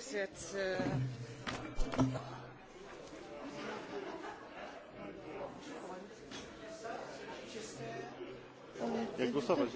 Vous êtes. Euh... Jak głosować?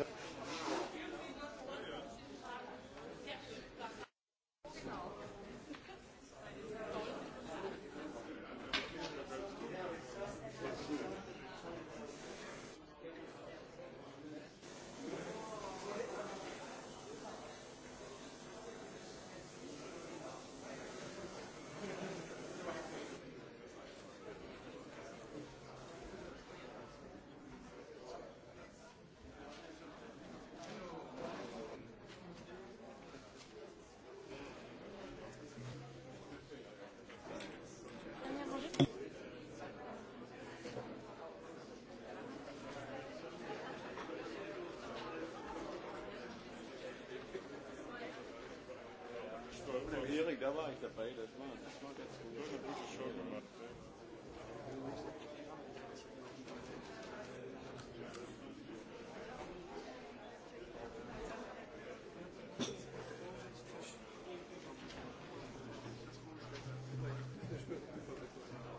Frau Hering, da war ich dabei, das war, das war ganz gut. Das eine gute Show gemacht.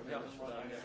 Ja, ich war langsam.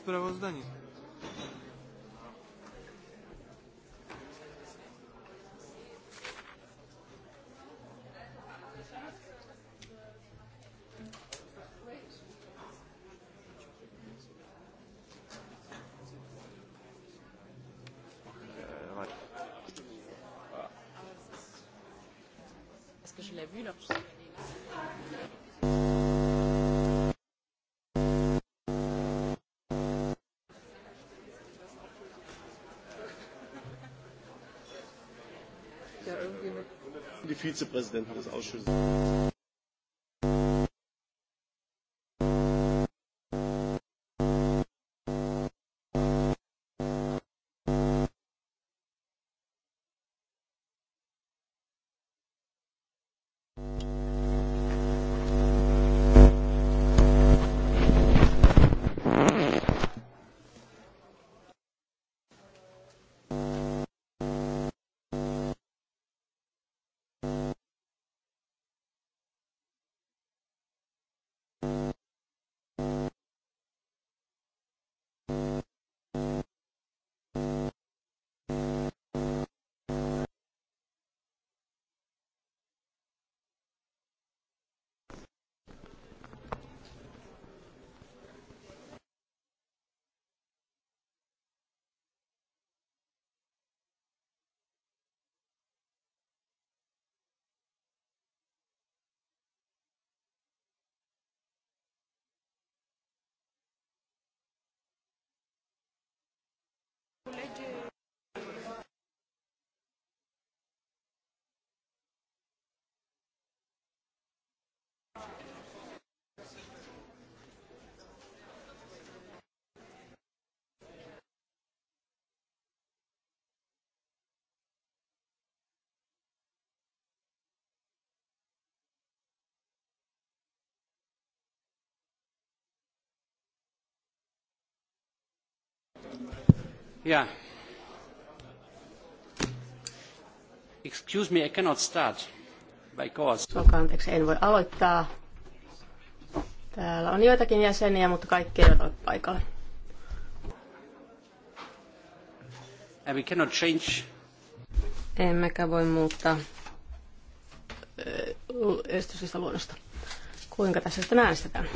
sprawozdanie. Est-ce que je l'ai vu, là leur vizepräsidenten des ausschusses. collegge Yeah. Excuse me, I cannot start because... Olkaa anteeksi, en voi aloittaa. Täällä on joitakin jäseniä, mutta kaikki eivät ole paikalla. And we cannot change. Emmekä voi muuttaa esityksestä luonnosta. Kuinka tässä sitten äänestetään?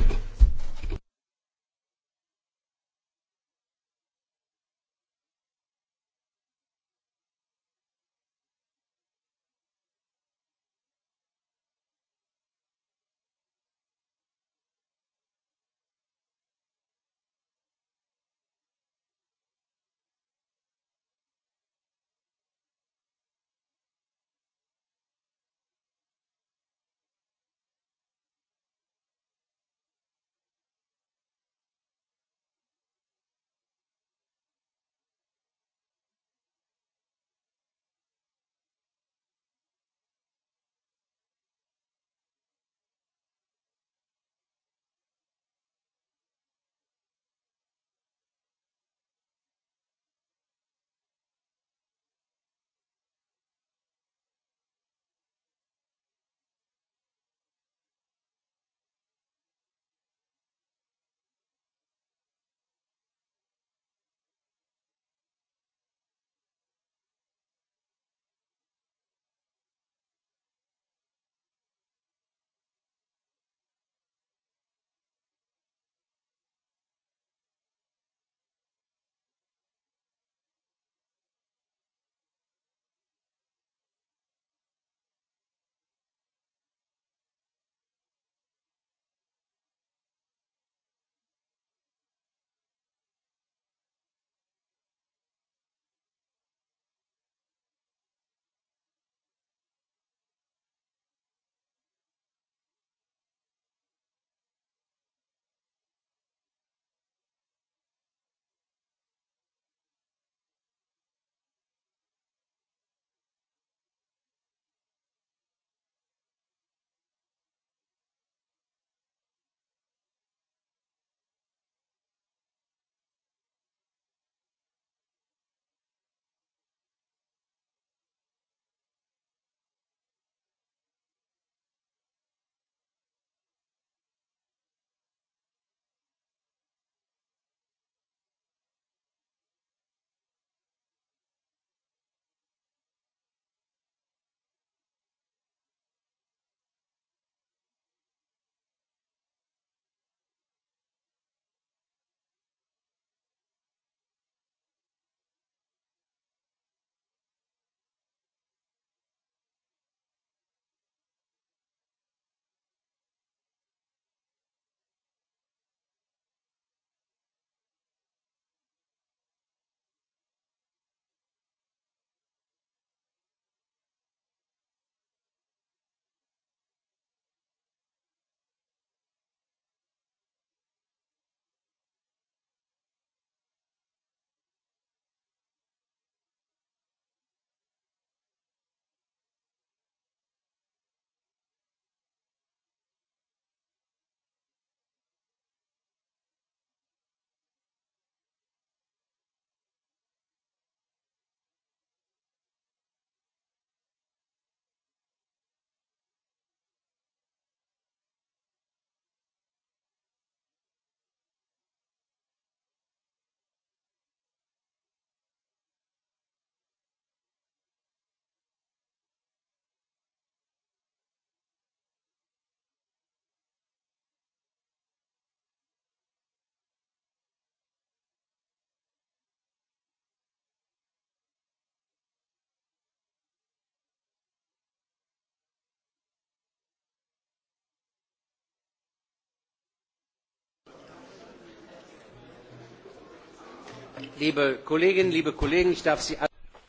Liebe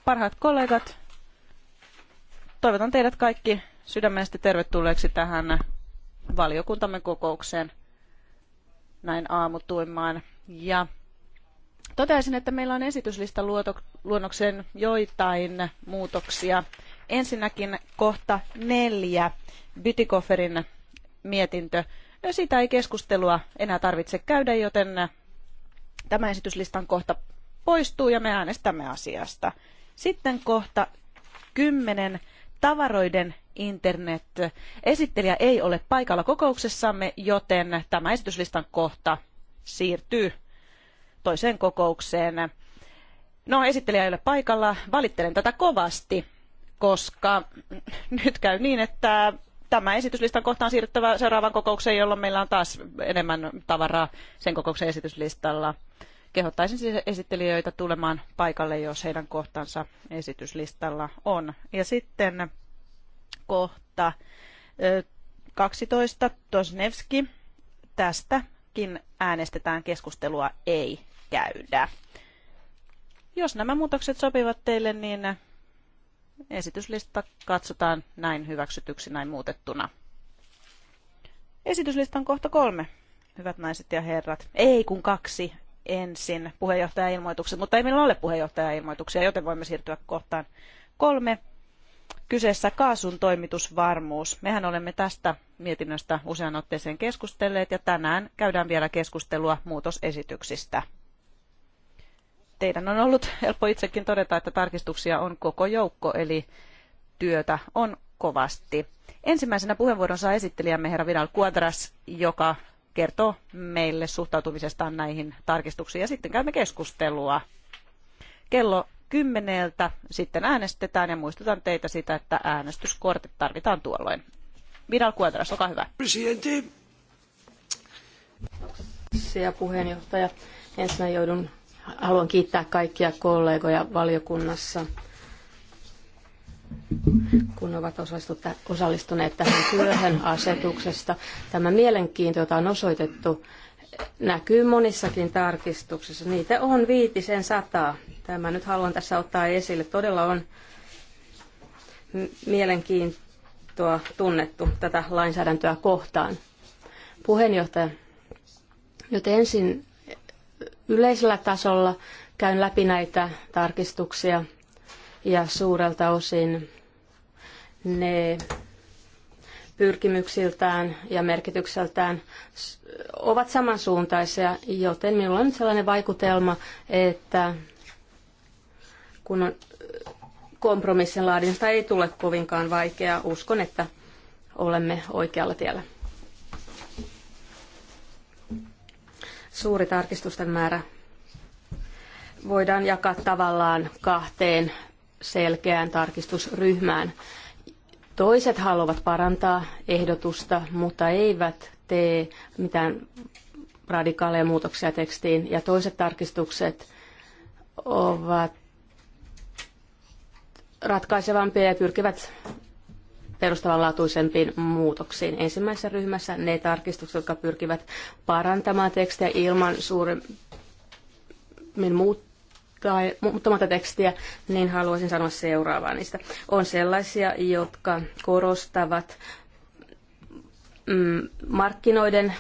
Parhaat kollegat, toivotan teidät kaikki sydämellisesti tervetulleeksi tähän valiokuntamme kokoukseen näin aamutuimaan. Ja toteaisin, että meillä on esityslista luonnokseen joitain muutoksia. Ensinnäkin kohta neljä, Bytikoferin mietintö. Siitä ei keskustelua enää tarvitse käydä, joten tämä esityslistan kohta poistuu ja me äänestämme asiasta. Sitten kohta kymmenen tavaroiden internet. Esittelijä ei ole paikalla kokouksessamme, joten tämä esityslistan kohta siirtyy toiseen kokoukseen. No, esittelijä ei ole paikalla. Valittelen tätä kovasti, koska nyt käy niin, että tämä esityslistan kohta on siirryttävä seuraavaan kokoukseen, jolloin meillä on taas enemmän tavaraa sen kokouksen esityslistalla kehottaisin siis esittelijöitä tulemaan paikalle, jos heidän kohtansa esityslistalla on. Ja sitten kohta 12 Tosnevski. Tästäkin äänestetään keskustelua ei käydä. Jos nämä muutokset sopivat teille, niin esityslista katsotaan näin hyväksytyksi, näin muutettuna. Esityslistan kohta kolme, hyvät naiset ja herrat. Ei kun kaksi, ensin puheenjohtajailmoitukset, mutta ei meillä ole puheenjohtajailmoituksia, joten voimme siirtyä kohtaan kolme. Kyseessä kaasun toimitusvarmuus. Mehän olemme tästä mietinnöstä usean otteeseen keskustelleet ja tänään käydään vielä keskustelua muutosesityksistä. Teidän on ollut helppo itsekin todeta, että tarkistuksia on koko joukko, eli työtä on kovasti. Ensimmäisenä puheenvuoron saa esittelijämme herra Vidal Quadras, joka kertoo meille suhtautumisestaan näihin tarkistuksiin ja sitten käymme keskustelua. Kello kymmeneltä sitten äänestetään ja muistutan teitä sitä, että äänestyskortit tarvitaan tuolloin. Vidal Kuotras, olkaa hyvä. Presidentti. Siellä puheenjohtaja. Ensinnä joudun, haluan kiittää kaikkia kollegoja valiokunnassa kun ovat osallistuneet tähän työhön asetuksesta. Tämä mielenkiinto, jota on osoitettu, näkyy monissakin tarkistuksissa. Niitä on viitisen sataa. Tämä nyt haluan tässä ottaa esille. Todella on mielenkiintoa tunnettu tätä lainsäädäntöä kohtaan. Puheenjohtaja, nyt ensin yleisellä tasolla käyn läpi näitä tarkistuksia ja suurelta osin ne pyrkimyksiltään ja merkitykseltään ovat samansuuntaisia, joten minulla on sellainen vaikutelma, että kun on kompromissin laadinta ei tule kovinkaan vaikeaa. Uskon, että olemme oikealla tiellä. Suuri tarkistusten määrä voidaan jakaa tavallaan kahteen selkeään tarkistusryhmään. Toiset haluavat parantaa ehdotusta, mutta eivät tee mitään radikaaleja muutoksia tekstiin. Ja toiset tarkistukset ovat ratkaisevampia ja pyrkivät perustavanlaatuisempiin muutoksiin. Ensimmäisessä ryhmässä ne tarkistukset, jotka pyrkivät parantamaan tekstiä ilman suuremmin muut, tai muuttamatta tekstiä, niin haluaisin sanoa seuraavaa niistä. On sellaisia, jotka korostavat mm, markkinoiden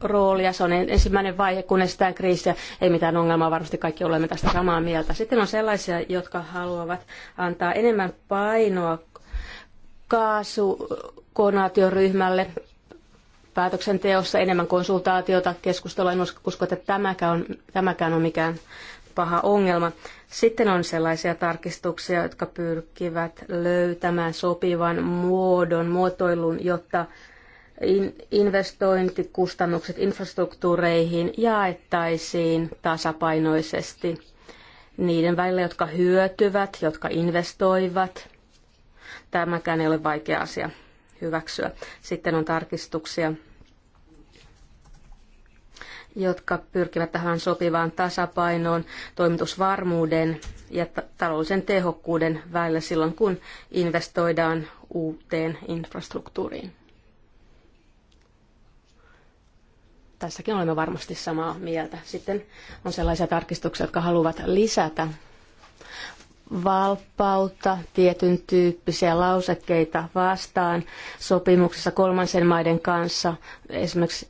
roolia. Se on ensimmäinen vaihe, kun estetään kriisiä. Ei mitään ongelmaa, varmasti kaikki olemme tästä samaa mieltä. Sitten on sellaisia, jotka haluavat antaa enemmän painoa kaasukonaatioryhmälle päätöksenteossa enemmän konsultaatiota, keskustelua. En usko, että tämäkään on, tämäkään on mikään paha ongelma. Sitten on sellaisia tarkistuksia, jotka pyrkivät löytämään sopivan muodon, muotoilun, jotta investointikustannukset infrastruktuureihin jaettaisiin tasapainoisesti niiden välillä, jotka hyötyvät, jotka investoivat. Tämäkään ei ole vaikea asia hyväksyä. Sitten on tarkistuksia, jotka pyrkivät tähän sopivaan tasapainoon toimitusvarmuuden ja taloudellisen tehokkuuden välillä silloin, kun investoidaan uuteen infrastruktuuriin. Tässäkin olemme varmasti samaa mieltä. Sitten on sellaisia tarkistuksia, jotka haluavat lisätä valppautta tietyn tyyppisiä lausekkeita vastaan sopimuksessa kolmansen maiden kanssa, esimerkiksi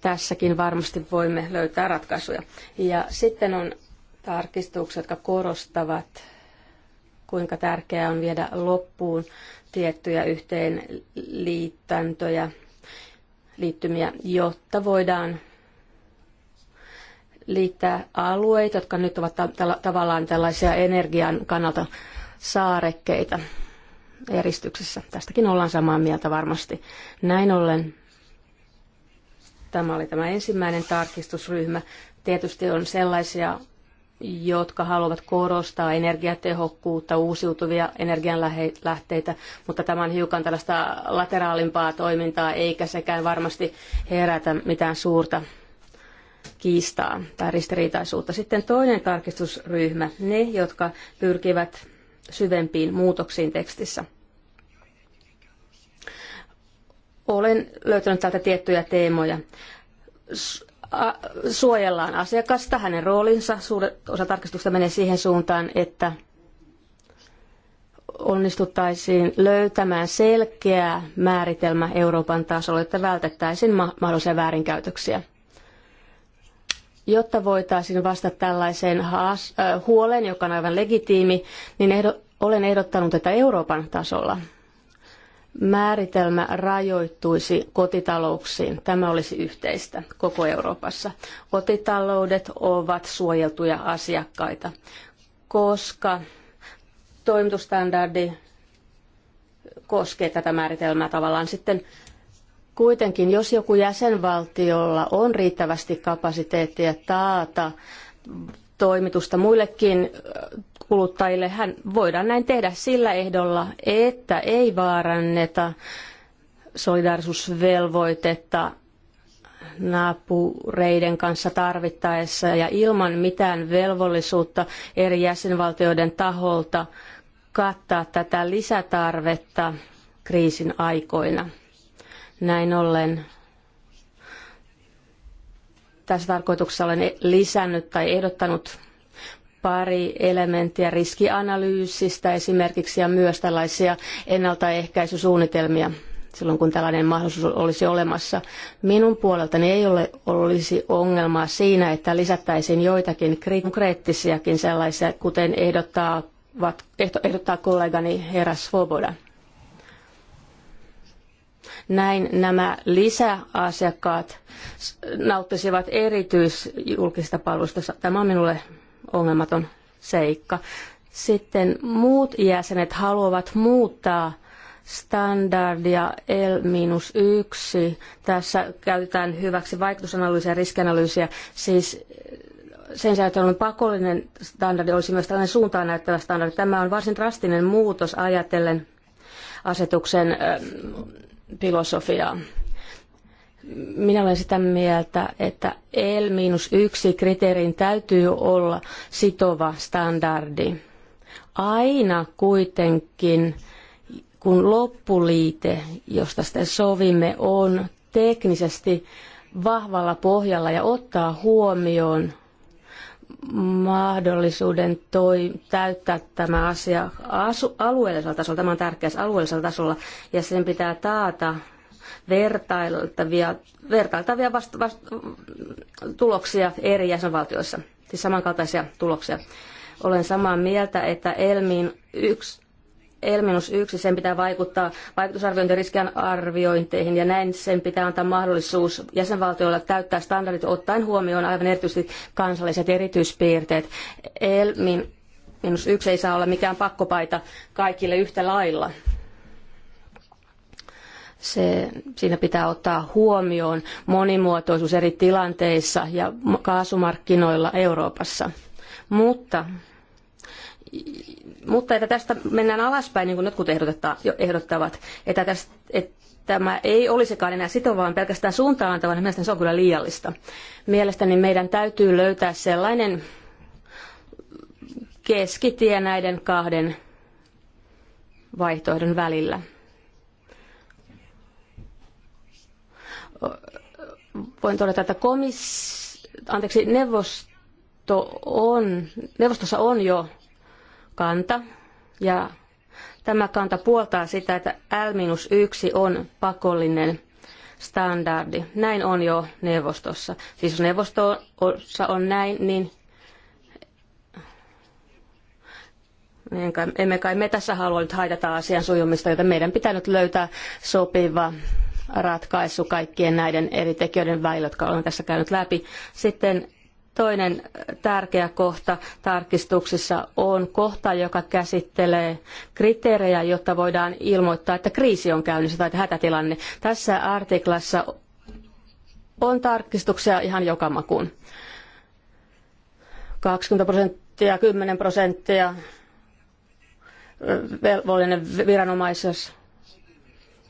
tässäkin varmasti voimme löytää ratkaisuja. Ja sitten on tarkistukset, jotka korostavat, kuinka tärkeää on viedä loppuun tiettyjä yhteenliittäntöjä, liittymiä, jotta voidaan liittää alueita, jotka nyt ovat tavallaan tällaisia energian kannalta saarekkeita eristyksessä. Tästäkin ollaan samaa mieltä varmasti. Näin ollen Tämä oli tämä ensimmäinen tarkistusryhmä. Tietysti on sellaisia, jotka haluavat korostaa energiatehokkuutta, uusiutuvia energianlähteitä, mutta tämä on hiukan tällaista lateraalimpaa toimintaa, eikä sekään varmasti herätä mitään suurta kiistaa tai ristiriitaisuutta. Sitten toinen tarkistusryhmä, ne, jotka pyrkivät syvempiin muutoksiin tekstissä. Olen löytänyt täältä tiettyjä teemoja. Suojellaan asiakasta, hänen roolinsa. Suuri osa tarkistusta menee siihen suuntaan, että onnistuttaisiin löytämään selkeä määritelmä Euroopan tasolla, että vältettäisiin mahdollisia väärinkäytöksiä. Jotta voitaisiin vastata tällaiseen äh, huoleen, joka on aivan legitiimi, niin ehdo, olen ehdottanut, että Euroopan tasolla määritelmä rajoittuisi kotitalouksiin. Tämä olisi yhteistä koko Euroopassa. Kotitaloudet ovat suojeltuja asiakkaita, koska toimitusstandardi koskee tätä määritelmää tavallaan sitten Kuitenkin, jos joku jäsenvaltiolla on riittävästi kapasiteettia taata toimitusta muillekin kuluttajille. Hän voidaan näin tehdä sillä ehdolla, että ei vaaranneta solidaarisuusvelvoitetta naapureiden kanssa tarvittaessa ja ilman mitään velvollisuutta eri jäsenvaltioiden taholta kattaa tätä lisätarvetta kriisin aikoina. Näin ollen tässä tarkoituksessa olen lisännyt tai ehdottanut pari elementtiä riskianalyysistä esimerkiksi ja myös tällaisia ennaltaehkäisysuunnitelmia silloin, kun tällainen mahdollisuus olisi olemassa. Minun puoleltani ei ole, olisi ongelmaa siinä, että lisättäisiin joitakin konkreettisiakin sellaisia, kuten ehdottaa, ehdottaa kollegani Herra Svoboda. Näin nämä lisäasiakkaat nauttisivat erityisjulkisista palveluista. Tämä on minulle ongelmaton seikka. Sitten muut jäsenet haluavat muuttaa standardia L-1. Tässä käytetään hyväksi vaikutusanalyysiä ja riskianalyysiä. Siis eh, sen sijaan, että on pakollinen standardi, olisi myös tällainen suuntaan näyttävä standardi. Tämä on varsin drastinen muutos ajatellen asetuksen eh, filosofiaa. Minä olen sitä mieltä, että L-1 kriteerin täytyy olla sitova standardi. Aina kuitenkin, kun loppuliite, josta sitten sovimme, on teknisesti vahvalla pohjalla ja ottaa huomioon mahdollisuuden toi, täyttää tämä asia asu, alueellisella tasolla. Tämä on tärkeä alueellisella tasolla ja sen pitää taata vertailtavia, vertailtavia vast, vast, tuloksia eri jäsenvaltioissa, siis samankaltaisia tuloksia. Olen samaa mieltä, että Elmin yksi L-1, sen pitää vaikuttaa vaikutusarviointi- arviointeihin ja näin sen pitää antaa mahdollisuus jäsenvaltioilla täyttää standardit ottaen huomioon aivan erityisesti kansalliset erityispiirteet. l yksi ei saa olla mikään pakkopaita kaikille yhtä lailla. Se, siinä pitää ottaa huomioon monimuotoisuus eri tilanteissa ja kaasumarkkinoilla Euroopassa. Mutta mutta että tästä mennään alaspäin, niin kuin jotkut ehdottavat, että, tästä, että tämä ei olisikaan enää sitovaa, vaan pelkästään suuntaan antava, niin mielestäni se on kyllä liiallista. Mielestäni meidän täytyy löytää sellainen keskitie näiden kahden vaihtoehdon välillä. Voin todeta, että komis, anteeksi, neuvosto on, neuvostossa on jo kanta ja tämä kanta puoltaa sitä, että L-1 on pakollinen standardi. Näin on jo neuvostossa. Siis jos neuvostossa on näin, niin emme kai me tässä halua nyt haitata asian sujumista, joten meidän pitää nyt löytää sopiva ratkaisu kaikkien näiden eri tekijöiden välillä, jotka olen tässä käynyt läpi. Sitten Toinen äh, tärkeä kohta tarkistuksissa on kohta, joka käsittelee kriteerejä, jotta voidaan ilmoittaa, että kriisi on käynnissä tai hätätilanne. Tässä artiklassa on tarkistuksia ihan joka makuun. 20 prosenttia, 10 prosenttia velvollinen viranomaisessa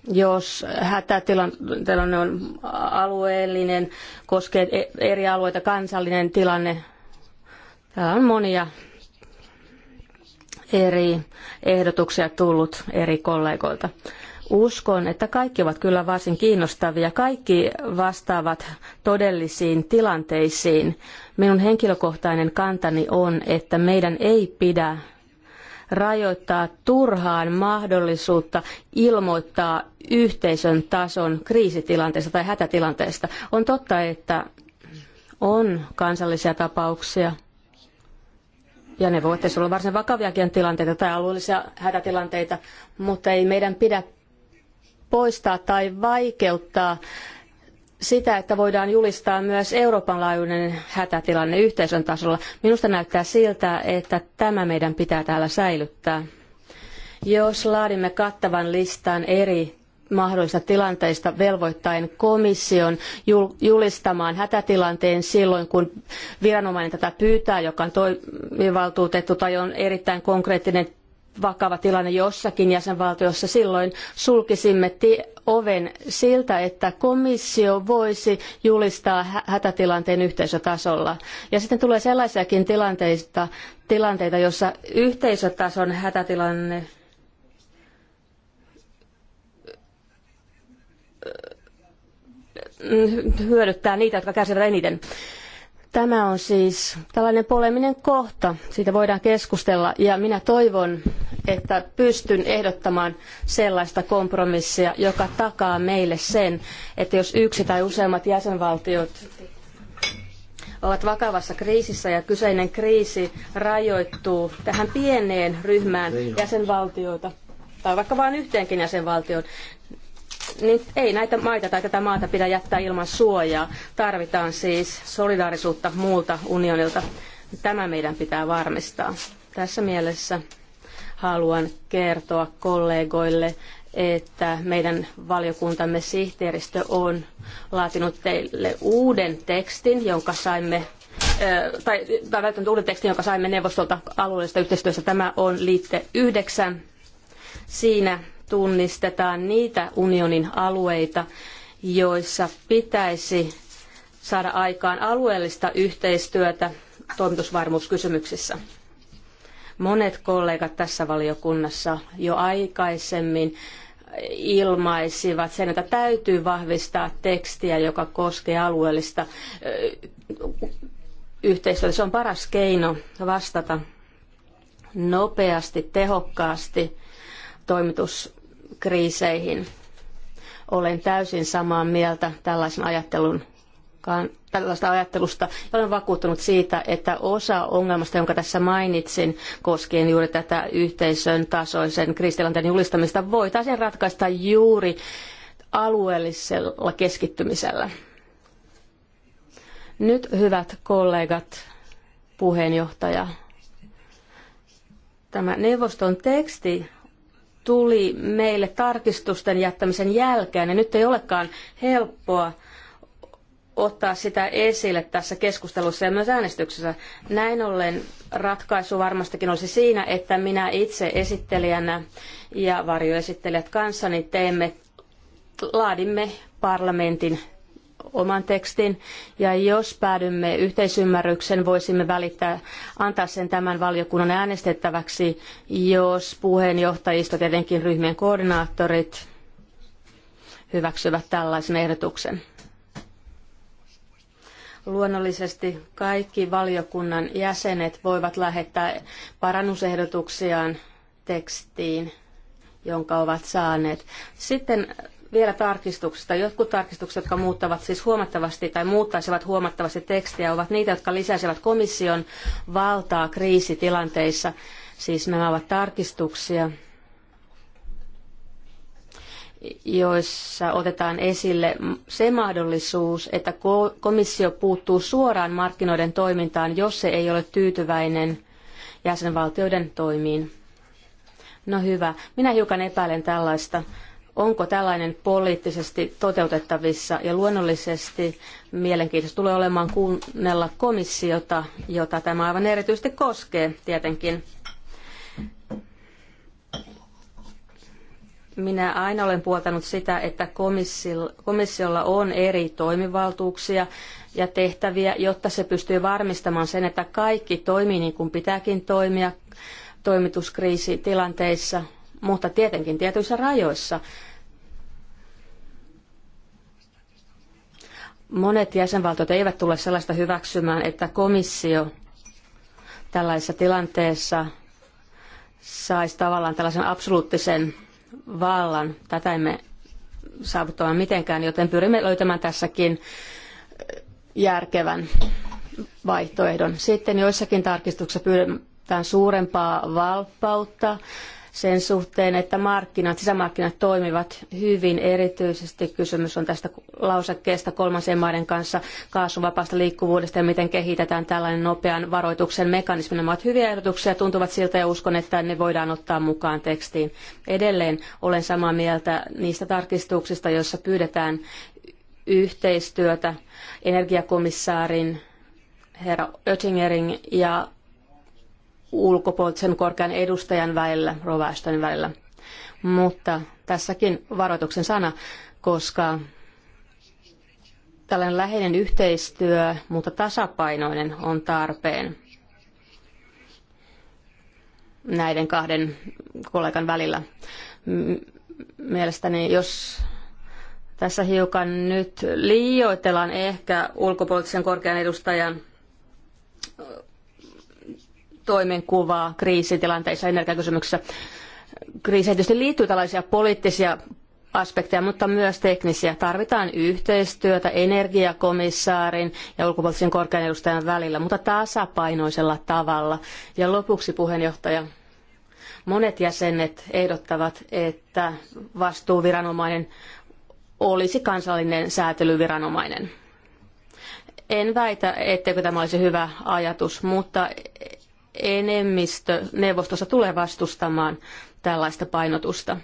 jos hätätilanne on alueellinen, koskee eri alueita, kansallinen tilanne. Täällä on monia eri ehdotuksia tullut eri kollegoilta. Uskon, että kaikki ovat kyllä varsin kiinnostavia. Kaikki vastaavat todellisiin tilanteisiin. Minun henkilökohtainen kantani on, että meidän ei pidä rajoittaa turhaan mahdollisuutta ilmoittaa yhteisön tason kriisitilanteesta tai hätätilanteesta. On totta, että on kansallisia tapauksia, ja ne voivat olla varsin vakaviakin tilanteita tai alueellisia hätätilanteita, mutta ei meidän pidä poistaa tai vaikeuttaa sitä, että voidaan julistaa myös Euroopan laajuinen hätätilanne yhteisön tasolla. Minusta näyttää siltä, että tämä meidän pitää täällä säilyttää. Jos laadimme kattavan listan eri mahdollisista tilanteista velvoittaen komission julistamaan hätätilanteen silloin, kun viranomainen tätä pyytää, joka on toimivaltuutettu tai on erittäin konkreettinen vakava tilanne jossakin jäsenvaltiossa, silloin sulkisimme oven siltä, että komissio voisi julistaa hätätilanteen yhteisötasolla. Ja sitten tulee sellaisiakin tilanteita, tilanteita joissa yhteisötason hätätilanne äh, hyödyttää niitä, jotka kärsivät eniten. Tämä on siis tällainen poleminen kohta, siitä voidaan keskustella ja minä toivon, että pystyn ehdottamaan sellaista kompromissia, joka takaa meille sen, että jos yksi tai useammat jäsenvaltiot ovat vakavassa kriisissä ja kyseinen kriisi rajoittuu tähän pieneen ryhmään niin jäsenvaltioita tai vaikka vain yhteenkin jäsenvaltioon, niin ei näitä maita tai tätä maata pidä jättää ilman suojaa. Tarvitaan siis solidaarisuutta muulta unionilta. Tämä meidän pitää varmistaa. Tässä mielessä haluan kertoa kollegoille, että meidän valiokuntamme sihteeristö on laatinut teille uuden tekstin, jonka saimme tai, tai välttämättä uuden tekstin, jonka saimme neuvostolta alueellisesta yhteistyöstä. Tämä on liitte 9. Siinä tunnistetaan niitä unionin alueita, joissa pitäisi saada aikaan alueellista yhteistyötä toimitusvarmuuskysymyksissä. Monet kollegat tässä valiokunnassa jo aikaisemmin ilmaisivat sen, että täytyy vahvistaa tekstiä, joka koskee alueellista yhteistyötä. Se on paras keino vastata nopeasti, tehokkaasti toimitus kriiseihin. Olen täysin samaa mieltä tällaisen ajattelun tällaista ajattelusta. Olen vakuuttunut siitä, että osa ongelmasta, jonka tässä mainitsin, koskien juuri tätä yhteisön tasoisen kristilanteen julistamista, voitaisiin ratkaista juuri alueellisella keskittymisellä. Nyt, hyvät kollegat, puheenjohtaja, tämä neuvoston teksti tuli meille tarkistusten jättämisen jälkeen, ja nyt ei olekaan helppoa ottaa sitä esille tässä keskustelussa ja myös äänestyksessä. Näin ollen ratkaisu varmastikin olisi siinä, että minä itse esittelijänä ja varjoesittelijät kanssani teemme, laadimme parlamentin oman tekstin. Ja jos päädymme yhteisymmärryksen, voisimme välittää, antaa sen tämän valiokunnan äänestettäväksi, jos puheenjohtajisto, tietenkin ryhmien koordinaattorit, hyväksyvät tällaisen ehdotuksen. Luonnollisesti kaikki valiokunnan jäsenet voivat lähettää parannusehdotuksiaan tekstiin jonka ovat saaneet. Sitten vielä tarkistuksista. Jotkut tarkistukset, jotka muuttavat siis huomattavasti tai muuttaisivat huomattavasti tekstiä, ovat niitä, jotka lisäisivät komission valtaa kriisitilanteissa. Siis nämä ovat tarkistuksia, joissa otetaan esille se mahdollisuus, että komissio puuttuu suoraan markkinoiden toimintaan, jos se ei ole tyytyväinen jäsenvaltioiden toimiin. No hyvä. Minä hiukan epäilen tällaista Onko tällainen poliittisesti toteutettavissa ja luonnollisesti mielenkiintoista tulee olemaan kuunnella komissiota, jota tämä aivan erityisesti koskee tietenkin. Minä aina olen puoltanut sitä, että komissiolla on eri toimivaltuuksia ja tehtäviä, jotta se pystyy varmistamaan sen, että kaikki toimii niin kuin pitääkin toimia toimituskriisitilanteissa, mutta tietenkin tietyissä rajoissa. Monet jäsenvaltiot eivät tule sellaista hyväksymään, että komissio tällaisessa tilanteessa saisi tavallaan tällaisen absoluuttisen vallan. Tätä emme saavuttamaan mitenkään, joten pyrimme löytämään tässäkin järkevän vaihtoehdon. Sitten joissakin tarkistuksissa pyydetään suurempaa valppautta sen suhteen, että markkinat, sisämarkkinat toimivat hyvin. Erityisesti kysymys on tästä lausekkeesta kolmansien maiden kanssa kaasun vapaasta liikkuvuudesta ja miten kehitetään tällainen nopean varoituksen mekanismi. Nämä ovat hyviä ehdotuksia, tuntuvat siltä ja uskon, että ne voidaan ottaa mukaan tekstiin. Edelleen olen samaa mieltä niistä tarkistuksista, joissa pyydetään yhteistyötä energiakomissaarin herra Oettingerin ja ulkopuolisen korkean edustajan välillä, Rovastonin välillä. Mutta tässäkin varoituksen sana, koska tällainen läheinen yhteistyö, mutta tasapainoinen on tarpeen näiden kahden kollegan välillä. Mielestäni jos tässä hiukan nyt liioitellaan ehkä ulkopuolisen korkean edustajan toimenkuvaa kriisitilanteissa energiakysymyksissä. Kriiseihin tietysti liittyy tällaisia poliittisia aspekteja, mutta myös teknisiä. Tarvitaan yhteistyötä energiakomissaarin ja ulkopuolisen korkean edustajan välillä, mutta tasapainoisella tavalla. Ja lopuksi puheenjohtaja, monet jäsenet ehdottavat, että vastuuviranomainen olisi kansallinen säätelyviranomainen. En väitä, etteikö tämä olisi hyvä ajatus, mutta enemmistö neuvostossa tulee vastustamaan tällaista painotusta.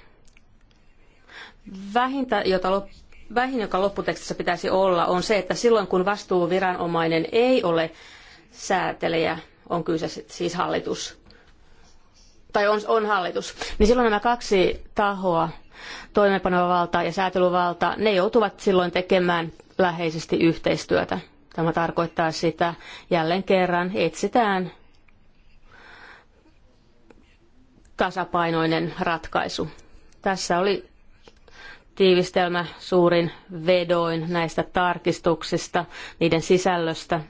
Vähintä, jota lop- vähin, joka lopputekstissä pitäisi olla, on se, että silloin kun vastuuviranomainen ei ole säätelejä, on kyse siis hallitus, tai on, on hallitus, niin silloin nämä kaksi tahoa, toimeenpanovalta ja säätelyvalta, ne joutuvat silloin tekemään läheisesti yhteistyötä. Tämä tarkoittaa sitä jälleen kerran etsitään tasapainoinen ratkaisu. Tässä oli tiivistelmä suurin vedoin näistä tarkistuksista, niiden sisällöstä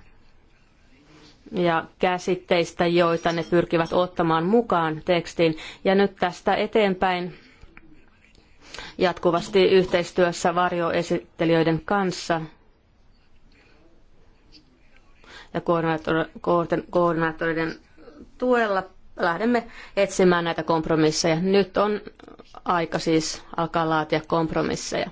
ja käsitteistä, joita ne pyrkivät ottamaan mukaan tekstiin. Ja nyt tästä eteenpäin jatkuvasti yhteistyössä varjoesittelijöiden kanssa ja koordinaattoreiden tuella lähdemme etsimään näitä kompromisseja. Nyt on aika siis alkaa laatia kompromisseja.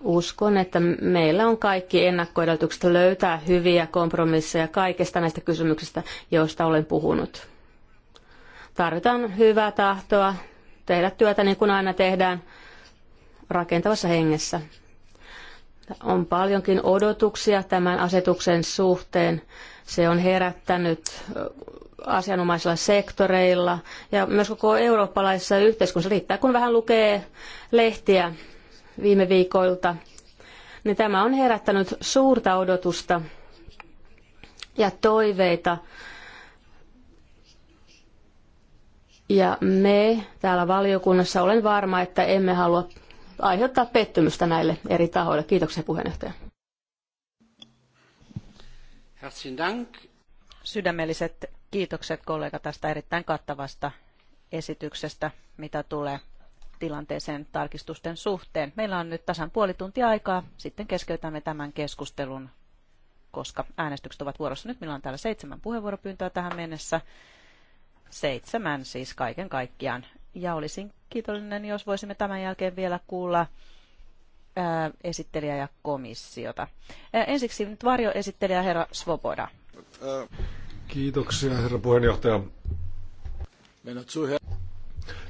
Uskon, että meillä on kaikki ennakkoedellytykset löytää hyviä kompromisseja kaikista näistä kysymyksistä, joista olen puhunut. Tarvitaan hyvää tahtoa tehdä työtä niin kuin aina tehdään rakentavassa hengessä. On paljonkin odotuksia tämän asetuksen suhteen. Se on herättänyt asianomaisilla sektoreilla ja myös koko eurooppalaisessa yhteiskunnassa. Riittää, kun vähän lukee lehtiä viime viikoilta, niin tämä on herättänyt suurta odotusta ja toiveita. Ja me täällä valiokunnassa olen varma, että emme halua aiheuttaa pettymystä näille eri tahoille. Kiitoksia puheenjohtaja. Herzlichen Dank. Sydämelliset kiitokset kollega tästä erittäin kattavasta esityksestä, mitä tulee tilanteeseen tarkistusten suhteen. Meillä on nyt tasan puoli tuntia aikaa, sitten keskeytämme tämän keskustelun, koska äänestykset ovat vuorossa. Nyt meillä on täällä seitsemän puheenvuoropyyntöä tähän mennessä. Seitsemän siis kaiken kaikkiaan. Ja olisin kiitollinen, jos voisimme tämän jälkeen vielä kuulla ää, esittelijä ja komissiota. Ää, ensiksi nyt varjoesittelijä herra Svoboda. Kiitoksia, herra puheenjohtaja.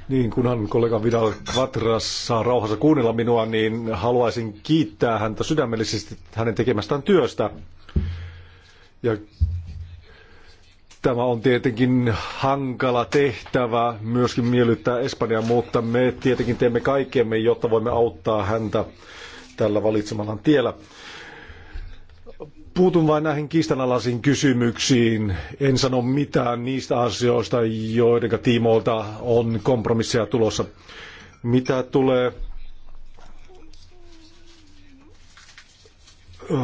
Niin, kunhan kollega Vidal Quatras saa rauhassa kuunnella minua, niin haluaisin kiittää häntä sydämellisesti hänen tekemästään työstä. Ja tämä on tietenkin hankala tehtävä myöskin miellyttää Espanjaa, mutta me tietenkin teemme kaikkemme, jotta voimme auttaa häntä tällä valitsemallaan tiellä. Puutun vain näihin kiistanalaisiin kysymyksiin. En sano mitään niistä asioista, joiden tiimoilta on kompromisseja tulossa. Mitä tulee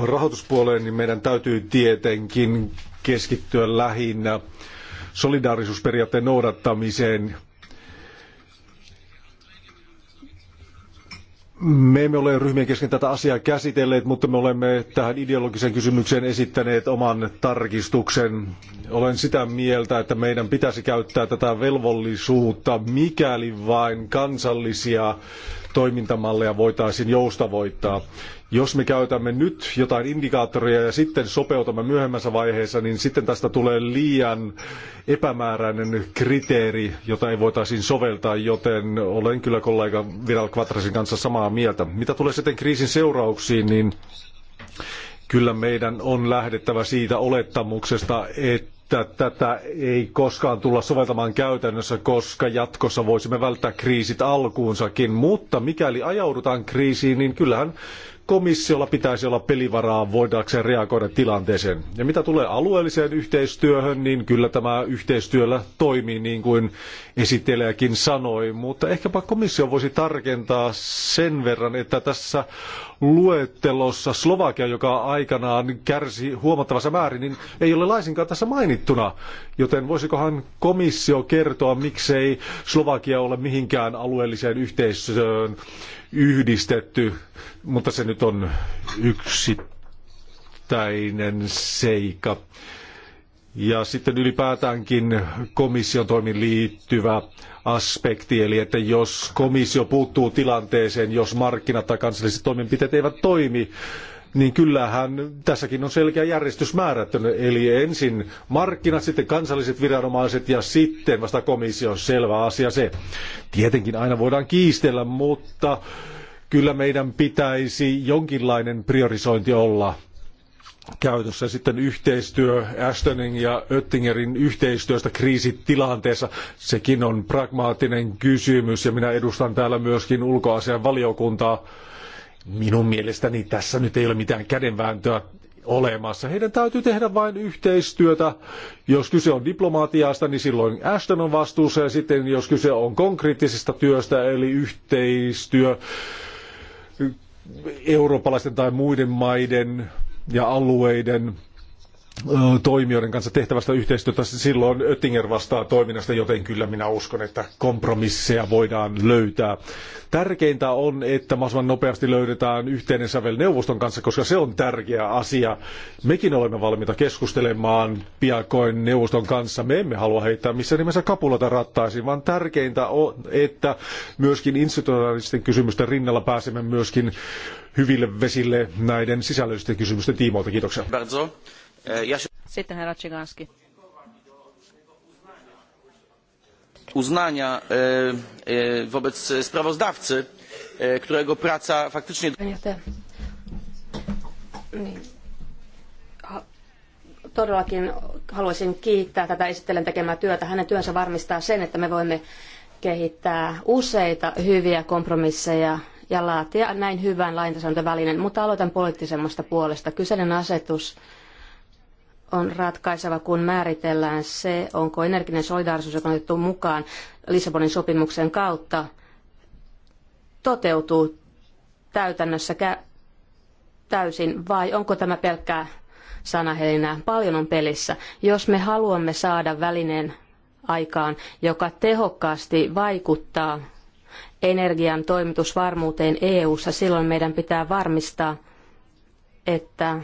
rahoituspuoleen, niin meidän täytyy tietenkin keskittyä lähinnä solidaarisuusperiaatteen noudattamiseen Me emme ole ryhmien kesken tätä asiaa käsitelleet, mutta me olemme tähän ideologiseen kysymykseen esittäneet oman tarkistuksen. Olen sitä mieltä, että meidän pitäisi käyttää tätä velvollisuutta, mikäli vain kansallisia toimintamalleja voitaisiin joustavoittaa. Jos me käytämme nyt jotain indikaattoria ja sitten sopeutamme myöhemmässä vaiheessa, niin sitten tästä tulee liian epämääräinen kriteeri, jota ei voitaisiin soveltaa, joten olen kyllä kollega Viral Quatrasin kanssa samaa mieltä. Mitä tulee sitten kriisin seurauksiin, niin kyllä meidän on lähdettävä siitä olettamuksesta, että että tätä ei koskaan tulla soveltamaan käytännössä, koska jatkossa voisimme välttää kriisit alkuunsakin. Mutta mikäli ajaudutaan kriisiin, niin kyllähän komissiolla pitäisi olla pelivaraa voidakseen reagoida tilanteeseen. Ja mitä tulee alueelliseen yhteistyöhön, niin kyllä tämä yhteistyöllä toimii niin kuin esittelijäkin sanoi, mutta ehkäpä komissio voisi tarkentaa sen verran, että tässä luettelossa Slovakia, joka aikanaan kärsi huomattavassa määrin, niin ei ole laisinkaan tässä mainittuna. Joten voisikohan komissio kertoa, miksei Slovakia ole mihinkään alueelliseen yhteistyöhön yhdistetty, mutta se nyt on yksittäinen seikka. Ja sitten ylipäätäänkin komission toimin liittyvä aspekti, eli että jos komissio puuttuu tilanteeseen, jos markkinat tai kansalliset toimenpiteet eivät toimi, niin kyllähän tässäkin on selkeä järjestys määrättynä. Eli ensin markkinat, sitten kansalliset viranomaiset ja sitten vasta komissio. Selvä asia se. Tietenkin aina voidaan kiistellä, mutta kyllä meidän pitäisi jonkinlainen priorisointi olla käytössä sitten yhteistyö Ashtonin ja Oettingerin yhteistyöstä kriisitilanteessa. Sekin on pragmaattinen kysymys ja minä edustan täällä myöskin ulkoasian valiokuntaa Minun mielestäni tässä nyt ei ole mitään kädenvääntöä olemassa. Heidän täytyy tehdä vain yhteistyötä. Jos kyse on diplomaatiasta, niin silloin Ashton on vastuussa ja sitten jos kyse on konkreettisesta työstä, eli yhteistyö eurooppalaisten tai muiden maiden ja alueiden toimijoiden kanssa tehtävästä yhteistyötä. Silloin Oettinger vastaa toiminnasta, joten kyllä minä uskon, että kompromisseja voidaan löytää. Tärkeintä on, että mahdollisimman nopeasti löydetään yhteinen sävel neuvoston kanssa, koska se on tärkeä asia. Mekin olemme valmiita keskustelemaan piakoin neuvoston kanssa. Me emme halua heittää missään nimessä kapulata rattaisiin, vaan tärkeintä on, että myöskin institutionaalisten kysymysten rinnalla pääsemme myöskin hyville vesille näiden sisällöllisten kysymysten tiimoilta. Kiitoksia. Eh, Sitten herra uznania e, e, wobec sprawozdawcy e, którego praca faktycznie niin. todellakin haluaisin kiittää tätä esittelen tekemää työtä. Hänen työnsä varmistaa sen, että me voimme kehittää useita hyviä kompromisseja ja laatia näin hyvän lainsäädäntövälineen, mutta aloitan poliittisemmasta puolesta. Kyseinen asetus on ratkaiseva, kun määritellään se, onko energinen solidaarisuus, joka on otettu mukaan Lissabonin sopimuksen kautta, toteutuu täytännössä täysin vai onko tämä pelkkää sanahelinää. Paljon on pelissä. Jos me haluamme saada välineen aikaan, joka tehokkaasti vaikuttaa energian toimitusvarmuuteen EU-ssa, silloin meidän pitää varmistaa, että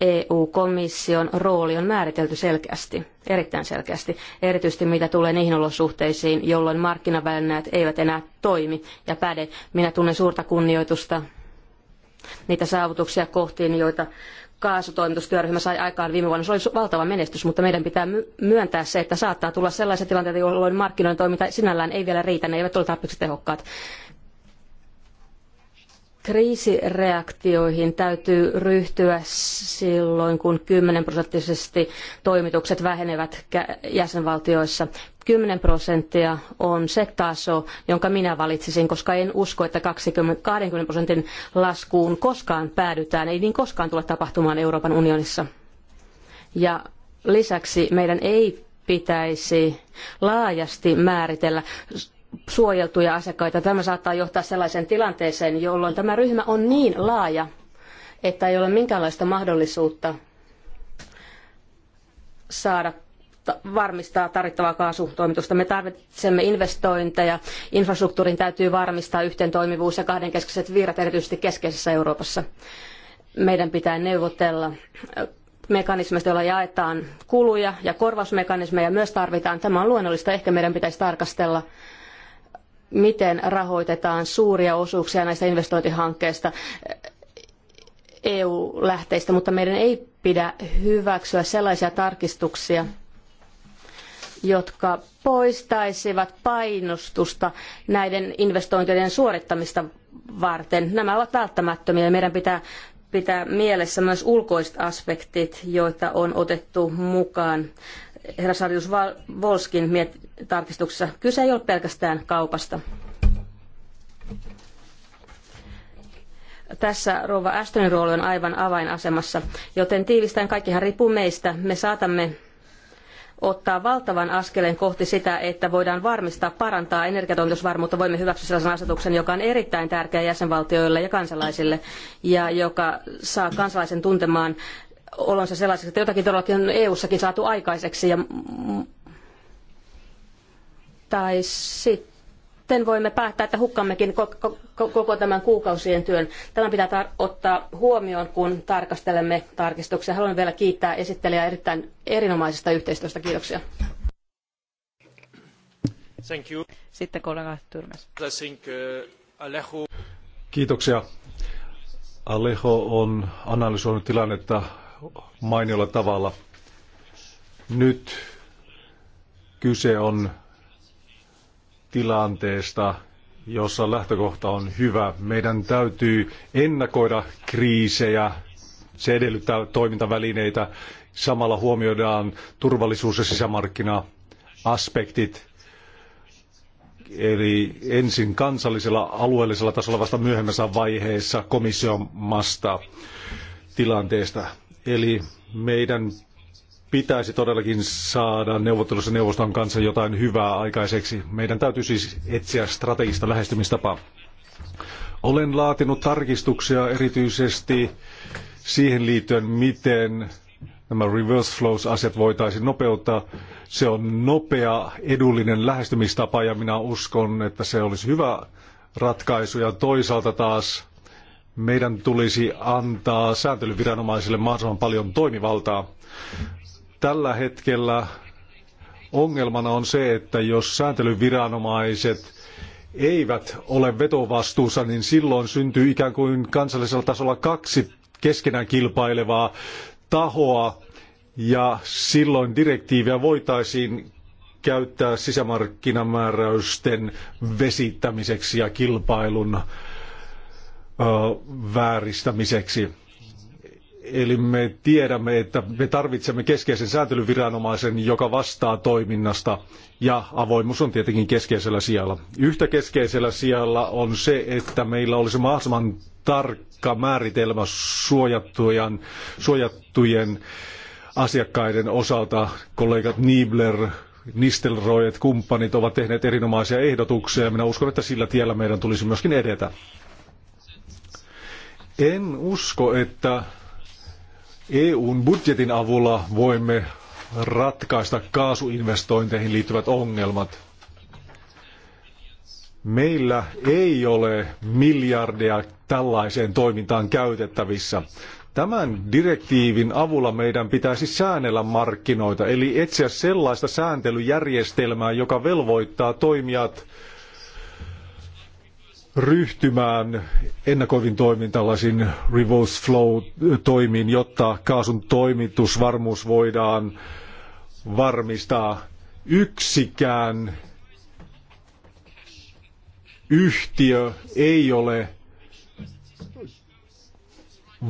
EU-komission rooli on määritelty selkeästi, erittäin selkeästi, erityisesti mitä tulee niihin olosuhteisiin, jolloin markkinavälineet eivät enää toimi ja päde. Minä tunnen suurta kunnioitusta niitä saavutuksia kohtiin, joita kaasutoimitustyöryhmä sai aikaan viime vuonna. Se oli valtava menestys, mutta meidän pitää myöntää se, että saattaa tulla sellaisia tilanteita, jolloin markkinoiden toiminta sinällään ei vielä riitä, ne eivät ole tarpeeksi tehokkaat kriisireaktioihin täytyy ryhtyä silloin, kun 10 prosenttisesti toimitukset vähenevät jäsenvaltioissa. 10 prosenttia on se taso, jonka minä valitsisin, koska en usko, että 20, 20 prosentin laskuun koskaan päädytään. Ei niin koskaan tule tapahtumaan Euroopan unionissa. Ja lisäksi meidän ei pitäisi laajasti määritellä suojeltuja asiakkaita. Tämä saattaa johtaa sellaiseen tilanteeseen, jolloin tämä ryhmä on niin laaja, että ei ole minkäänlaista mahdollisuutta saada varmistaa tarvittavaa kaasutoimitusta. Me tarvitsemme investointeja. Infrastruktuurin täytyy varmistaa yhteentoimivuus ja kahdenkeskiset virrat erityisesti keskeisessä Euroopassa. Meidän pitää neuvotella äh, mekanismeista, joilla jaetaan kuluja ja korvausmekanismeja myös tarvitaan. Tämä on luonnollista. Ehkä meidän pitäisi tarkastella miten rahoitetaan suuria osuuksia näistä investointihankkeista EU-lähteistä, mutta meidän ei pidä hyväksyä sellaisia tarkistuksia, jotka poistaisivat painostusta näiden investointien suorittamista varten. Nämä ovat välttämättömiä ja meidän pitää pitää mielessä myös ulkoiset aspektit, joita on otettu mukaan herra Sarjus Volskin tarkistuksessa. Kyse ei ole pelkästään kaupasta. Tässä rouva Ashtonin rooli on aivan avainasemassa, joten tiivistäen kaikkihan riippuu meistä. Me saatamme ottaa valtavan askeleen kohti sitä, että voidaan varmistaa, parantaa energiatoimitusvarmuutta. Voimme hyväksyä sellaisen asetuksen, joka on erittäin tärkeä jäsenvaltioille ja kansalaisille ja joka saa kansalaisen tuntemaan olonsa sellaiseksi, että jotakin todellakin on EU-sakin saatu aikaiseksi ja tai sitten voimme päättää, että hukkammekin koko tämän kuukausien työn. Tämän pitää ottaa huomioon, kun tarkastelemme tarkistuksia. Haluan vielä kiittää esittelijää erittäin erinomaisesta yhteistyöstä. Kiitoksia. Thank you. Sitten kollega Tyrmäs. Uh, Kiitoksia. Alejo on analysoinut tilannetta mainiolla tavalla. Nyt kyse on tilanteesta, jossa lähtökohta on hyvä. Meidän täytyy ennakoida kriisejä, se edellyttää toimintavälineitä, samalla huomioidaan turvallisuus- ja sisämarkkina-aspektit, eli ensin kansallisella alueellisella tasolla vasta myöhemmässä vaiheessa komission masta tilanteesta. Eli meidän pitäisi todellakin saada neuvottelussa neuvoston kanssa jotain hyvää aikaiseksi. Meidän täytyy siis etsiä strategista lähestymistapaa. Olen laatinut tarkistuksia erityisesti siihen liittyen, miten nämä reverse flows-asiat voitaisiin nopeuttaa. Se on nopea, edullinen lähestymistapa ja minä uskon, että se olisi hyvä ratkaisu ja toisaalta taas meidän tulisi antaa sääntelyviranomaisille mahdollisimman paljon toimivaltaa. Tällä hetkellä ongelmana on se, että jos sääntelyviranomaiset eivät ole vetovastuussa, niin silloin syntyy ikään kuin kansallisella tasolla kaksi keskenään kilpailevaa tahoa, ja silloin direktiiviä voitaisiin käyttää sisämarkkinamääräysten vesittämiseksi ja kilpailun vääristämiseksi. Eli me tiedämme, että me tarvitsemme keskeisen sääntelyviranomaisen, joka vastaa toiminnasta, ja avoimuus on tietenkin keskeisellä sijalla. Yhtä keskeisellä sijalla on se, että meillä olisi mahdollisimman tarkka määritelmä suojattujen, suojattujen asiakkaiden osalta. Kollegat Niebler, Nistelroet, kumppanit ovat tehneet erinomaisia ehdotuksia, ja minä uskon, että sillä tiellä meidän tulisi myöskin edetä. En usko, että EUn budjetin avulla voimme ratkaista kaasuinvestointeihin liittyvät ongelmat. Meillä ei ole miljardeja tällaiseen toimintaan käytettävissä. Tämän direktiivin avulla meidän pitäisi säännellä markkinoita, eli etsiä sellaista sääntelyjärjestelmää, joka velvoittaa toimijat ryhtymään ennakoivin toimin tällaisiin reverse flow-toimiin, jotta kaasun toimitusvarmuus voidaan varmistaa yksikään yhtiö ei ole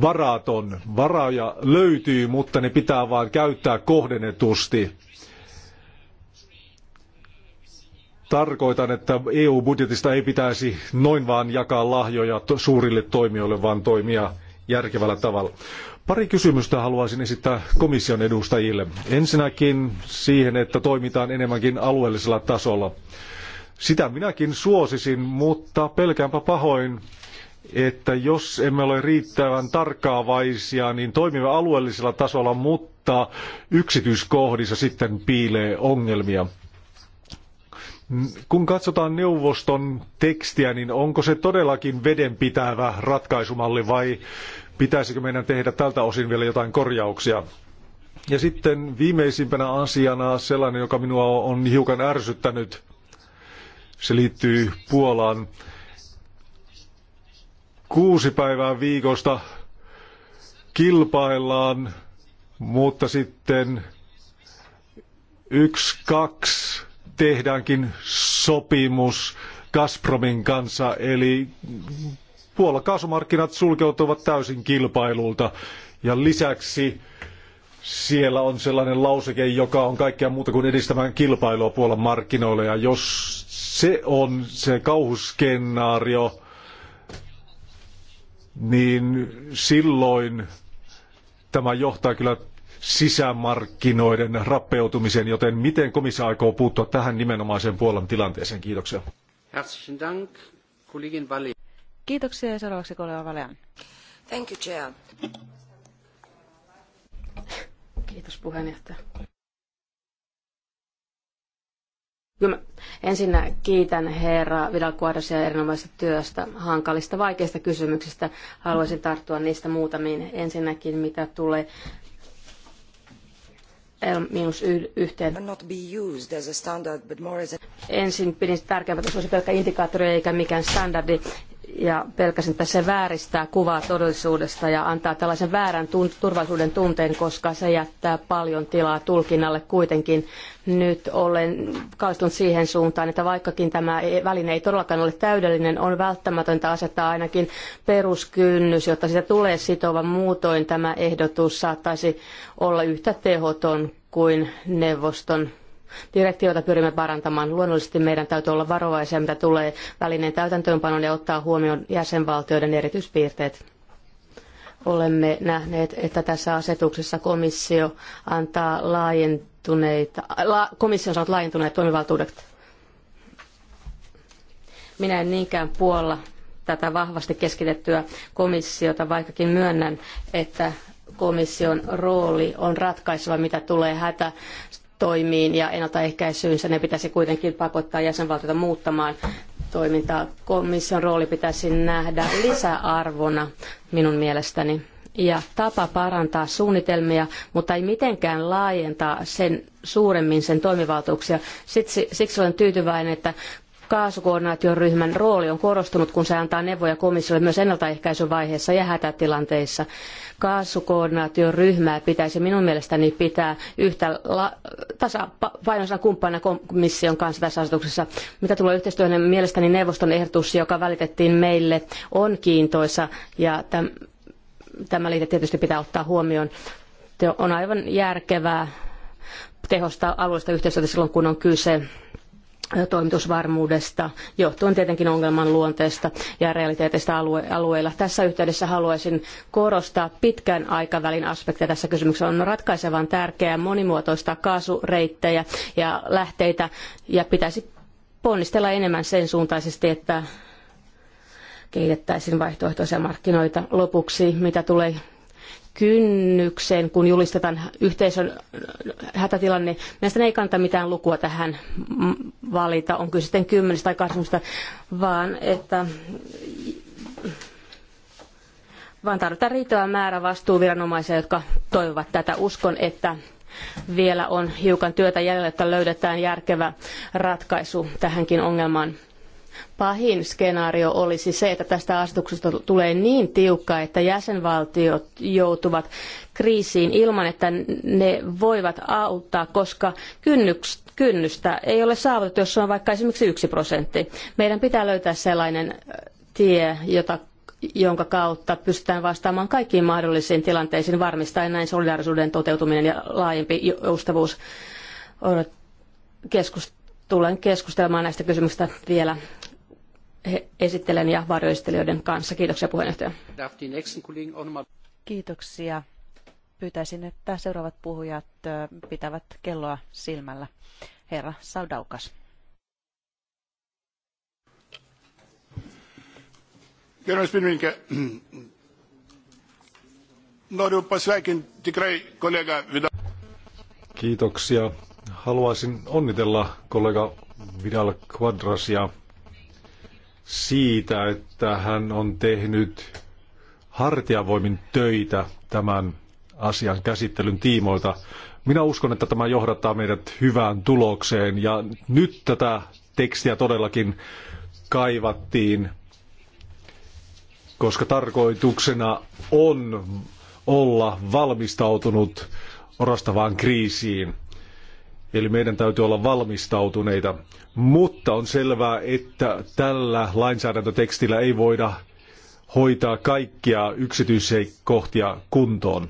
varaton. Varoja löytyy, mutta ne pitää vain käyttää kohdennetusti. tarkoitan, että EU-budjetista ei pitäisi noin vaan jakaa lahjoja suurille toimijoille, vaan toimia järkevällä tavalla. Pari kysymystä haluaisin esittää komission edustajille. Ensinnäkin siihen, että toimitaan enemmänkin alueellisella tasolla. Sitä minäkin suosisin, mutta pelkäänpä pahoin, että jos emme ole riittävän tarkkaavaisia, niin toimimme alueellisella tasolla, mutta yksityiskohdissa sitten piilee ongelmia. Kun katsotaan neuvoston tekstiä, niin onko se todellakin vedenpitävä ratkaisumalli vai pitäisikö meidän tehdä tältä osin vielä jotain korjauksia? Ja sitten viimeisimpänä asiana sellainen, joka minua on hiukan ärsyttänyt, se liittyy Puolaan. Kuusi päivää viikosta kilpaillaan, mutta sitten yksi, kaksi tehdäänkin sopimus Gazpromin kanssa, eli Puolan kaasumarkkinat sulkeutuvat täysin kilpailulta. Ja lisäksi siellä on sellainen lauseke, joka on kaikkea muuta kuin edistämään kilpailua Puolan markkinoilla. Ja jos se on se kauhuskenaario, niin silloin tämä johtaa kyllä sisämarkkinoiden rappeutumisen, joten miten komissio aikoo puuttua tähän nimenomaiseen Puolan tilanteeseen? Kiitoksia. Herzlichen Dank, Kollegin Kiitoksia ja seuraavaksi kollega Valean. Thank you, Chair. Kiitos puheenjohtaja. Kyllä ensinnä kiitän herra Vidal Quadrasia erinomaisesta työstä, hankalista, vaikeista kysymyksistä. Haluaisin tarttua niistä muutamiin. Ensinnäkin, mitä tulee miinus yhteen. Ensin pidin tärkeämpää, että se olisi pelkkä indikaattori eikä mikään standardi ja pelkäsin, että se vääristää kuvaa todellisuudesta ja antaa tällaisen väärän turvallisuuden tunteen, koska se jättää paljon tilaa tulkinnalle kuitenkin. Nyt olen kallistunut siihen suuntaan, että vaikkakin tämä e-, väline ei todellakaan ole täydellinen, on välttämätöntä asettaa ainakin peruskynnys, jotta sitä tulee sitova. Muutoin tämä ehdotus saattaisi olla yhtä tehoton kuin neuvoston direktiota pyrimme parantamaan. Luonnollisesti meidän täytyy olla varovaisia, mitä tulee välineen täytäntöönpanoon ja ottaa huomioon jäsenvaltioiden erityispiirteet. Olemme nähneet, että tässä asetuksessa komissio antaa laajentuneita, la, komissio on laajentuneet toimivaltuudet. Minä en niinkään puolla tätä vahvasti keskitettyä komissiota, vaikkakin myönnän, että komission rooli on ratkaiseva, mitä tulee hätä toimiin ja ennaltaehkäisyyn, ne pitäisi kuitenkin pakottaa jäsenvaltioita muuttamaan toimintaa. Komission rooli pitäisi nähdä lisäarvona minun mielestäni ja tapa parantaa suunnitelmia, mutta ei mitenkään laajentaa sen suuremmin sen toimivaltuuksia. Siksi, siksi olen tyytyväinen, että kaasukoordinaatioryhmän rooli on korostunut, kun se antaa neuvoja komissiolle myös ennaltaehkäisyvaiheessa ja hätätilanteissa kaasukoordinaatioryhmää pitäisi minun mielestäni pitää yhtä tasapainoisena kumppanina komission kanssa tässä asetuksessa. Mitä tulee yhteistyöhön, niin mielestäni neuvoston ehdotus, joka välitettiin meille, on kiintoisa ja täm- tämä liite tietysti pitää ottaa huomioon. On aivan järkevää tehostaa alueellista yhteistyötä silloin, kun on kyse toimitusvarmuudesta, johtuen tietenkin ongelman luonteesta ja realiteeteista alue- alueilla. Tässä yhteydessä haluaisin korostaa pitkän aikavälin aspekteja tässä kysymyksessä. On ratkaisevan tärkeää monimuotoista kaasureittejä ja lähteitä ja pitäisi ponnistella enemmän sen suuntaisesti, että kehitettäisiin vaihtoehtoisia markkinoita. Lopuksi, mitä tulee kynnykseen, kun julistetaan yhteisön hätätilanne. Mielestäni ei kannata mitään lukua tähän valita, on kyse sitten 10 tai 20, vaan että vaan tarvitaan riittävä määrä vastuuviranomaisia, jotka toivovat tätä. Uskon, että vielä on hiukan työtä jäljellä, että löydetään järkevä ratkaisu tähänkin ongelmaan. Pahin skenaario olisi se, että tästä asetuksesta tulee niin tiukka, että jäsenvaltiot joutuvat kriisiin ilman, että ne voivat auttaa, koska kynnystä ei ole saavutettu, jos se on vaikka esimerkiksi yksi prosentti. Meidän pitää löytää sellainen äh, tie, jota jonka kautta pystytään vastaamaan kaikkiin mahdollisiin tilanteisiin varmistaen näin solidaarisuuden toteutuminen ja laajempi joustavuus. Tulen keskustelemaan näistä kysymyksistä vielä esittelijän ja varjoesittelijöiden kanssa. Kiitoksia puheenjohtaja. Kiitoksia. Pyytäisin, että seuraavat puhujat pitävät kelloa silmällä. Herra Saudaukas. Gerbiamas pirmininkė, noriu pasveikinti tikrai kollega Vidal. Kiitoksia. Haluaisin onnitella kollega Vidal Quadrasia siitä, että hän on tehnyt hartiavoimin töitä tämän asian käsittelyn tiimoilta. Minä uskon, että tämä johdattaa meidät hyvään tulokseen ja nyt tätä tekstiä todellakin kaivattiin, koska tarkoituksena on olla valmistautunut orastavaan kriisiin. Eli meidän täytyy olla valmistautuneita. Mutta on selvää, että tällä lainsäädäntötekstillä ei voida hoitaa kaikkia yksityiskohtia kuntoon.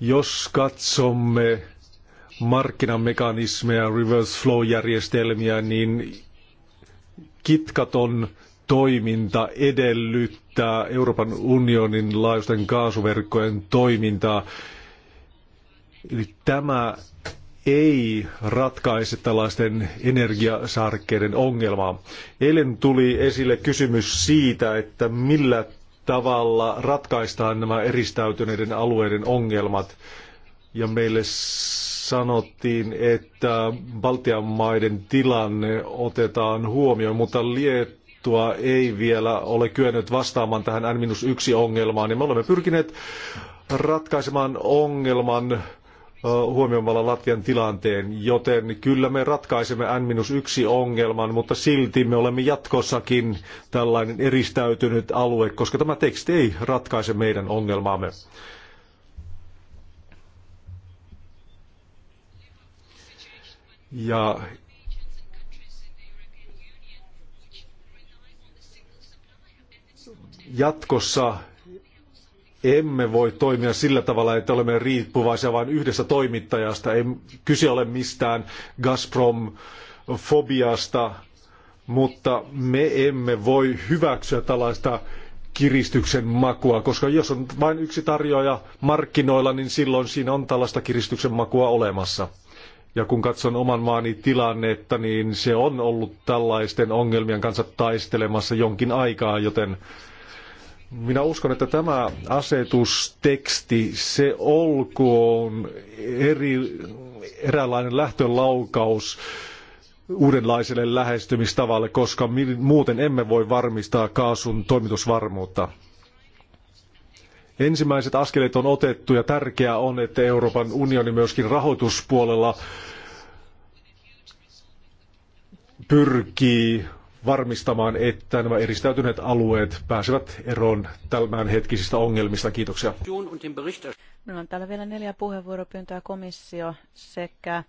Jos katsomme markkinamekanismeja, reverse flow-järjestelmiä, niin kitkaton toiminta edellyttää Euroopan unionin laajuisten kaasuverkkojen toimintaa. Eli tämä ei ratkaise tällaisten energiasarkkeiden ongelmaa. Eilen tuli esille kysymys siitä, että millä tavalla ratkaistaan nämä eristäytyneiden alueiden ongelmat. Ja meille sanottiin, että Baltian maiden tilanne otetaan huomioon, mutta Liettua ei vielä ole kyennyt vastaamaan tähän N-1 ongelmaan. Ja me olemme pyrkineet ratkaisemaan ongelman huomioimalla Latvian tilanteen, joten kyllä me ratkaisemme N-1 ongelman, mutta silti me olemme jatkossakin tällainen eristäytynyt alue, koska tämä teksti ei ratkaise meidän ongelmaamme. Ja jatkossa emme voi toimia sillä tavalla, että olemme riippuvaisia vain yhdestä toimittajasta. Ei kyse ole mistään Gazprom-fobiasta, mutta me emme voi hyväksyä tällaista kiristyksen makua, koska jos on vain yksi tarjoaja markkinoilla, niin silloin siinä on tällaista kiristyksen makua olemassa. Ja kun katson oman maani tilannetta, niin se on ollut tällaisten ongelmien kanssa taistelemassa jonkin aikaa, joten minä uskon, että tämä asetusteksti, se olkoon eri, eräänlainen lähtölaukaus uudenlaiselle lähestymistavalle, koska muuten emme voi varmistaa kaasun toimitusvarmuutta. Ensimmäiset askeleet on otettu ja tärkeää on, että Euroopan unioni myöskin rahoituspuolella pyrkii varmistamaan, että nämä eristäytyneet alueet pääsevät eroon tämänhetkisistä ongelmista. Kiitoksia. Meillä on täällä vielä neljä puheenvuoropyyntöä komissio sekä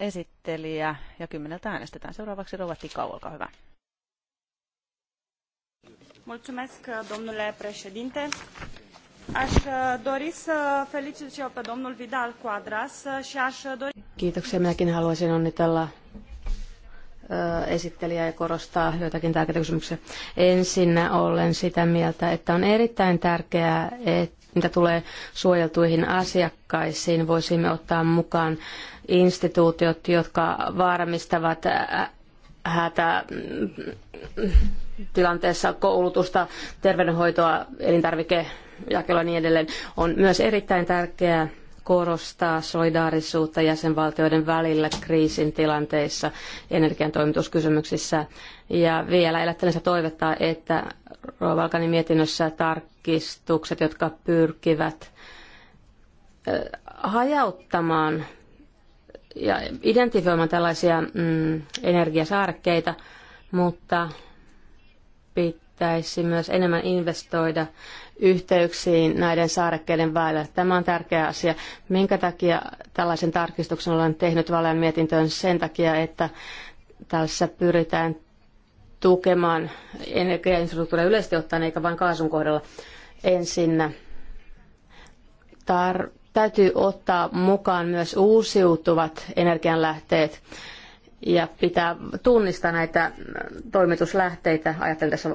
esittelijä ja kymmeneltä äänestetään. Seuraavaksi Rova Tikau, olkaa hyvä. Mulțumesc, domnule președinte. Aș dori să felicit și eu pe domnul Vidal și aș dori... Kiitoksia. Minäkin haluaisin onnitella esittelijä ja korostaa joitakin tärkeitä kysymyksiä. Ensinnä olen sitä mieltä, että on erittäin tärkeää, että mitä tulee suojeltuihin asiakkaisiin, voisimme ottaa mukaan instituutiot, jotka varmistavat hätä tilanteessa koulutusta, terveydenhoitoa, elintarvikejakelua ja niin edelleen. On myös erittäin tärkeää, korostaa solidaarisuutta jäsenvaltioiden välillä kriisin tilanteissa energiantoimituskysymyksissä. Ja vielä sitä toivetta, että Rovalkanin mietinnössä tarkistukset, jotka pyrkivät hajauttamaan ja identifioimaan tällaisia mm, energiasaarekkeita, mutta pitäisi myös enemmän investoida yhteyksiin näiden saarekkeiden välillä. Tämä on tärkeä asia. Minkä takia tällaisen tarkistuksen olen tehnyt valen mietintöön? Sen takia, että tässä pyritään tukemaan energiainfrastruktuuria yleisesti ottaen, eikä vain kaasun kohdalla. Ensinnä tar- täytyy ottaa mukaan myös uusiutuvat energianlähteet ja pitää tunnistaa näitä toimituslähteitä. Ajattelen tässä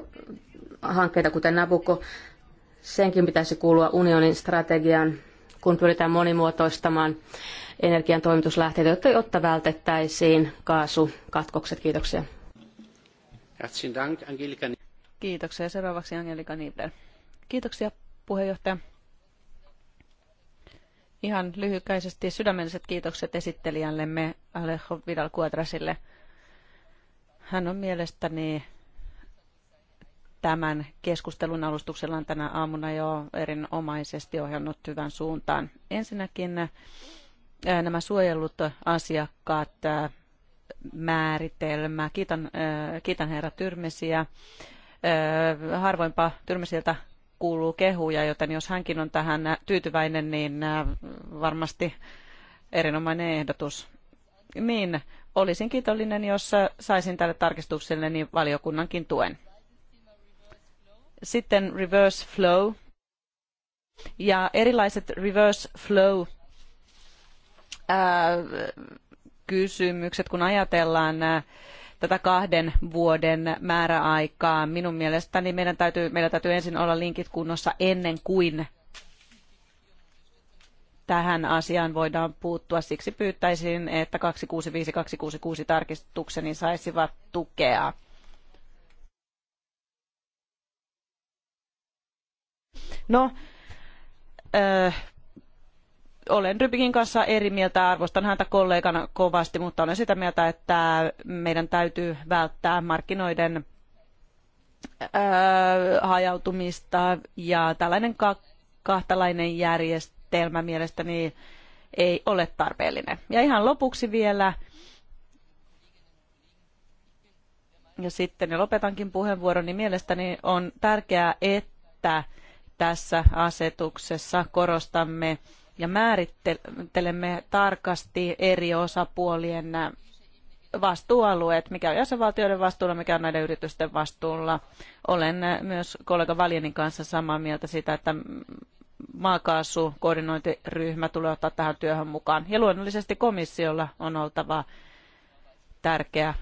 hankkeita, kuten Nabucco, senkin pitäisi kuulua unionin strategiaan, kun pyritään monimuotoistamaan energian toimituslähteitä, jotta vältettäisiin kaasukatkokset. Kiitoksia. Kiitoksia. Seuraavaksi Angelika Niebler. Kiitoksia puheenjohtaja. Ihan lyhykäisesti sydämelliset kiitokset esittelijällemme Alejo Vidal Cuadrasille. Hän on mielestäni tämän keskustelun on tänä aamuna jo erinomaisesti ohjannut hyvän suuntaan. Ensinnäkin äh, nämä suojellut asiakkaat äh, määritelmä. Kiitän, äh, kiitän herra Tyrmesiä. Harvoinpa Tyrmesiltä kuuluu kehuja, joten jos hänkin on tähän tyytyväinen, niin varmasti erinomainen ehdotus. Niin, olisin kiitollinen, jos saisin tälle tarkistukselle niin valiokunnankin tuen. Sitten reverse flow. Ja erilaiset reverse flow kysymykset, kun ajatellaan tätä kahden vuoden määräaikaa. Minun mielestäni meidän täytyy, meillä täytyy ensin olla linkit kunnossa ennen kuin tähän asiaan voidaan puuttua. Siksi pyytäisin, että 265-266 tarkistukseni saisivat tukea. No, öö, olen Rybikin kanssa eri mieltä, arvostan häntä kollegana kovasti, mutta olen sitä mieltä, että meidän täytyy välttää markkinoiden öö, hajautumista ja tällainen ka- kahtalainen järjestelmä mielestäni ei ole tarpeellinen. Ja ihan lopuksi vielä, ja sitten ja lopetankin puheenvuoron, niin mielestäni on tärkeää, että tässä asetuksessa korostamme ja määrittelemme tarkasti eri osapuolien vastuualueet, mikä on jäsenvaltioiden vastuulla, mikä on näiden yritysten vastuulla. Olen myös kollega Valjenin kanssa samaa mieltä siitä, että maakaasukoordinointiryhmä tulee ottaa tähän työhön mukaan. Ja luonnollisesti komissiolla on oltava tärkeä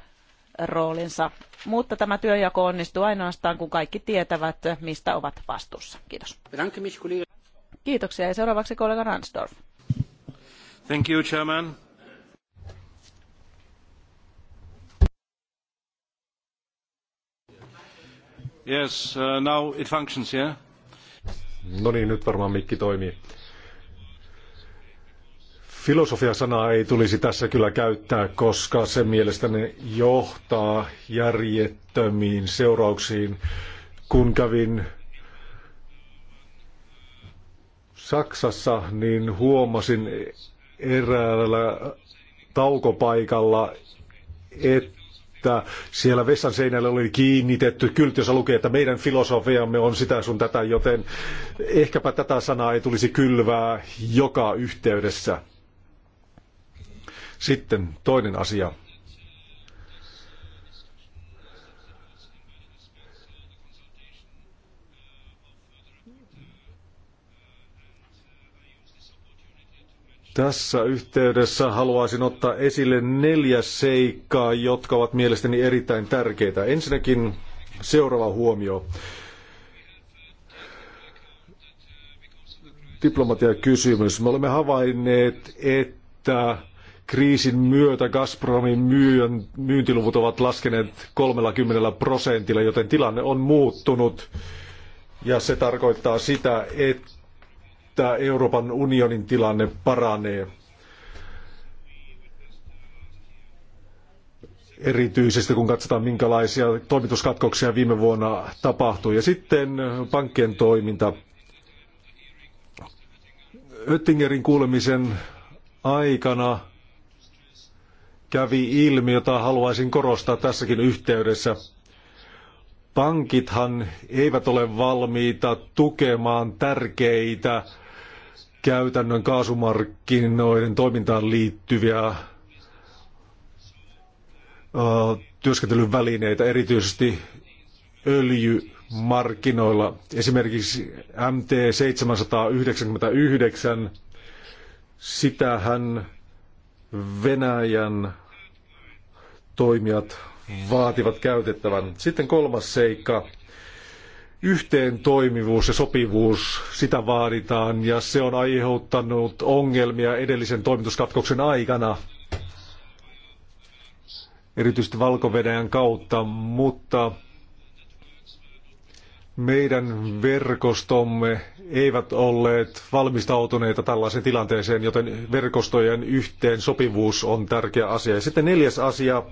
roolinsa. Mutta tämä työjako onnistuu ainoastaan, kun kaikki tietävät, mistä ovat vastuussa. Kiitos. Kiitoksia ja seuraavaksi kollega Ransdorf. Thank you, Chairman. Yes, uh, now it functions, yeah? No niin, nyt varmaan mikki toimii. Filosofia Filosofia-sanaa ei tulisi tässä kyllä käyttää, koska se mielestäni johtaa järjettömiin seurauksiin. Kun kävin Saksassa, niin huomasin eräällä taukopaikalla, että siellä vessan seinällä oli kiinnitetty kyltti, jossa lukee, että meidän filosofiamme on sitä sun tätä, joten ehkäpä tätä sanaa ei tulisi kylvää joka yhteydessä. Sitten toinen asia. Tässä yhteydessä haluaisin ottaa esille neljä seikkaa, jotka ovat mielestäni erittäin tärkeitä. Ensinnäkin seuraava huomio. Diplomatia kysymys. Me olemme havainneet, että kriisin myötä Gazpromin myyjän, myyntiluvut ovat laskeneet 30 prosentilla, joten tilanne on muuttunut. Ja se tarkoittaa sitä, että Euroopan unionin tilanne paranee. Erityisesti kun katsotaan, minkälaisia toimituskatkoksia viime vuonna tapahtui. Ja sitten pankkien toiminta. Oettingerin kuulemisen aikana kävi ilmi, jota haluaisin korostaa tässäkin yhteydessä. Pankithan eivät ole valmiita tukemaan tärkeitä käytännön kaasumarkkinoiden toimintaan liittyviä työskentelyn välineitä, erityisesti öljymarkkinoilla. Esimerkiksi MT-799, sitähän Venäjän toimijat vaativat käytettävän. Sitten kolmas seikka, yhteen toimivuus ja sopivuus, sitä vaaditaan ja se on aiheuttanut ongelmia edellisen toimituskatkoksen aikana, erityisesti valko kautta, mutta meidän verkostomme eivät olleet valmistautuneita tällaiseen tilanteeseen, joten verkostojen yhteen sopivuus on tärkeä asia. Ja sitten neljäs asia.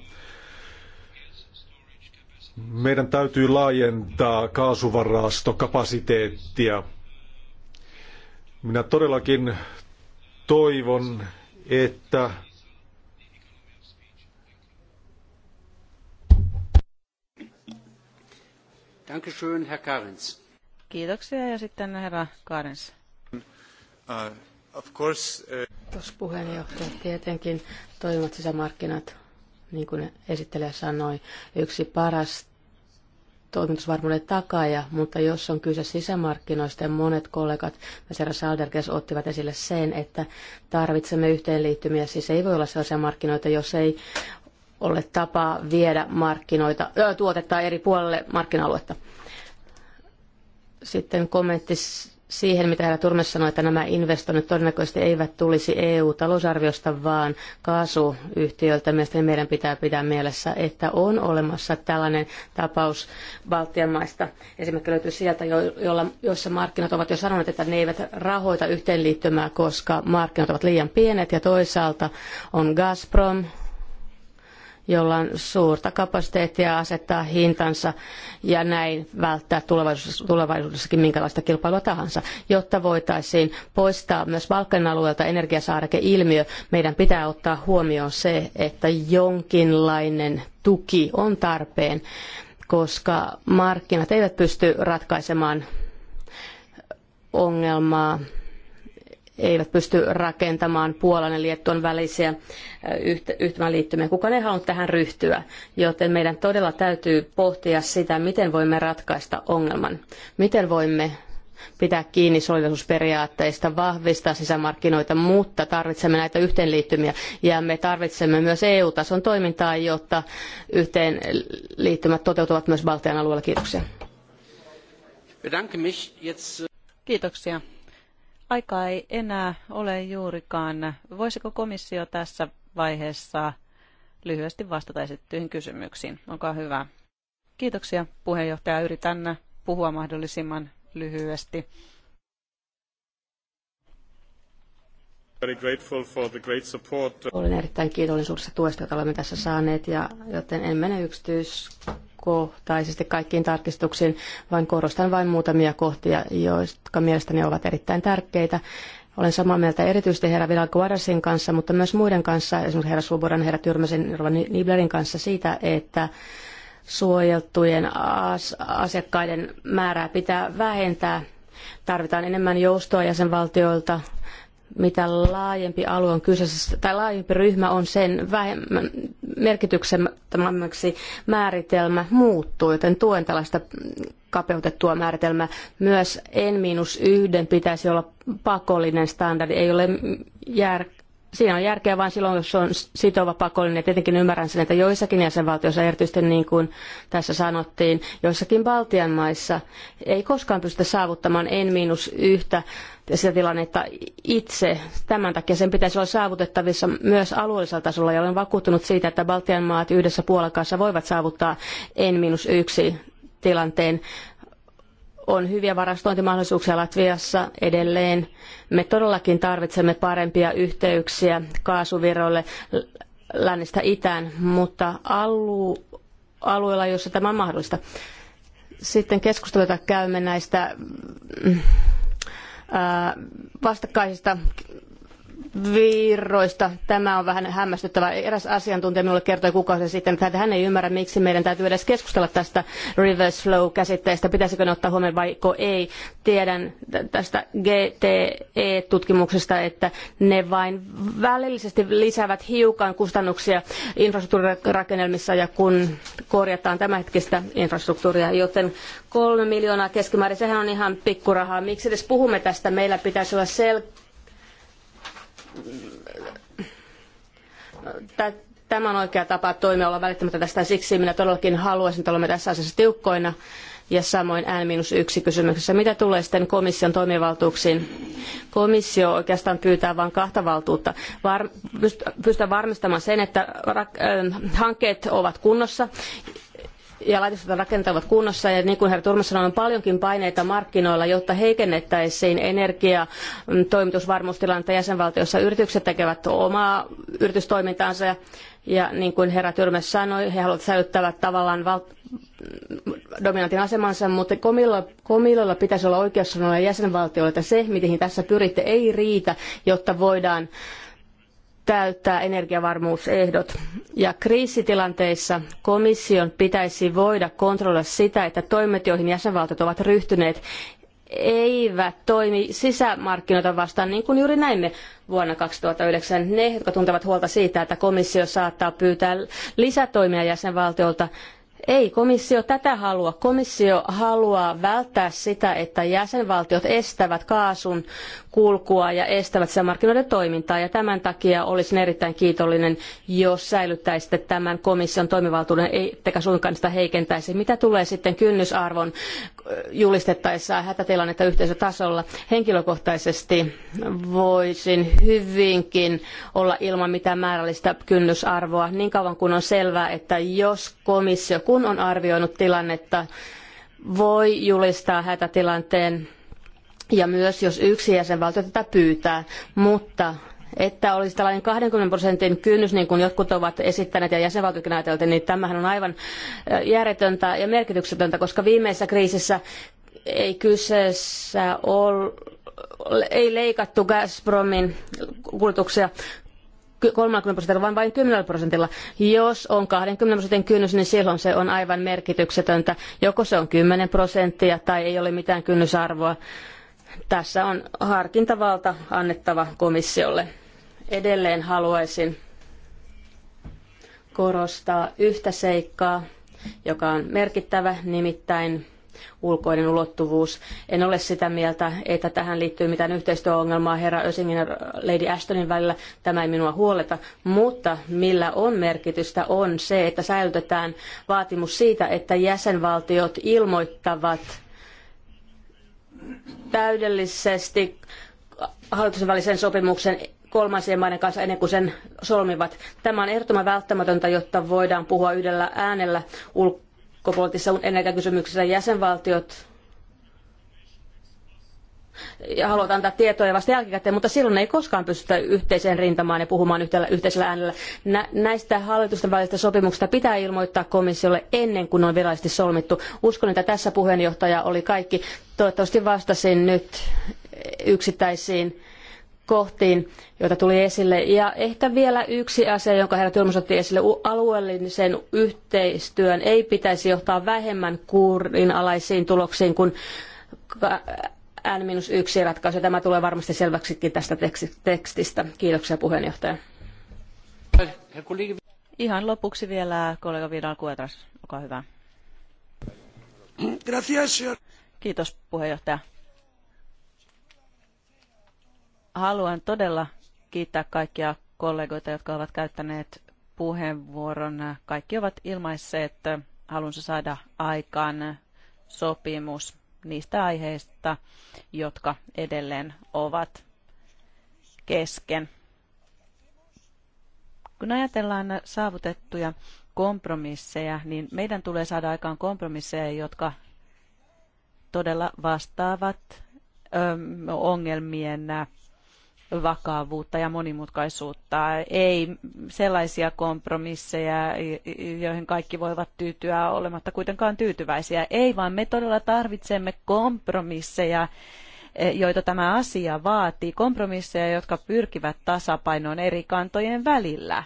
Meidän täytyy laajentaa kaasuvarastokapasiteettia. Minä todellakin toivon, että Dankeschön, Herr Kiitoksia ja sitten herra Karins. Uh, of course, uh... puheenjohtaja tietenkin toimivat sisämarkkinat, niin kuin esittelijä sanoi, yksi paras toimitusvarmuuden takaja, mutta jos on kyse sisämarkkinoista ja monet kollegat, myös herra Salderkes ottivat esille sen, että tarvitsemme yhteenliittymiä, siis ei voi olla sellaisia markkinoita, jos ei ole tapaa viedä markkinoita, ö, tuotetta eri puolelle markkina-aluetta. Sitten kommentti siihen, mitä herra Turmes sanoi, että nämä investoinnit todennäköisesti eivät tulisi EU-talousarviosta, vaan kaasuyhtiöiltä. Mielestäni meidän pitää pitää mielessä, että on olemassa tällainen tapaus Baltian maista. Esimerkiksi löytyy sieltä, jolla, jossa markkinat ovat jo sanoneet, että ne eivät rahoita yhteenliittymää, koska markkinat ovat liian pienet. Ja toisaalta on Gazprom, jolla on suurta kapasiteettia asettaa hintansa ja näin välttää tulevaisuudessakin minkälaista kilpailua tahansa. Jotta voitaisiin poistaa myös Balkan alueelta energiasaarekeilmiö, meidän pitää ottaa huomioon se, että jonkinlainen tuki on tarpeen, koska markkinat eivät pysty ratkaisemaan ongelmaa eivät pysty rakentamaan Puolan ja Liettuan välisiä yhtymäliittymiä. Kukaan ei halunnut tähän ryhtyä, joten meidän todella täytyy pohtia sitä, miten voimme ratkaista ongelman. Miten voimme pitää kiinni solidaisuusperiaatteista, vahvistaa sisämarkkinoita, mutta tarvitsemme näitä yhteenliittymiä ja me tarvitsemme myös EU-tason toimintaa, jotta yhteenliittymät toteutuvat myös Baltian alueella. Kiitoksia. Äh, Kiitoksia aikaa ei enää ole juurikaan. Voisiko komissio tässä vaiheessa lyhyesti vastata esittyihin kysymyksiin? Olkaa hyvä. Kiitoksia puheenjohtaja. Yritän puhua mahdollisimman lyhyesti. Olen erittäin kiitollinen suuresta tuesta, jota olemme tässä saaneet, ja joten en mene yksityis yksityiskohtaisesti kaikkiin tarkistuksiin, vaan korostan vain muutamia kohtia, jotka mielestäni ovat erittäin tärkeitä. Olen samaa mieltä erityisesti herra Vidal Varasin kanssa, mutta myös muiden kanssa, esimerkiksi herra Suboran, herra Tyrmäsen, Rova Niblerin kanssa siitä, että suojeltujen asiakkaiden määrää pitää vähentää. Tarvitaan enemmän joustoa jäsenvaltioilta mitä laajempi alue on kyseessä, tai laajempi ryhmä on sen vähemmän merkityksettömämmäksi määritelmä muuttuu, joten tuen tällaista kapeutettua määritelmää. Myös N-1 pitäisi olla pakollinen standardi, ei ole jär... Siinä on järkeä vain silloin, jos se on sitova pakollinen. Tietenkin ymmärrän sen, että joissakin jäsenvaltioissa, erityisesti niin kuin tässä sanottiin, joissakin Baltian maissa ei koskaan pystytä saavuttamaan N-1 sitä tilannetta itse. Tämän takia sen pitäisi olla saavutettavissa myös alueellisella tasolla ja olen vakuuttunut siitä, että Baltian maat yhdessä Puolan kanssa voivat saavuttaa N-1 tilanteen. On hyviä varastointimahdollisuuksia Latviassa edelleen. Me todellakin tarvitsemme parempia yhteyksiä kaasuviroille lännestä itään, mutta alu, alueella, jossa tämä on mahdollista. Sitten keskusteluita käymme näistä mm, vastakkaisista virroista. Tämä on vähän hämmästyttävä. Eräs asiantuntija minulle kertoi kuukausi sitten, että hän ei ymmärrä, miksi meidän täytyy edes keskustella tästä reverse flow-käsitteestä. Pitäisikö ne ottaa huomioon vai ei? Tiedän tästä GTE-tutkimuksesta, että ne vain välillisesti lisäävät hiukan kustannuksia infrastruktuurirakennelmissa ja kun korjataan tämänhetkistä infrastruktuuria, joten kolme miljoonaa keskimäärin, sehän on ihan pikkurahaa. Miksi edes puhumme tästä? Meillä pitäisi olla selkeä tämä on oikea tapa toimia olla välittämättä tästä. Siksi minä todellakin haluaisin, että olemme tässä asiassa tiukkoina ja samoin N-1 kysymyksessä. Mitä tulee sitten komission toimivaltuuksiin? Komissio oikeastaan pyytää vain kahta valtuutta. Var, pystytään varmistamaan sen, että hankkeet ovat kunnossa ja laitokset rakentavat kunnossa. Ja niin kuin herra Turma sanoi, on paljonkin paineita markkinoilla, jotta heikennettäisiin energia toimitusvarmuustilannetta jäsenvaltiossa. Yritykset tekevät omaa yritystoimintaansa ja, ja niin kuin herra Tyrmäs sanoi, he haluavat säilyttää tavallaan val- dominantin asemansa, mutta komilla, komilla pitäisi olla oikeus sanoa jäsenvaltioille, että se, mihin tässä pyritte, ei riitä, jotta voidaan täyttää energiavarmuusehdot. Ja kriisitilanteissa komission pitäisi voida kontrolloida sitä, että toimet, joihin jäsenvaltiot ovat ryhtyneet, eivät toimi sisämarkkinoita vastaan, niin kuin juuri näimme vuonna 2009. Ne, jotka tuntevat huolta siitä, että komissio saattaa pyytää lisätoimia jäsenvaltiolta, ei komissio tätä halua. Komissio haluaa välttää sitä, että jäsenvaltiot estävät kaasun kulkua ja estävät sisämarkkinoiden toimintaa. Ja tämän takia olisin erittäin kiitollinen, jos säilyttäisitte tämän komission toimivaltuuden, ettekä suinkaan sitä heikentäisi. Mitä tulee sitten kynnysarvon eh, julistettaessa hätätilannetta yhteisötasolla? Henkilökohtaisesti voisin hyvinkin olla ilman mitään määrällistä kynnysarvoa niin kauan kuin on selvää, että jos komissio kun on arvioinut tilannetta, voi julistaa hätätilanteen ja myös jos yksi jäsenvaltio tätä pyytää, mutta että olisi tällainen 20 prosentin kynnys, niin kuin jotkut ovat esittäneet ja jäsenvaltiokin ajateltiin, niin tämähän on aivan äh, järjetöntä ja merkityksetöntä, koska viimeisessä kriisissä ei kyseessä ole ei leikattu Gazpromin kulutuksia, 30 prosentilla, vaan vain 10 prosentilla. Jos on 20 prosentin kynnys, niin silloin se on aivan merkityksetöntä. Joko se on 10 prosenttia tai ei ole mitään kynnysarvoa. Tässä on harkintavalta annettava komissiolle. Edelleen haluaisin korostaa yhtä seikkaa, joka on merkittävä, nimittäin ulkoinen ulottuvuus. En ole sitä mieltä, että tähän liittyy mitään yhteistyöongelmaa herra Ösingin ja Lady Ashtonin välillä. Tämä ei minua huoleta, mutta millä on merkitystä on se, että säilytetään vaatimus siitä, että jäsenvaltiot ilmoittavat täydellisesti hallituksen välisen sopimuksen kolmansien maiden kanssa ennen kuin sen solmivat. Tämä on ehdottoman välttämätöntä, jotta voidaan puhua yhdellä äänellä ulko- ulkopoliittisissa energiakysymyksissä jäsenvaltiot ja haluat antaa tietoja vasta jälkikäteen, mutta silloin ei koskaan pystytä yhteiseen rintamaan ja puhumaan yhtellä, yhteisellä äänellä. Nä, näistä hallitusten välisistä sopimuksista pitää ilmoittaa komissiolle ennen kuin ne on virallisesti solmittu. Uskon, että tässä puheenjohtaja oli kaikki. Toivottavasti vastasin nyt yksittäisiin kohtiin, joita tuli esille. Ja ehkä vielä yksi asia, jonka herra Tyrmäs otti esille, alueellisen yhteistyön ei pitäisi johtaa vähemmän kurinalaisiin tuloksiin kuin N-1 ratkaisu. Tämä tulee varmasti selväksikin tästä tekstistä. Kiitoksia puheenjohtaja. Ihan lopuksi vielä kollega Vidal Kuetras, olkaa hyvä. Kiitos puheenjohtaja haluan todella kiittää kaikkia kollegoita, jotka ovat käyttäneet puheenvuoron. Kaikki ovat ilmaisseet että halunsa saada aikaan sopimus niistä aiheista, jotka edelleen ovat kesken. Kun ajatellaan saavutettuja kompromisseja, niin meidän tulee saada aikaan kompromisseja, jotka todella vastaavat ongelmien vakavuutta ja monimutkaisuutta. Ei sellaisia kompromisseja, joihin kaikki voivat tyytyä olematta kuitenkaan tyytyväisiä. Ei, vaan me todella tarvitsemme kompromisseja, joita tämä asia vaatii. Kompromisseja, jotka pyrkivät tasapainoon eri kantojen välillä.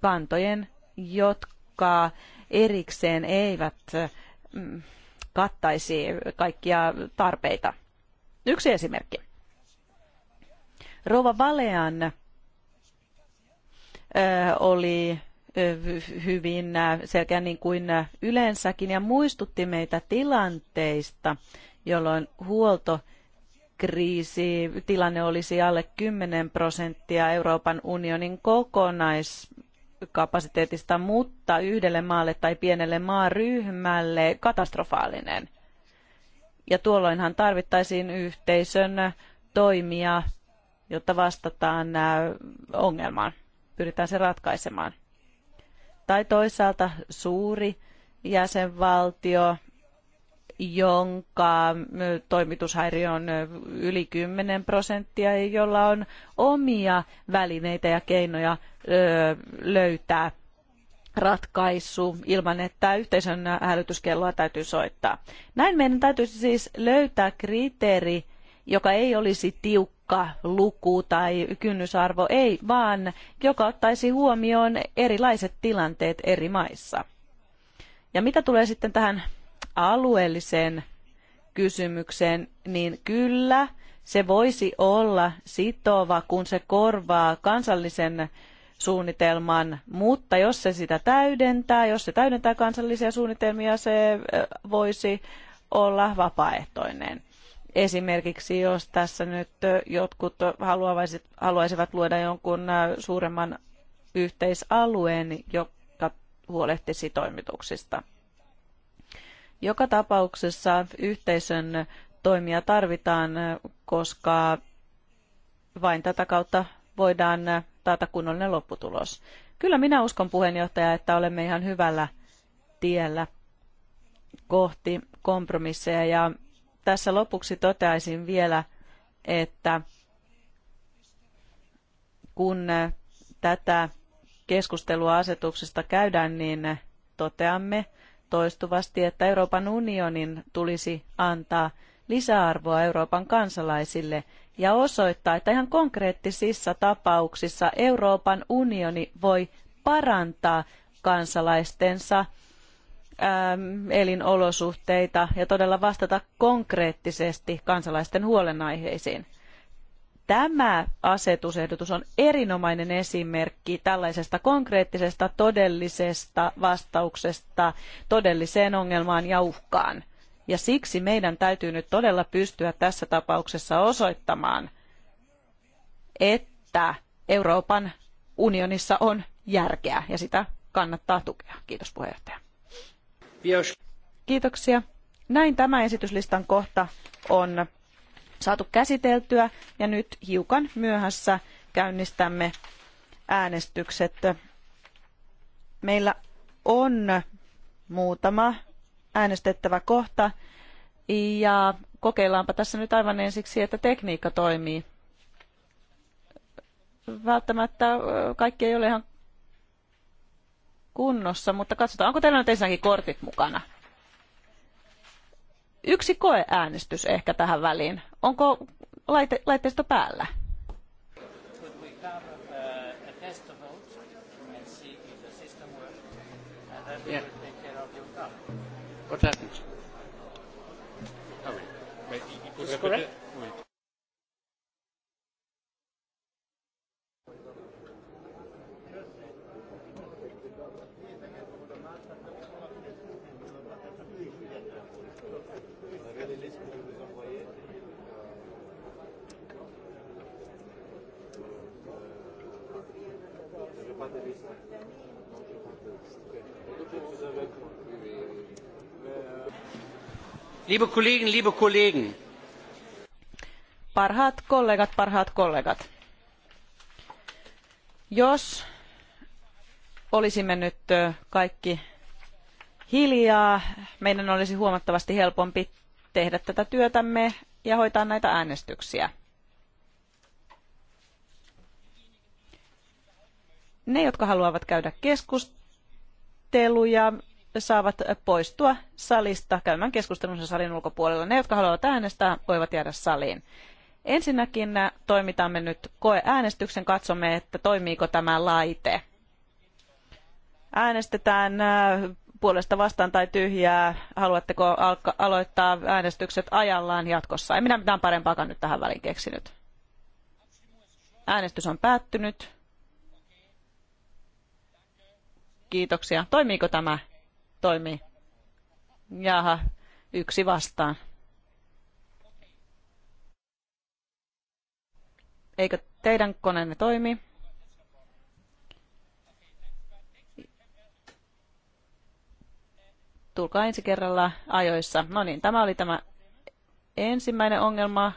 Kantojen, jotka erikseen eivät mm, kattaisi kaikkia tarpeita. Yksi esimerkki Rova Valean oli hyvin selkeä niin kuin yleensäkin ja muistutti meitä tilanteista, jolloin huolto kriisi, tilanne olisi alle 10 prosenttia Euroopan unionin kokonaiskapasiteetista, mutta yhdelle maalle tai pienelle maaryhmälle katastrofaalinen. Ja tuolloinhan tarvittaisiin yhteisön toimia jotta vastataan ongelmaan, pyritään se ratkaisemaan. Tai toisaalta suuri jäsenvaltio, jonka toimitushäiriö on yli 10 prosenttia jolla on omia välineitä ja keinoja löytää ratkaisu ilman, että yhteisön hälytyskelloa täytyy soittaa. Näin meidän täytyisi siis löytää kriteeri, joka ei olisi tiukka tiukka luku tai kynnysarvo, ei, vaan joka ottaisi huomioon erilaiset tilanteet eri maissa. Ja mitä tulee sitten tähän alueelliseen kysymykseen, niin kyllä se voisi olla sitova, kun se korvaa kansallisen suunnitelman, mutta jos se sitä täydentää, jos se täydentää kansallisia suunnitelmia, se voisi olla vapaaehtoinen. Esimerkiksi jos tässä nyt jotkut haluaisivat, haluaisivat luoda jonkun suuremman yhteisalueen, joka huolehtisi toimituksista. Joka tapauksessa yhteisön toimia tarvitaan, koska vain tätä kautta voidaan taata kunnollinen lopputulos. Kyllä minä uskon puheenjohtaja, että olemme ihan hyvällä tiellä kohti kompromisseja ja tässä lopuksi toteaisin vielä, että kun tätä keskustelua asetuksesta käydään, niin toteamme toistuvasti, että Euroopan unionin tulisi antaa lisäarvoa Euroopan kansalaisille ja osoittaa, että ihan konkreettisissa tapauksissa Euroopan unioni voi parantaa kansalaistensa Ähm, elinolosuhteita ja todella vastata konkreettisesti kansalaisten huolenaiheisiin. Tämä asetusehdotus on erinomainen esimerkki tällaisesta konkreettisesta todellisesta vastauksesta todelliseen ongelmaan ja uhkaan. Ja siksi meidän täytyy nyt todella pystyä tässä tapauksessa osoittamaan, että Euroopan unionissa on järkeä ja sitä kannattaa tukea. Kiitos puheenjohtaja. Kiitoksia. Näin tämä esityslistan kohta on saatu käsiteltyä ja nyt hiukan myöhässä käynnistämme äänestykset. Meillä on muutama äänestettävä kohta ja kokeillaanpa tässä nyt aivan ensiksi, että tekniikka toimii. Välttämättä kaikki ei ole ihan kunnossa, mutta katsotaan, onko teillä nyt ensinnäkin kortit mukana? Yksi koeäänestys ehkä tähän väliin. Onko laite, laitteisto päällä? Yeah. What happened? Oh, wait. Wait, it was correct? Liebe Kollegen, liebe Kollegen. Parhaat kollegat, parhaat kollegat. Jos olisimme nyt kaikki hiljaa, meidän olisi huomattavasti helpompi tehdä tätä työtämme ja hoitaa näitä äänestyksiä. Ne, jotka haluavat käydä keskusteluja, saavat poistua salista käymään keskustelunsa salin ulkopuolella. Ne, jotka haluavat äänestää, voivat jäädä saliin. Ensinnäkin äh, toimitamme nyt koeäänestyksen, katsomme, että toimiiko tämä laite. Äänestetään äh, puolesta vastaan tai tyhjää. Haluatteko aloittaa äänestykset ajallaan jatkossa? En minä mitään parempaakaan nyt tähän väliin keksinyt. Äänestys on päättynyt. Kiitoksia. Toimiiko tämä? toimi. Jaha, yksi vastaan. Eikö teidän koneenne toimi? Tulkaa ensi kerralla ajoissa. No niin, tämä oli tämä ensimmäinen ongelma.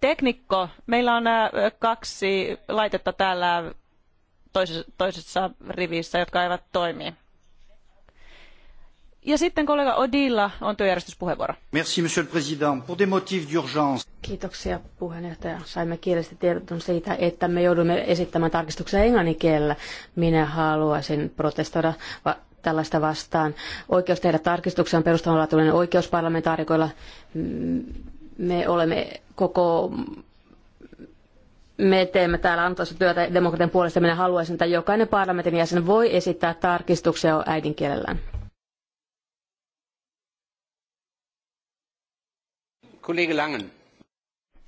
Teknikko, meillä on äh, kaksi laitetta täällä toisessa rivissä, jotka eivät toimi. Ja sitten kollega Odilla on työjärjestyspuheenvuoro. Merci, monsieur le président. Pour des motifs d'urgence. Kiitoksia puheenjohtaja. Saimme kielestä tiedon siitä, että me joudumme esittämään tarkistuksia englanninkielellä. Minä haluaisin protestoida tällaista vastaan. Oikeus tehdä tarkistuksia on perustavanlaatuinen oikeus parlamentaarikoilla. Me olemme koko me teemme täällä antoisa työtä demokratian puolesta. Minä haluaisin, että jokainen parlamentin jäsen voi esittää tarkistuksia äidinkielellään. Kollega Langen.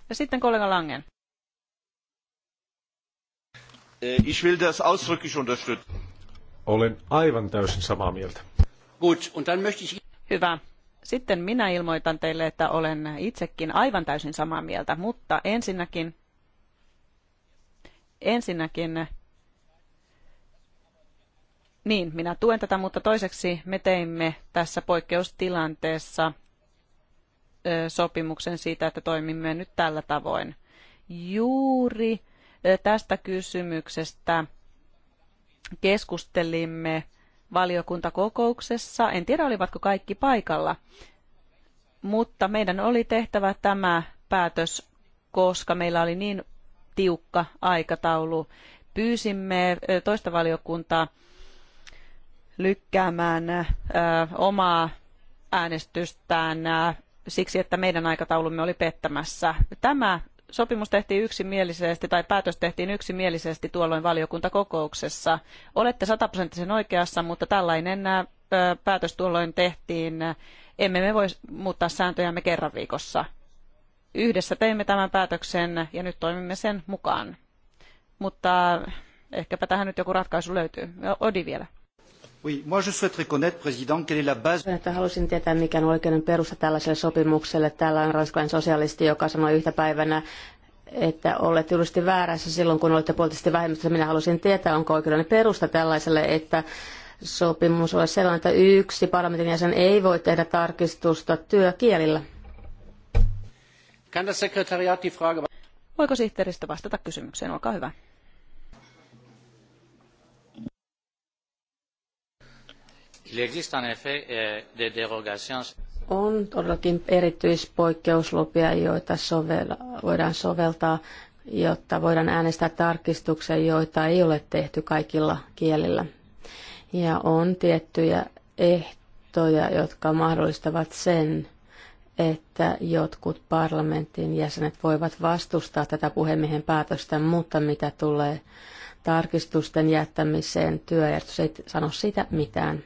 Ja sitten kollega Langen. Eh, ich will das ausdrücklich unterstützen. Olen aivan täysin samaa mieltä. Gut, und dann möchte ich... Hyvä. Sitten minä ilmoitan teille, että olen itsekin aivan täysin samaa mieltä, mutta ensinnäkin, ensinnäkin niin, minä tuen tätä, mutta toiseksi me teimme tässä poikkeustilanteessa sopimuksen siitä, että toimimme nyt tällä tavoin. Juuri tästä kysymyksestä keskustelimme valiokuntakokouksessa. En tiedä, olivatko kaikki paikalla, mutta meidän oli tehtävä tämä päätös, koska meillä oli niin tiukka aikataulu. Pyysimme toista valiokuntaa lykkäämään omaa äänestystään siksi, että meidän aikataulumme oli pettämässä. Tämä sopimus tehtiin yksimielisesti tai päätös tehtiin yksimielisesti tuolloin valiokuntakokouksessa. Olette sataprosenttisen oikeassa, mutta tällainen päätös tuolloin tehtiin. Emme me voi muuttaa sääntöjämme kerran viikossa. Yhdessä teimme tämän päätöksen ja nyt toimimme sen mukaan. Mutta ehkäpä tähän nyt joku ratkaisu löytyy. Odi vielä. Oui, moi je souhaiterais connaître, président, quelle est la base... Että halusin tietää, mikä on oikeuden perusta tällaiselle sopimukselle. Täällä on ranskalainen sosialisti, joka sanoi yhtä päivänä, että olette juuri väärässä silloin, kun olette poliittisesti vähemmistössä. Minä halusin tietää, onko oikeuden perusta tällaiselle, että sopimus olisi sellainen, että yksi parlamentin jäsen ei voi tehdä tarkistusta työkielillä. Voiko sihteeristö vastata kysymykseen? Olkaa hyvä. Euh, on todellakin erityispoikkeuslupia, joita voidaan soveltaa, jotta voidaan äänestää tarkistuksia, joita ei ole tehty kaikilla kielillä. Ja on tiettyjä ehtoja, jotka mahdollistavat sen, että jotkut parlamentin jäsenet voivat vastustaa tätä puhemiehen päätöstä, mutta mitä tulee tarkistusten jättämiseen, työjärjestys ei sano sitä mitään.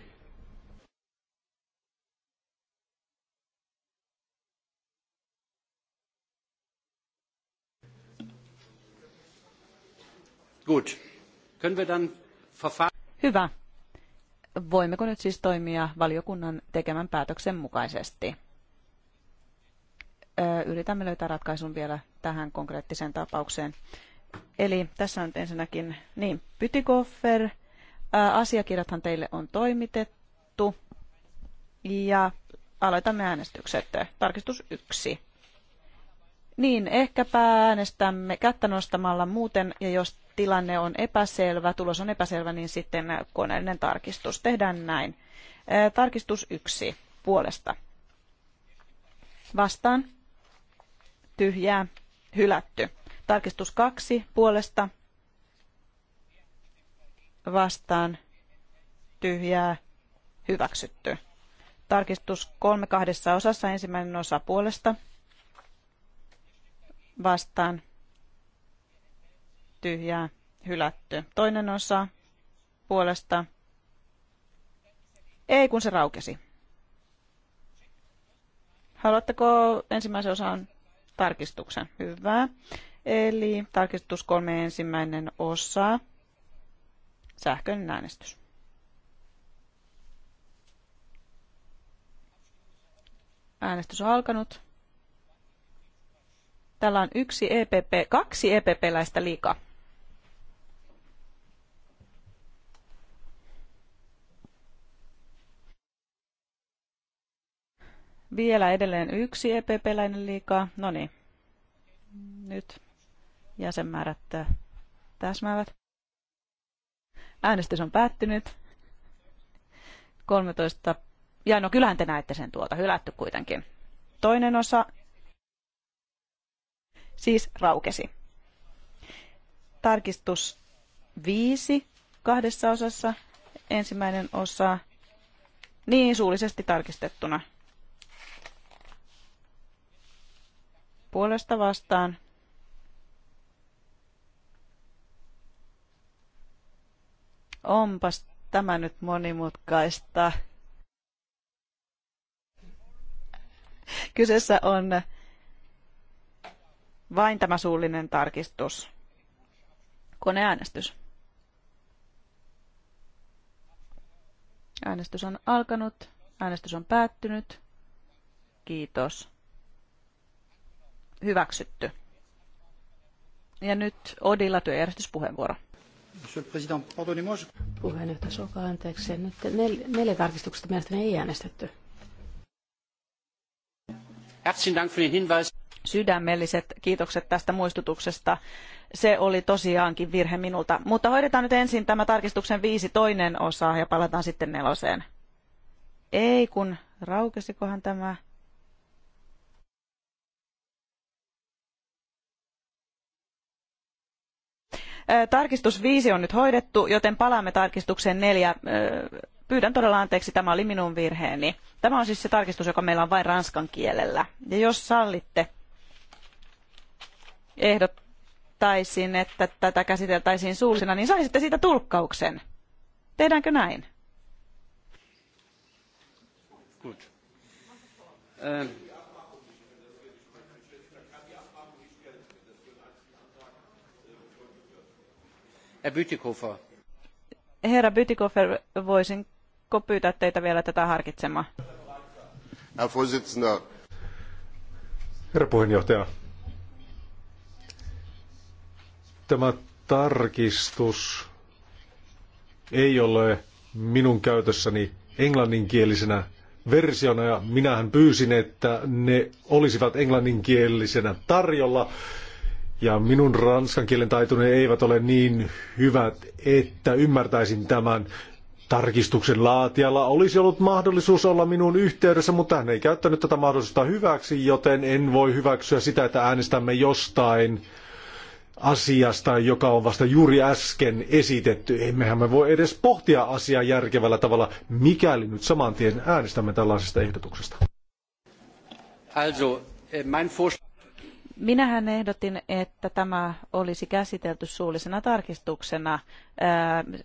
Hyvä. Voimmeko nyt siis toimia valiokunnan tekemän päätöksen mukaisesti? Yritämme löytää ratkaisun vielä tähän konkreettiseen tapaukseen. Eli tässä on ensinnäkin, niin, Pytikoffer, asiakirjathan teille on toimitettu. Ja aloitamme äänestykset. Tarkistus yksi. Niin, ehkäpä äänestämme kättä nostamalla muuten, ja jos tilanne on epäselvä, tulos on epäselvä, niin sitten koneellinen tarkistus. Tehdään näin. Tarkistus yksi puolesta. Vastaan. Tyhjää. Hylätty. Tarkistus kaksi puolesta. Vastaan. Tyhjää. Hyväksytty. Tarkistus kolme kahdessa osassa. Ensimmäinen osa puolesta. Vastaan tyhjää hylätty. Toinen osa puolesta ei, kun se raukesi. Haluatteko ensimmäisen osan tarkistuksen? Hyvä. Eli tarkistus kolme ensimmäinen osa. Sähköinen äänestys. Äänestys on alkanut. Täällä on yksi EPP, kaksi EPP-läistä liikaa. Vielä edelleen yksi EPP-läinen liikaa. No niin, nyt jäsenmäärät äh, täsmäävät. Äänestys on päättynyt. 13. Ja no kyllähän te näette sen tuolta, hylätty kuitenkin. Toinen osa siis raukesi. Tarkistus 5 kahdessa osassa. Ensimmäinen osa niin suullisesti tarkistettuna. puolesta vastaan. Onpas tämä nyt monimutkaista. Kyseessä on vain tämä suullinen tarkistus. Koneäänestys. Äänestys on alkanut. Äänestys on päättynyt. Kiitos hyväksytty. Ja nyt Odilla työjärjestyspuheenvuoro. Puheenjohtaja Soka, anteeksi. Nyt nel, neljä tarkistuksesta mielestäni ei äänestetty. Sydämelliset kiitokset tästä muistutuksesta. Se oli tosiaankin virhe minulta. Mutta hoidetaan nyt ensin tämä tarkistuksen viisi toinen osa ja palataan sitten neloseen. Ei kun, raukesikohan tämä? Tarkistus viisi on nyt hoidettu, joten palaamme tarkistukseen neljä. Pyydän todella anteeksi, tämä oli minun virheeni. Tämä on siis se tarkistus, joka meillä on vain ranskan kielellä. Ja jos sallitte, ehdottaisin, että tätä käsiteltäisiin suullisena, niin saisitte siitä tulkkauksen. Tehdäänkö näin? Good. Um. Herra Bütikofer, voisinko pyytää teitä vielä tätä harkitsemaan? Herra puheenjohtaja. Tämä tarkistus ei ole minun käytössäni englanninkielisenä versiona ja minähän pyysin, että ne olisivat englanninkielisenä tarjolla ja minun ranskan kielen taitoni eivät ole niin hyvät, että ymmärtäisin tämän. Tarkistuksen laatijalla olisi ollut mahdollisuus olla minun yhteydessä, mutta hän ei käyttänyt tätä mahdollisuutta hyväksi, joten en voi hyväksyä sitä, että äänestämme jostain asiasta, joka on vasta juuri äsken esitetty. Emmehän me voi edes pohtia asiaa järkevällä tavalla, mikäli nyt saman tien äänestämme tällaisesta ehdotuksesta. Also, äh, mein Minähän ehdotin, että tämä olisi käsitelty suullisena tarkistuksena.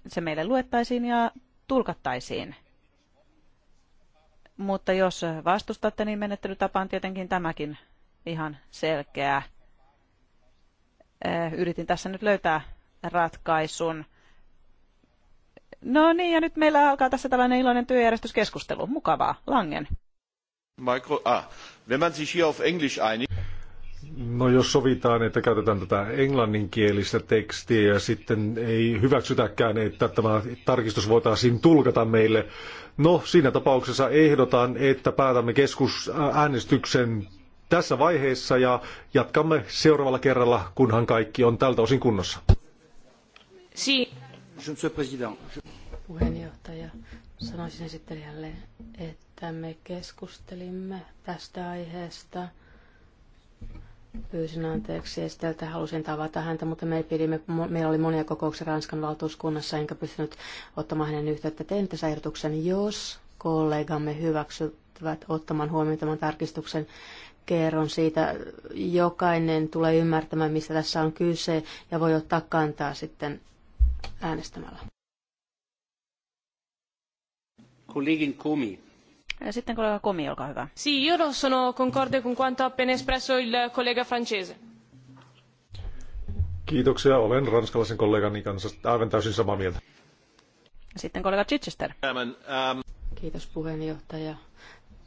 Se meille luettaisiin ja tulkattaisiin. Mutta jos vastustatte, niin menettelytapa on tietenkin tämäkin ihan selkeä. Yritin tässä nyt löytää ratkaisun. No niin, ja nyt meillä alkaa tässä tällainen iloinen työjärjestyskeskustelu. Mukavaa. Langen. Mikro, ah, wenn man sich hier auf Englisch einigt, No jos sovitaan, että käytetään tätä englanninkielistä tekstiä ja sitten ei hyväksytäkään, että tämä tarkistus voitaisiin tulkata meille. No siinä tapauksessa ehdotan, että päätämme keskusäänestyksen äänestyksen tässä vaiheessa ja jatkamme seuraavalla kerralla, kunhan kaikki on tältä osin kunnossa. Si. Puheenjohtaja, sanoisin esittelijälle, että me keskustelimme tästä aiheesta – pyysin anteeksi Esteltä, halusin tavata häntä, mutta me pidimme, meillä oli monia kokouksia Ranskan valtuuskunnassa, enkä pystynyt ottamaan hänen yhteyttä. Tein tässä ehdotuksen, jos kollegamme hyväksyvät ottamaan huomioon tämän tarkistuksen, kerron siitä. Jokainen tulee ymmärtämään, mistä tässä on kyse ja voi ottaa kantaa sitten äänestämällä. Kollegin Komi. Sitten kollega Komi, olkaa hyvä. Sì, io no, sono concorde con quanto appena espresso il collega francese. Kiitoksia, olen ranskalaisen kollegani kanssa aivan täysin samaa mieltä. Sitten kollega Chichester. Um, Kiitos puheenjohtaja.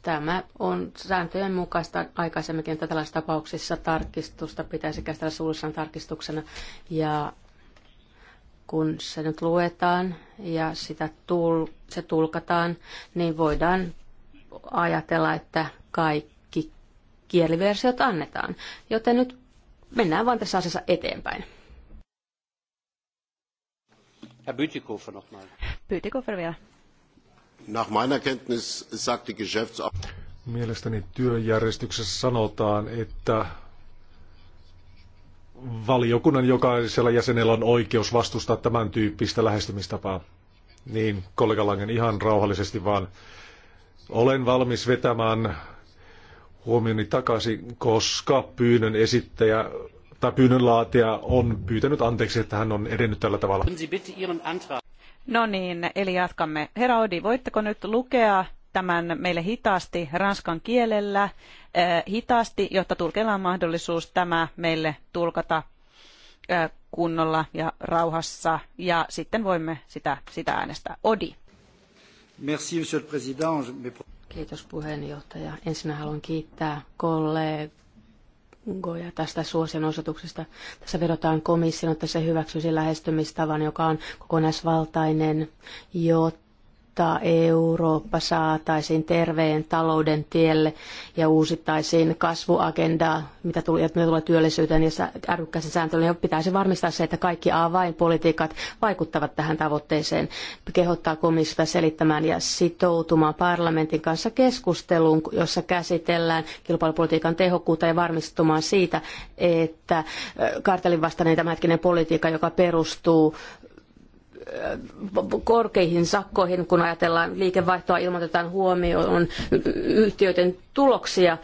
Tämä on sääntöjen mukaista aikaisemminkin, että tällaisissa tapauksissa tarkistusta pitäisi käsitellä suullisena tarkistuksena. Ja kun se nyt luetaan ja sitä tul- se tulkataan, niin voidaan ajatella, että kaikki kieliversiot annetaan. Joten nyt mennään vain tässä asiassa eteenpäin. Herr Bütikofer nochmal. Bütikofer vielä. Nach meiner Kenntnis sagt die Geschäftsordnung. Mielestäni työjärjestyksessä sanotaan, että valiokunnan jokaisella jäsenellä on oikeus vastustaa tämän tyyppistä lähestymistapaa. Niin, kollega Langen, ihan rauhallisesti vaan olen valmis vetämään huomioni takaisin, koska pyynnön esittäjä tai pyynnön laatija on pyytänyt anteeksi, että hän on edennyt tällä tavalla. No niin, eli jatkamme. Herra Odi, voitteko nyt lukea tämän meille hitaasti ranskan kielellä, äh, hitaasti, jotta tulkella on mahdollisuus tämä meille tulkata äh, kunnolla ja rauhassa, ja sitten voimme sitä, sitä äänestää. Odi. Merci, monsieur le président. Kiitos puheenjohtaja. Ensin haluan kiittää kollegoja tästä suosion osoituksesta. Tässä vedotaan komissioon, että se hyväksyisi lähestymistavan, joka on kokonaisvaltainen, jotta jotta Eurooppa saataisiin terveen talouden tielle ja uusittaisiin kasvuagendaa, mitä tulee, mitä tulee työllisyyteen ja ärrykkääseen sääntelyyn. niin pitäisi varmistaa se, että kaikki avainpolitiikat vaikuttavat tähän tavoitteeseen, kehottaa komissiota selittämään ja sitoutumaan parlamentin kanssa keskusteluun, jossa käsitellään kilpailupolitiikan tehokkuutta ja varmistumaan siitä, että kartelin vastainen tämänhetkinen politiikka, joka perustuu korkeihin sakkoihin, kun ajatellaan liikevaihtoa ilmoitetaan huomioon yhtiöiden tuloksia.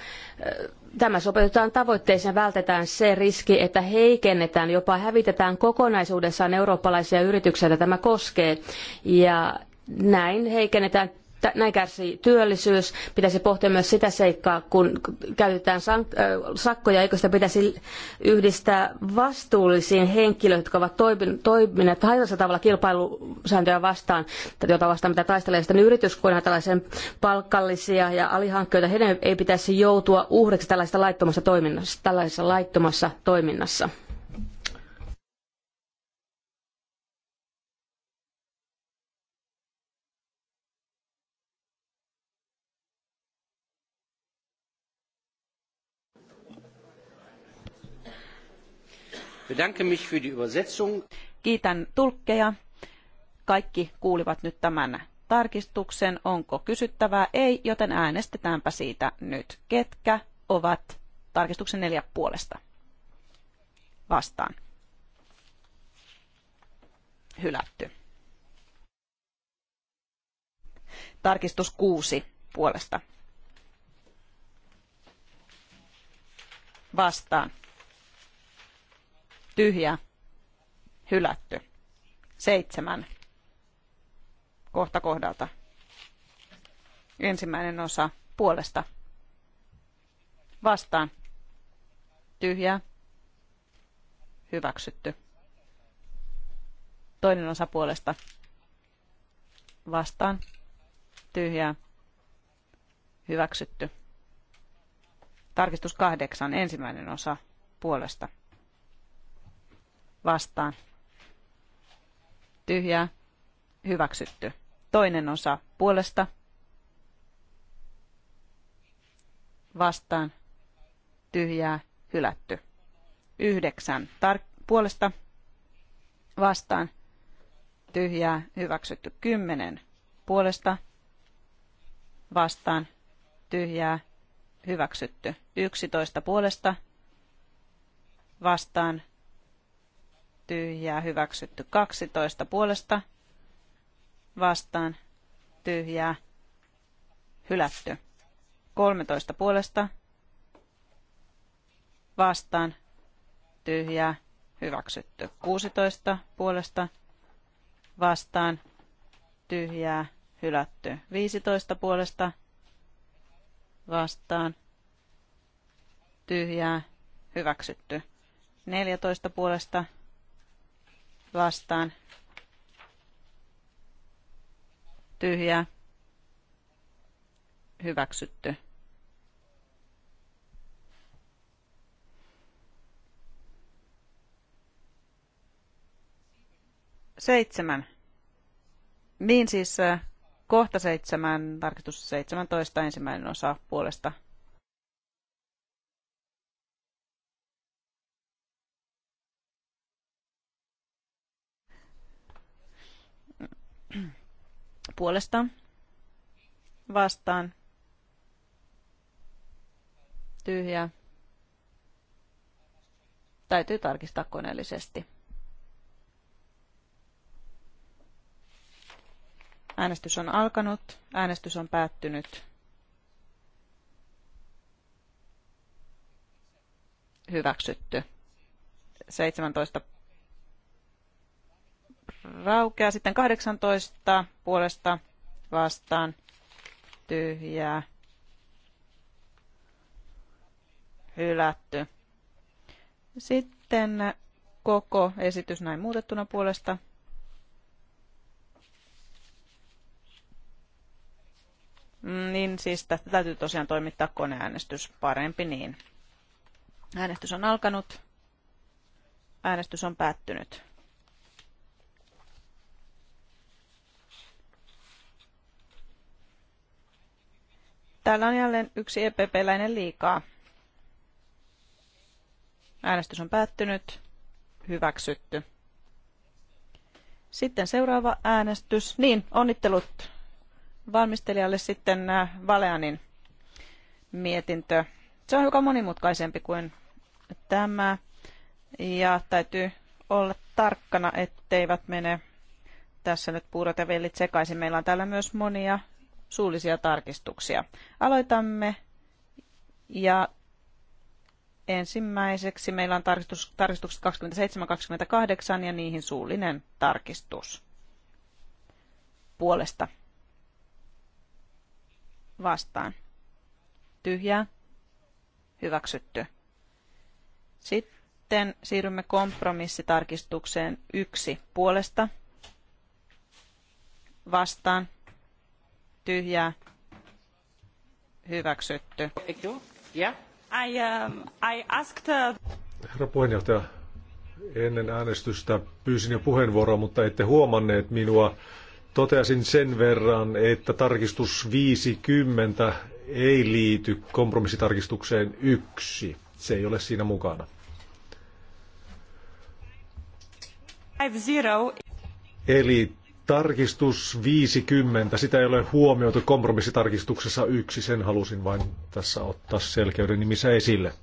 Tämä sopeutetaan tavoitteeseen, vältetään se riski, että heikennetään, jopa hävitetään kokonaisuudessaan eurooppalaisia yrityksiä, joita tämä koskee. Ja näin heikennetään näin kärsii työllisyys. Pitäisi pohtia myös sitä seikkaa, kun käytetään sakkoja, eikö sitä pitäisi yhdistää vastuullisiin henkilöihin, jotka ovat toimineet haitallisella tavalla kilpailusääntöjä vastaan, jota vastaan mitä taistelee sitten yritys, kun tällaisen palkallisia ja alihankkijoita, heidän ei pitäisi joutua uhriksi tällaista laittomasta toiminnassa, tällaisessa laittomassa toiminnassa. Kiitän tulkkeja. Kaikki kuulivat nyt tämän tarkistuksen. Onko kysyttävää? Ei, joten äänestetäänpä siitä nyt. Ketkä ovat tarkistuksen neljä puolesta? Vastaan. Hylätty. Tarkistus kuusi puolesta. Vastaan tyhjä, hylätty. Seitsemän. Kohta kohdalta. Ensimmäinen osa puolesta. Vastaan. Tyhjä. Hyväksytty. Toinen osa puolesta. Vastaan. tyhjä, Hyväksytty. Tarkistus kahdeksan. Ensimmäinen osa puolesta vastaan. Tyhjää. Hyväksytty. Toinen osa puolesta. Vastaan. Tyhjää. Hylätty. Yhdeksän. Tar- puolesta. Vastaan. Tyhjää. Hyväksytty. Kymmenen. Puolesta. Vastaan. Tyhjää. Hyväksytty. Yksitoista puolesta. Vastaan tyhjää hyväksytty 12 puolesta vastaan tyhjää hylätty 13 puolesta vastaan tyhjää hyväksytty 16 puolesta vastaan tyhjää hylätty 15 puolesta vastaan tyhjää hyväksytty 14 puolesta vastaan tyhjä hyväksytty. Seitsemän. Niin siis äh, kohta seitsemän, tarkistus 17, ensimmäinen osa puolesta puolesta vastaan tyhjä Täytyy tarkistaa koneellisesti. Äänestys on alkanut, äänestys on päättynyt. Hyväksytty. 17 raukeaa. Sitten 18 puolesta vastaan tyhjää. Hylätty. Sitten koko esitys näin muutettuna puolesta Niin siis tästä täytyy tosiaan toimittaa koneäänestys parempi niin. Äänestys on alkanut. Äänestys on päättynyt. Täällä on jälleen yksi EPP-läinen liikaa. Äänestys on päättynyt. Hyväksytty. Sitten seuraava äänestys. Niin, onnittelut valmistelijalle sitten äh, Valeanin mietintö. Se on hiukan monimutkaisempi kuin tämä. Ja täytyy olla tarkkana, etteivät mene tässä nyt puurot ja vellit sekaisin. Meillä on täällä myös monia suullisia tarkistuksia. Aloitamme ja ensimmäiseksi meillä on tarkistus, tarkistukset 27-28 ja niihin suullinen tarkistus puolesta vastaan. tyhjä hyväksytty. Sitten siirrymme kompromissitarkistukseen yksi puolesta vastaan tyhjää hyväksytty. I, um, I asked... Uh, Herra puheenjohtaja, ennen äänestystä pyysin jo puheenvuoroa, mutta ette huomanneet minua. Toteasin sen verran, että tarkistus 50 ei liity kompromissitarkistukseen yksi. Se ei ole siinä mukana. Eli Tarkistus 50, sitä ei ole huomioitu kompromissitarkistuksessa yksi, sen halusin vain tässä ottaa selkeyden nimissä esille.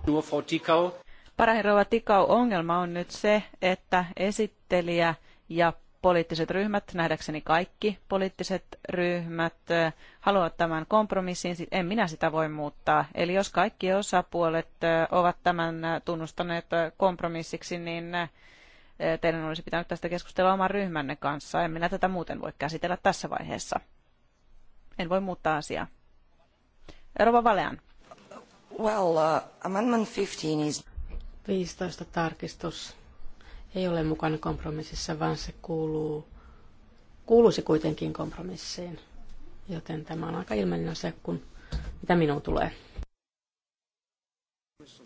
Paraherrova Tikau, ongelma on nyt se, että esittelijä ja poliittiset ryhmät, nähdäkseni kaikki poliittiset ryhmät, haluavat tämän kompromissin, en minä sitä voi muuttaa. Eli jos kaikki osapuolet ovat tämän tunnustaneet kompromissiksi, niin teidän olisi pitänyt tästä keskustella oman ryhmänne kanssa. En minä tätä muuten voi käsitellä tässä vaiheessa. En voi muuttaa asiaa. Rova Valean. Well, uh, amendment 15 is... 15 tarkistus ei ole mukana kompromississa, vaan se kuuluu, kuuluisi kuitenkin kompromissiin. Joten tämä on aika ilmeinen asia, kun mitä minun tulee.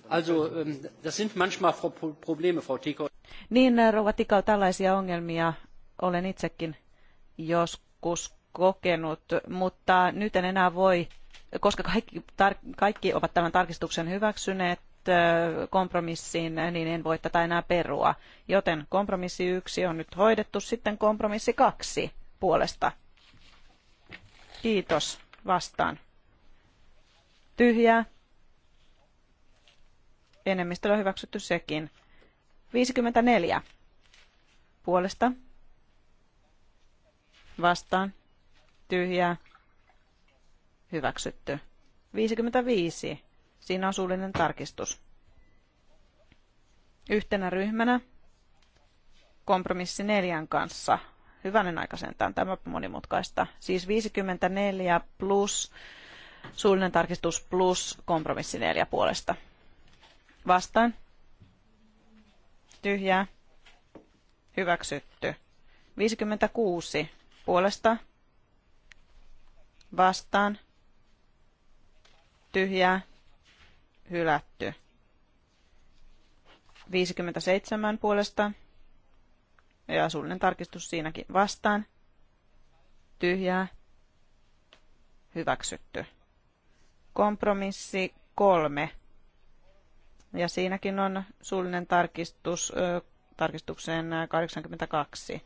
Also, ähm, das sind manchmal Probleme, Frau Tico. Niin, äh, rouva Tikau, tällaisia ongelmia olen itsekin joskus kokenut, mutta nyt en enää voi, koska kaikki, kaikki ovat tämän tarkistuksen hyväksyneet, äh, kompromissiin, äh, niin en voi tätä enää perua. Joten kompromissi yksi on nyt hoidettu, sitten kompromissi kaksi puolesta. Kiitos vastaan. Tyhjää. Enemmistöllä hyväksytty sekin. 54. Puolesta. Vastaan. Tyhjää. Hyväksytty. 55. Siinä on suullinen tarkistus. Yhtenä ryhmänä kompromissi neljän kanssa. Hyvänen aika tämä on monimutkaista. Siis 54 plus suullinen tarkistus plus kompromissi neljä puolesta Vastaan. Tyhjää. Hyväksytty. 56. Puolesta. Vastaan. Tyhjää. Hylätty. 57 puolesta. Ja suullinen tarkistus siinäkin vastaan. Tyhjää. Hyväksytty. Kompromissi kolme ja siinäkin on suullinen tarkistus tarkistukseen 82.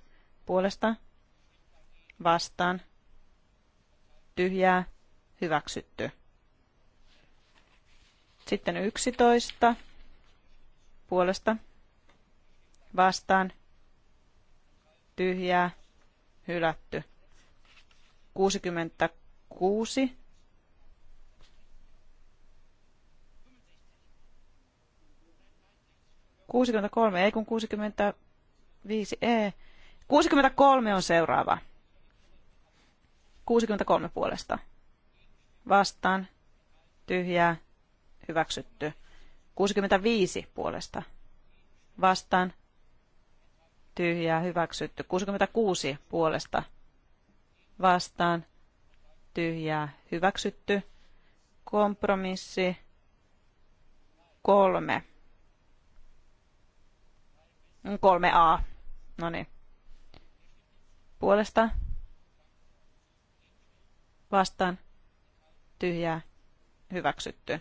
Puolesta vastaan tyhjää hyväksytty. Sitten 11 puolesta vastaan tyhjää hylätty. 66 63, ei kun 65, ei. 63 on seuraava. 63 puolesta. Vastaan. Tyhjää. Hyväksytty. 65 puolesta. Vastaan. Tyhjää. Hyväksytty. 66 puolesta. Vastaan. Tyhjää. Hyväksytty. Kompromissi. Kolme 3a. No niin. Puolesta. Vastaan. Tyhjää. Hyväksytty.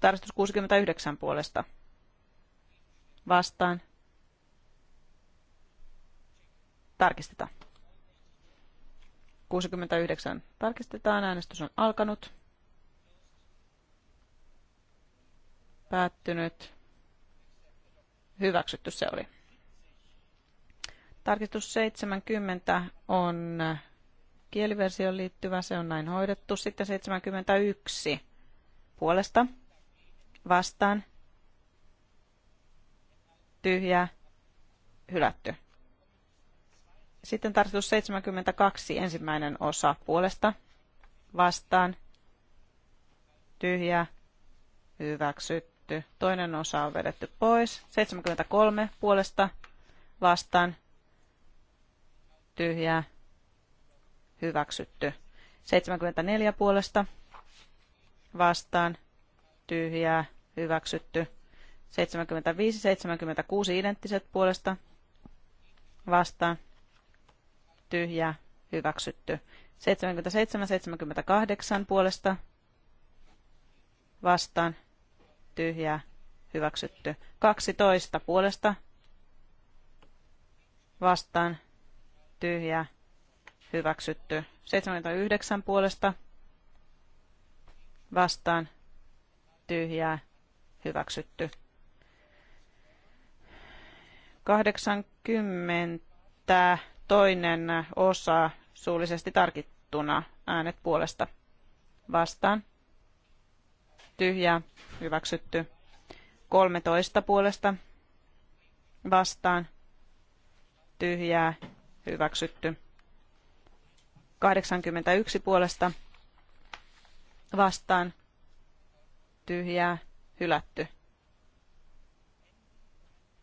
Tarkistus 69 puolesta. Vastaan. Tarkistetaan. 69. Tarkistetaan. Äänestys on alkanut. Päättynyt. Hyväksytty se oli. Tarkistus 70 on kieliversioon liittyvä, se on näin hoidettu. Sitten 71 puolesta vastaan tyhjä hylätty. Sitten tarkistus 72 ensimmäinen osa puolesta vastaan tyhjä hyväksytty hylätty, toinen osa on vedetty pois. 73 puolesta vastaan tyhjää hyväksytty. 74 puolesta vastaan tyhjää hyväksytty. 75, 76 identtiset puolesta vastaan tyhjää hyväksytty. 77, 78 puolesta vastaan tyhjää, hyväksytty. 12 puolesta, vastaan, tyhjää, hyväksytty. 79 puolesta, vastaan, tyhjää, hyväksytty. 80 toinen osa suullisesti tarkittuna äänet puolesta vastaan tyhjää, hyväksytty. 13 puolesta vastaan, tyhjää, hyväksytty. 81 puolesta vastaan, tyhjää, hylätty.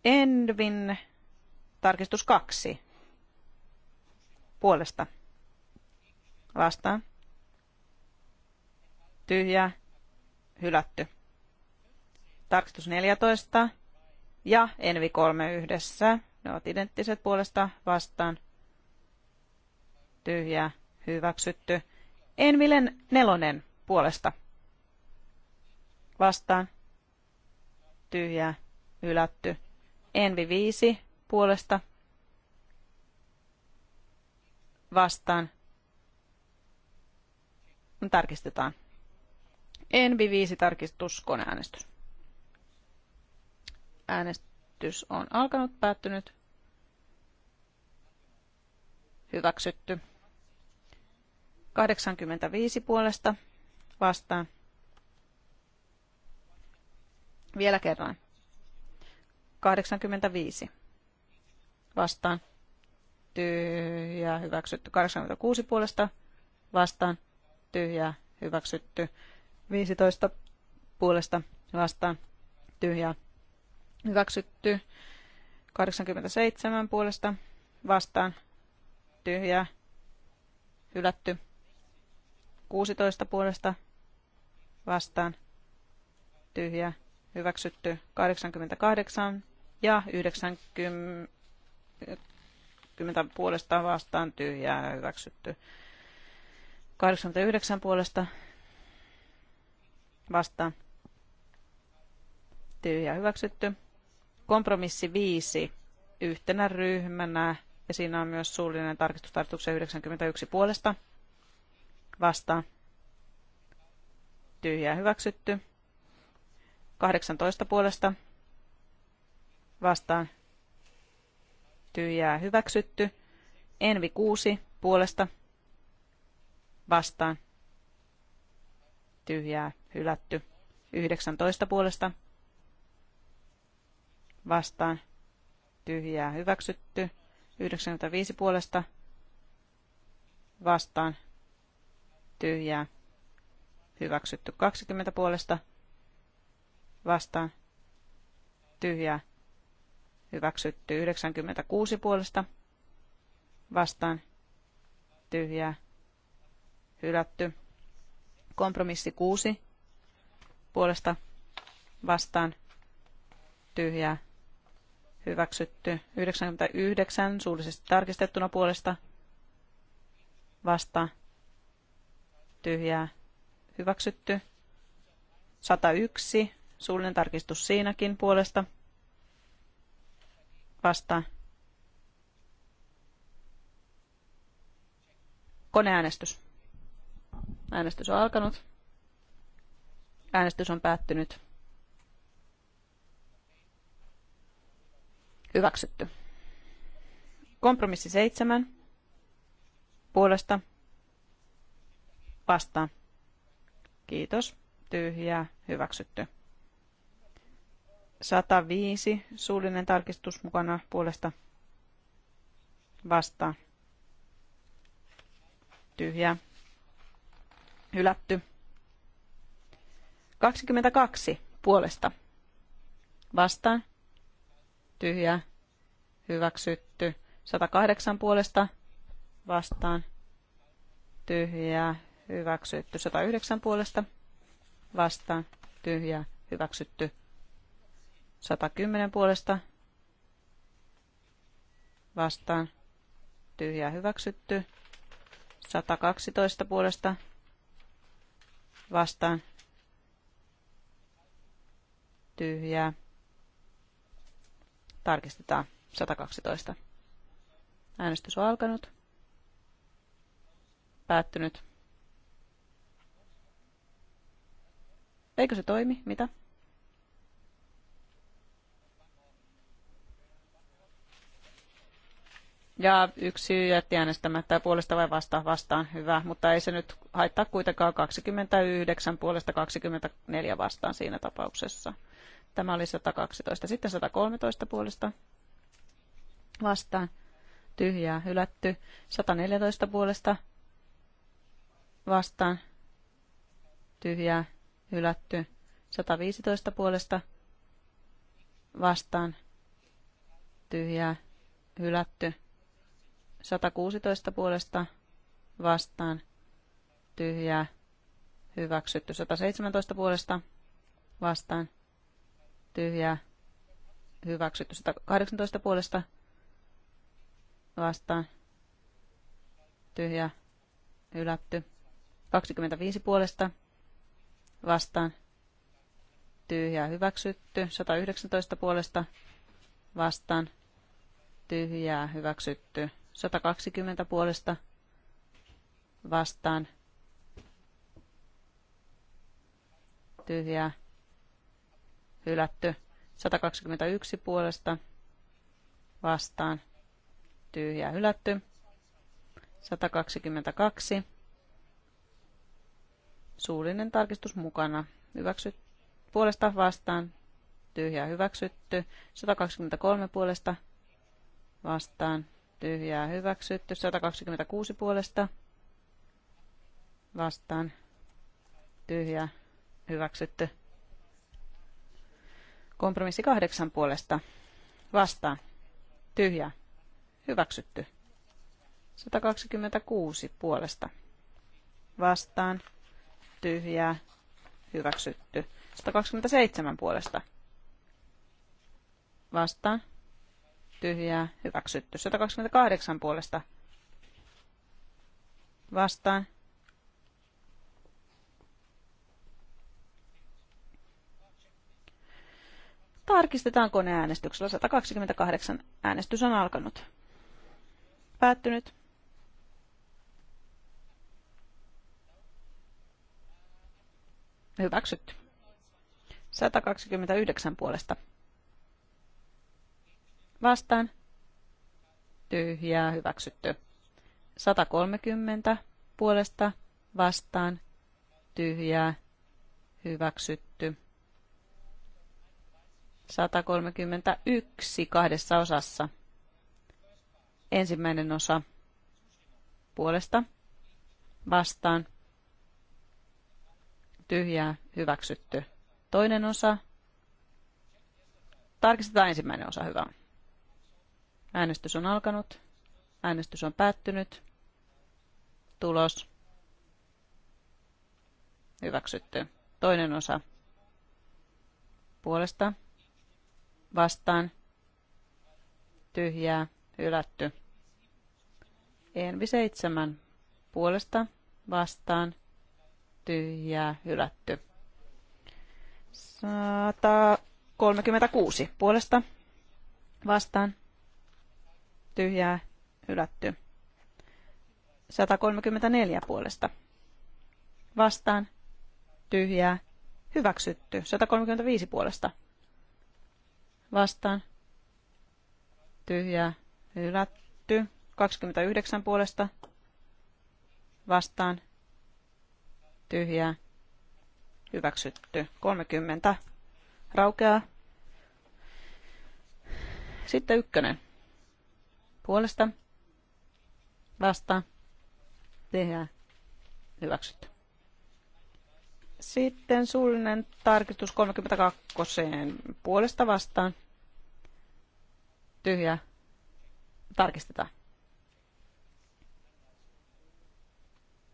Envin tarkistus 2 puolesta vastaan, tyhjää, hylätty. Tarkistus 14 ja Envi 3 yhdessä. Ne ovat identtiset puolesta vastaan. Tyhjää, hyväksytty. Envilen nelonen puolesta vastaan. Tyhjää, hylätty. Envi 5 puolesta vastaan. Tarkistetaan. Envi 5 tarkistus, koneäänestys. Äänestys on alkanut, päättynyt. Hyväksytty. 85 puolesta vastaan. Vielä kerran. 85 vastaan. Tyhjää hyväksytty. 86 puolesta vastaan. Tyhjää hyväksytty. 15 puolesta vastaan tyhjää hyväksytty. 87 puolesta vastaan tyhjää hylätty. 16 puolesta vastaan tyhjää hyväksytty. 88 ja 90 puolesta vastaan tyhjää hyväksytty. 89 puolesta vastaan. Tyhjä hyväksytty. Kompromissi 5 yhtenä ryhmänä ja siinä on myös suullinen tarkistustarkoituksen 91 puolesta vastaan. Tyhjä hyväksytty. 18 puolesta vastaan. Tyhjää hyväksytty. Envi 6 puolesta vastaan. Tyhjää hylätty. 19 puolesta vastaan tyhjää hyväksytty. 95 puolesta vastaan tyhjää hyväksytty. 20 puolesta vastaan tyhjää hyväksytty. 96 puolesta vastaan tyhjää hylätty. Kompromissi 6 puolesta vastaan tyhjää hyväksytty. 99 suullisesti tarkistettuna puolesta vastaan tyhjää hyväksytty. 101 suullinen tarkistus siinäkin puolesta vastaan Koneäänestys. Äänestys on alkanut. Äänestys on päättynyt. Hyväksytty. Kompromissi seitsemän. Puolesta. Vastaan. Kiitos. Tyhjää. Hyväksytty. 105. Suullinen tarkistus mukana puolesta. Vastaan. Tyhjää. Hylätty. 22 puolesta. Vastaan. tyhjä Hyväksytty. 108 puolesta. Vastaan. Tyhjää. Hyväksytty. 109 puolesta. Vastaan. Tyhjää. Hyväksytty. 110 puolesta. Vastaan. Tyhjää. Hyväksytty. 112 puolesta. Vastaan tyhjää. Tarkistetaan 112. Äänestys on alkanut. Päättynyt. Eikö se toimi? Mitä? Ja yksi jätti äänestämättä puolesta vai vasta, vastaan. Hyvä, mutta ei se nyt haittaa kuitenkaan 29 puolesta 24 vastaan siinä tapauksessa. Tämä oli 112. Sitten 113 puolesta vastaan. Tyhjää hylätty. 114 puolesta vastaan. Tyhjää hylätty. 115 puolesta vastaan. Tyhjää hylätty. 116 puolesta vastaan. Tyhjää hyväksytty. 117 puolesta vastaan tyhjää hyväksytty. 118 puolesta vastaan tyhjää hylätty. 25 puolesta vastaan tyhjää hyväksytty. 119 puolesta vastaan tyhjää hyväksytty. 120 puolesta vastaan tyhjää hylätty. 121 puolesta vastaan tyhjä hylätty. 122 suullinen tarkistus mukana. Hyväksyt, puolesta vastaan tyhjää hyväksytty. 123 puolesta vastaan tyhjää hyväksytty. 126 puolesta vastaan tyhjää hyväksytty. Kompromissi kahdeksan puolesta vastaan. Tyhjää. Hyväksytty. 126 puolesta vastaan. Tyhjää. Hyväksytty. 127 puolesta vastaan. Tyhjää. Hyväksytty. 128 puolesta vastaan. Tarkistetaan koneäänestyksellä. 128 äänestys on alkanut. Päättynyt. Hyväksytty. 129 puolesta. Vastaan. Tyhjää hyväksytty. 130 puolesta vastaan. Tyhjää hyväksytty. 131 kahdessa osassa. Ensimmäinen osa puolesta vastaan tyhjää hyväksytty. Toinen osa. Tarkistetaan ensimmäinen osa, hyvä. Äänestys on alkanut. Äänestys on päättynyt. Tulos. Hyväksytty. Toinen osa. Puolesta vastaan tyhjää hylätty. Envi 7 puolesta vastaan tyhjää hylätty. 136 puolesta vastaan tyhjää hylätty. 134 puolesta vastaan tyhjää hyväksytty. 135 puolesta vastaan. Tyhjää hylätty. 29 puolesta vastaan. Tyhjää hyväksytty. 30 raukeaa. Sitten ykkönen. Puolesta. Vastaan. Tehdään. Hyväksytty. Sitten suullinen tarkistus 32. Puolesta vastaan tyhjää, tarkistetaan.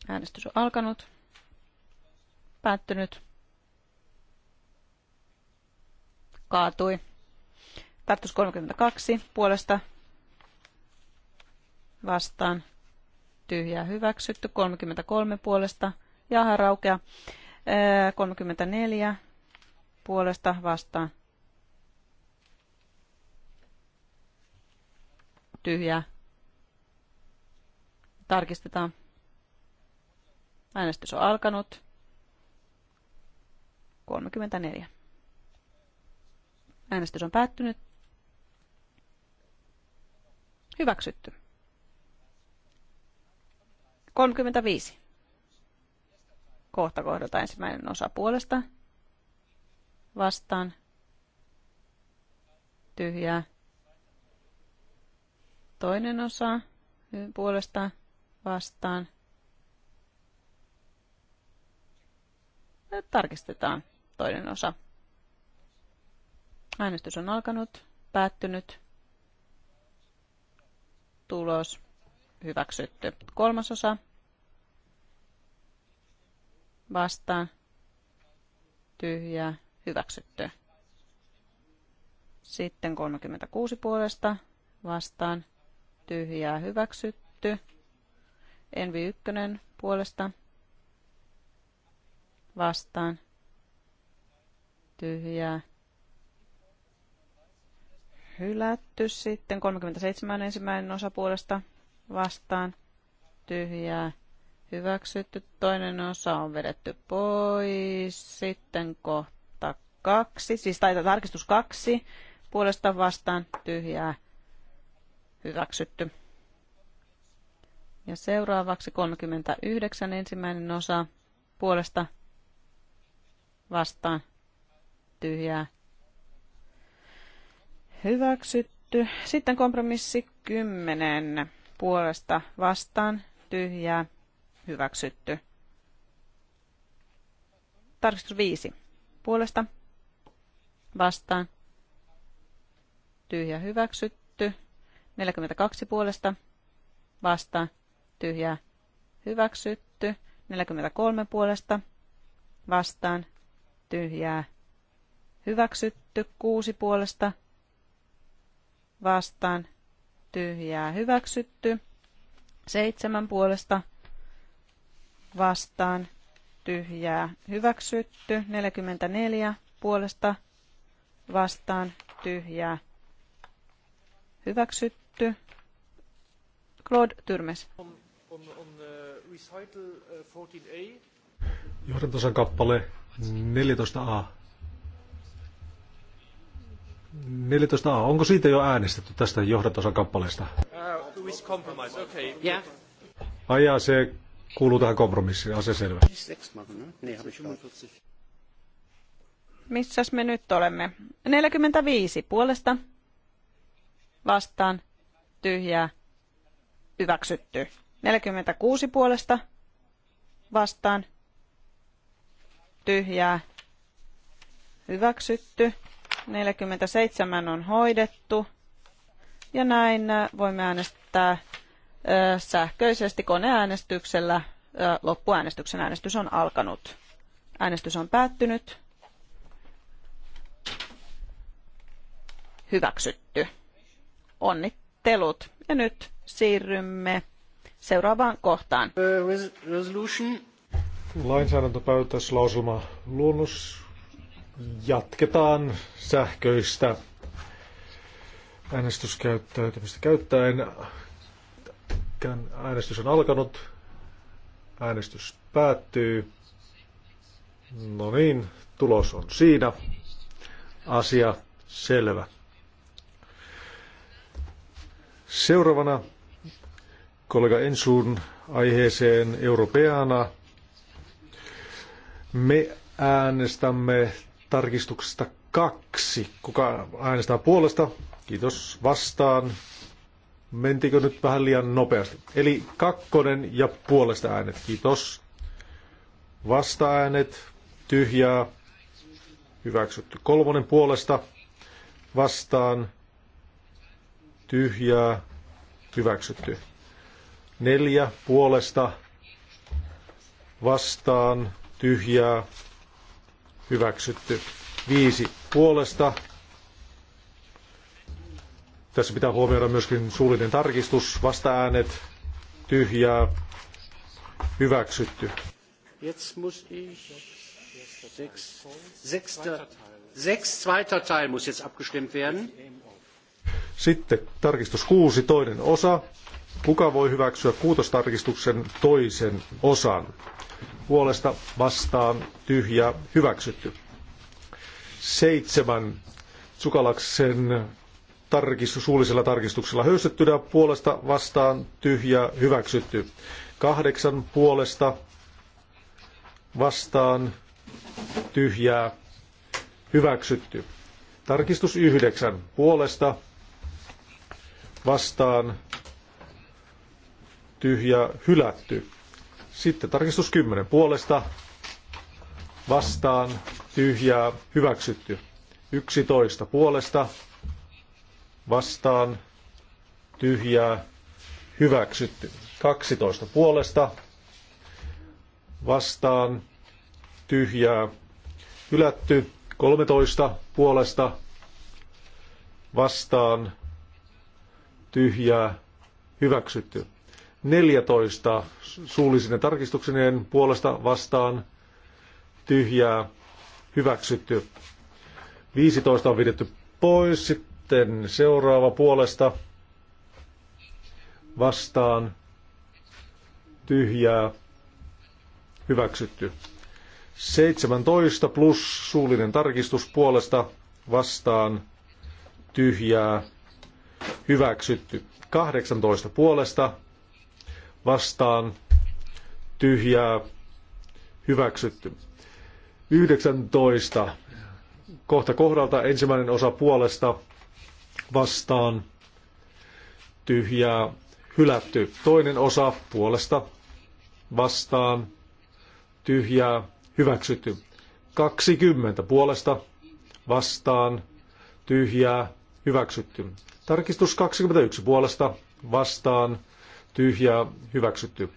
Äänestys on alkanut, päättynyt, kaatui. Tarttus 32 puolesta vastaan tyhjää hyväksytty, 33 puolesta jaha raukea, 34 puolesta vastaan tyhjää. Tarkistetaan. Äänestys on alkanut. 34. Äänestys on päättynyt. Hyväksytty. 35. Kohta kohdalta ensimmäinen osa puolesta. Vastaan. Tyhjää. Toinen osa puolesta vastaan. Tarkistetaan toinen osa. Äänestys on alkanut, päättynyt. Tulos hyväksytty. Kolmas osa vastaan. Tyhjää hyväksytty. Sitten 36 puolesta vastaan tyhjää hyväksytty. Envi ykkönen puolesta vastaan tyhjää hylätty. Sitten 37 ensimmäinen osa puolesta vastaan tyhjää hyväksytty. Toinen osa on vedetty pois. Sitten kohta kaksi, siis tai tarkistus kaksi puolesta vastaan tyhjää hyväksytty. Ja seuraavaksi 39 ensimmäinen osa puolesta vastaan tyhjää hyväksytty. Sitten kompromissi 10 puolesta vastaan tyhjää hyväksytty. Tarkistus 5 puolesta vastaan tyhjä hyväksytty 42 puolesta vasta tyhjää hyväksytty. 43 puolesta vastaan tyhjää hyväksytty. 6 puolesta vastaan tyhjää hyväksytty. 7 puolesta vastaan tyhjää hyväksytty. 44 puolesta vastaan tyhjää hyväksytty tehty. Claude Tyrmes. On, on, on uh, uh, Johdantosan kappale 14a. 14a. Onko siitä jo äänestetty tästä johdantosan kappaleesta? Uh, okay. yeah. Ajaa se kuuluu tähän kompromissiin, asia selvä. Missäs me nyt olemme? 45 puolesta vastaan tyhjää hyväksytty. 46 puolesta vastaan tyhjää hyväksytty. 47 on hoidettu. Ja näin äh, voimme äänestää äh, sähköisesti koneäänestyksellä. Äh, loppuäänestyksen äänestys on alkanut. Äänestys on päättynyt. Hyväksytty. Onnittelut Onnittelut. Ja nyt siirrymme seuraavaan kohtaan. Uh, resolution. Lainsäädäntöpäätöslauselma luonnos. Jatketaan sähköistä äänestyskäyttäytymistä käyttäen. Äänestys on alkanut. Äänestys päättyy. No niin, tulos on siinä. Asia selvä. Seuraavana kollega Ensuun aiheeseen europeana. Me äänestämme tarkistuksesta kaksi. Kuka äänestää puolesta? Kiitos vastaan. Mentikö nyt vähän liian nopeasti? Eli kakkonen ja puolesta äänet. Kiitos. Vasta-äänet. Tyhjää. Hyväksytty. Kolmonen puolesta. Vastaan tyhjää, hyväksytty. Neljä puolesta vastaan, tyhjää, hyväksytty. Viisi puolesta. Tässä pitää huomioida myöskin suullinen tarkistus, vasta äänet tyhjää, hyväksytty. Jetzt muss ich sechs, sechster, sechs zweiter Teil muss jetzt abgestimmt werden. Sitten tarkistus 6, toinen osa. Kuka voi hyväksyä kuutostarkistuksen toisen osan? Puolesta vastaan tyhjä hyväksytty. Seitsemän Sukalaksen tarkistus, suullisella tarkistuksella höystettynä puolesta vastaan tyhjä hyväksytty. Kahdeksan puolesta vastaan tyhjää hyväksytty. Tarkistus yhdeksän puolesta vastaan tyhjä hylätty. Sitten tarkistus 10 puolesta vastaan tyhjää hyväksytty. 11 puolesta vastaan tyhjää hyväksytty. 12 puolesta vastaan tyhjää hylätty. 13 puolesta vastaan tyhjää, hyväksytty. 14 suullisine tarkistuksineen puolesta vastaan, tyhjää, hyväksytty. 15 on pidetty pois, sitten seuraava puolesta vastaan, tyhjää, hyväksytty. 17 plus suullinen tarkistus puolesta vastaan, tyhjää, hyväksytty. 18 puolesta vastaan tyhjää hyväksytty. 19 kohta kohdalta ensimmäinen osa puolesta vastaan tyhjää hylätty. Toinen osa puolesta vastaan tyhjää hyväksytty. 20 puolesta vastaan tyhjää hyväksytty. Tarkistus 21 puolesta vastaan tyhjää hyväksytty.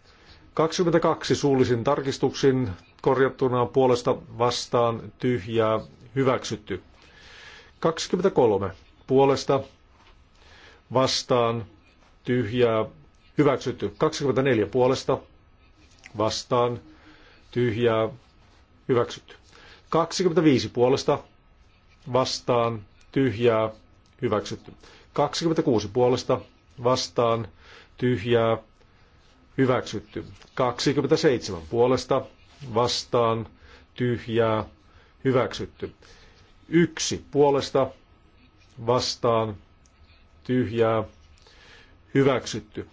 22 suullisin tarkistuksin korjattuna puolesta vastaan tyhjää hyväksytty. 23 puolesta vastaan tyhjää hyväksytty. 24 puolesta vastaan tyhjää hyväksytty. 25 puolesta vastaan tyhjää hyväksytty. 26 puolesta vastaan tyhjää hyväksytty. 27 puolesta vastaan tyhjää hyväksytty. Yksi puolesta vastaan tyhjää hyväksytty.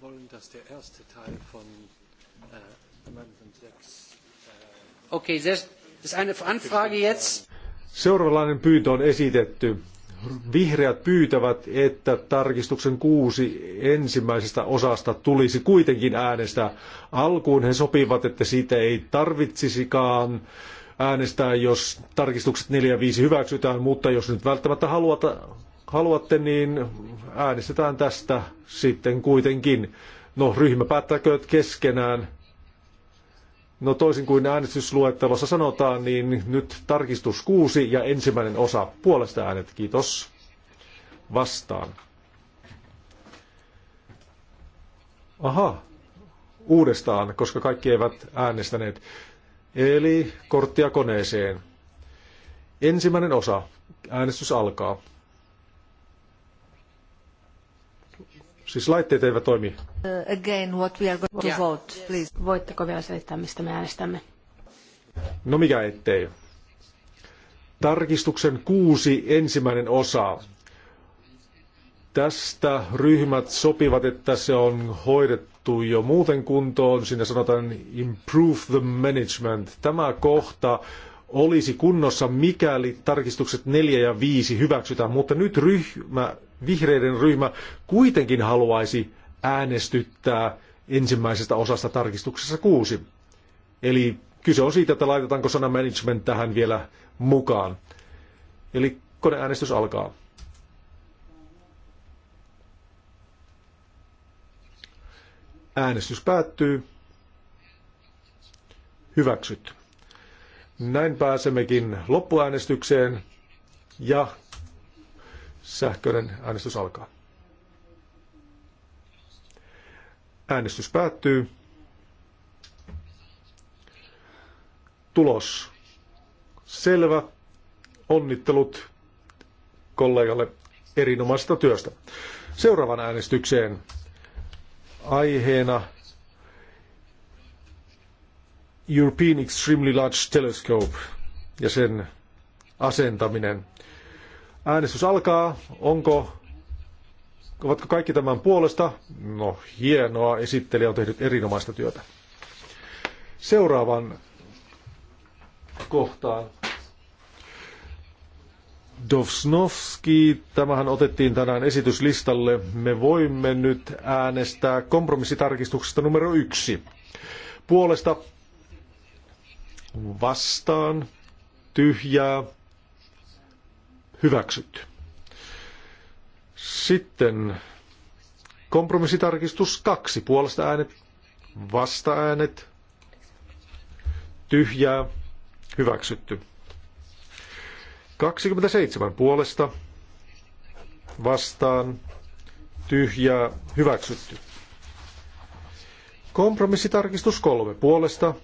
Okei, äh, äh, okay, das ist eine Anfrage jetzt. Seuraavanlainen pyyntö on esitetty. Vihreät pyytävät, että tarkistuksen kuusi ensimmäisestä osasta tulisi kuitenkin äänestää. Alkuun he sopivat, että siitä ei tarvitsisikaan äänestää, jos tarkistukset 4 ja 5 hyväksytään, mutta jos nyt välttämättä haluata, haluatte, niin äänestetään tästä sitten kuitenkin. No, ryhmä päättäkööt keskenään. No toisin kuin äänestysluettelossa sanotaan, niin nyt tarkistus kuusi ja ensimmäinen osa puolesta äänet. Kiitos. Vastaan. Aha. Uudestaan, koska kaikki eivät äänestäneet. Eli korttia koneeseen. Ensimmäinen osa. Äänestys alkaa. Siis laitteet eivät toimi. Uh, again, what we are going to vote, please. Voitteko vielä selittää, mistä me äänestämme? No mikä ettei. Tarkistuksen kuusi ensimmäinen osa. Tästä ryhmät sopivat, että se on hoidettu jo muuten kuntoon. Siinä sanotaan improve the management. Tämä kohta olisi kunnossa, mikäli tarkistukset 4 ja 5 hyväksytään, mutta nyt ryhmä, vihreiden ryhmä kuitenkin haluaisi äänestyttää ensimmäisestä osasta tarkistuksessa 6. Eli kyse on siitä, että laitetaanko sana management tähän vielä mukaan. Eli koneäänestys alkaa. Äänestys päättyy. Hyväksytty. Näin pääsemmekin loppuäänestykseen ja sähköinen äänestys alkaa. Äänestys päättyy. Tulos selvä. Onnittelut kollegalle erinomaisesta työstä. Seuraavan äänestykseen aiheena European Extremely Large Telescope ja sen asentaminen. Äänestys alkaa. Onko, ovatko kaikki tämän puolesta? No hienoa, esittelijä on tehnyt erinomaista työtä. Seuraavan kohtaan. Dovsnovski, tämähän otettiin tänään esityslistalle. Me voimme nyt äänestää kompromissitarkistuksesta numero yksi. Puolesta vastaan, tyhjää, hyväksytty. Sitten kompromissitarkistus kaksi, puolesta äänet, vasta äänet, tyhjää, hyväksytty. 27 puolesta, vastaan, tyhjää, hyväksytty. Kompromissitarkistus kolme puolesta,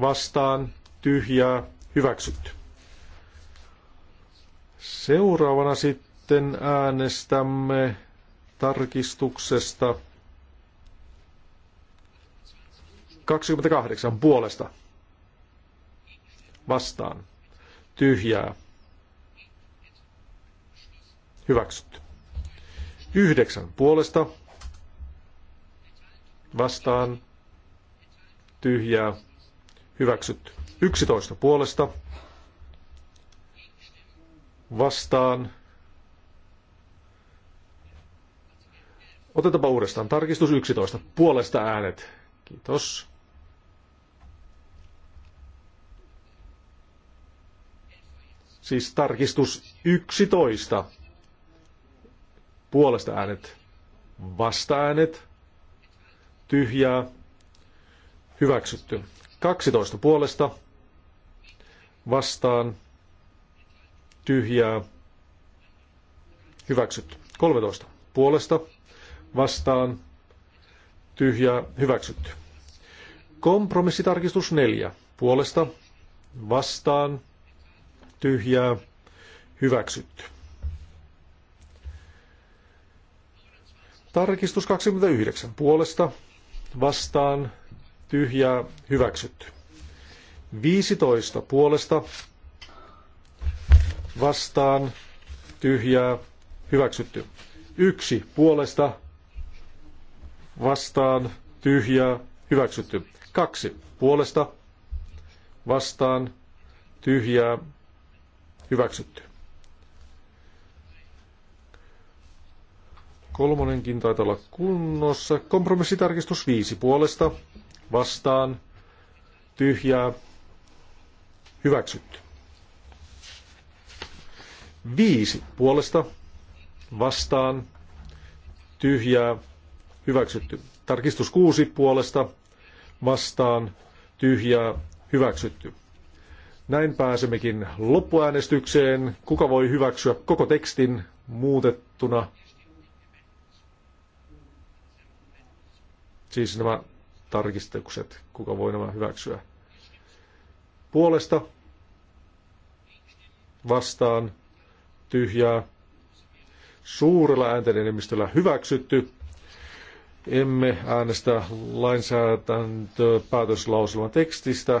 vastaan tyhjää hyväksytty. Seuraavana sitten äänestämme tarkistuksesta 28 puolesta vastaan tyhjää hyväksytty. Yhdeksän puolesta vastaan tyhjää Hyväksytty. 11 puolesta. Vastaan. Otetaanpa uudestaan. Tarkistus 11. Puolesta äänet. Kiitos. Siis tarkistus 11. Puolesta äänet. Vasta äänet. Tyhjää. Hyväksytty. 12 puolesta vastaan tyhjää hyväksytty. 13 puolesta vastaan tyhjää hyväksytty. Kompromissitarkistus 4 puolesta vastaan tyhjää hyväksytty. Tarkistus 29 puolesta vastaan tyhjää hyväksytty. 15 puolesta vastaan tyhjää hyväksytty. Yksi puolesta vastaan tyhjää hyväksytty. Kaksi puolesta vastaan tyhjää hyväksytty. Kolmonenkin taitaa olla kunnossa. Kompromissitarkistus viisi puolesta vastaan tyhjää hyväksytty. Viisi puolesta vastaan tyhjää hyväksytty. Tarkistus kuusi puolesta vastaan tyhjää hyväksytty. Näin pääsemmekin loppuäänestykseen. Kuka voi hyväksyä koko tekstin muutettuna? Siis nämä tarkistukset, kuka voi nämä hyväksyä. Puolesta vastaan tyhjää suurella ääntenenemmistöllä hyväksytty. Emme äänestä päätöslauselman tekstistä,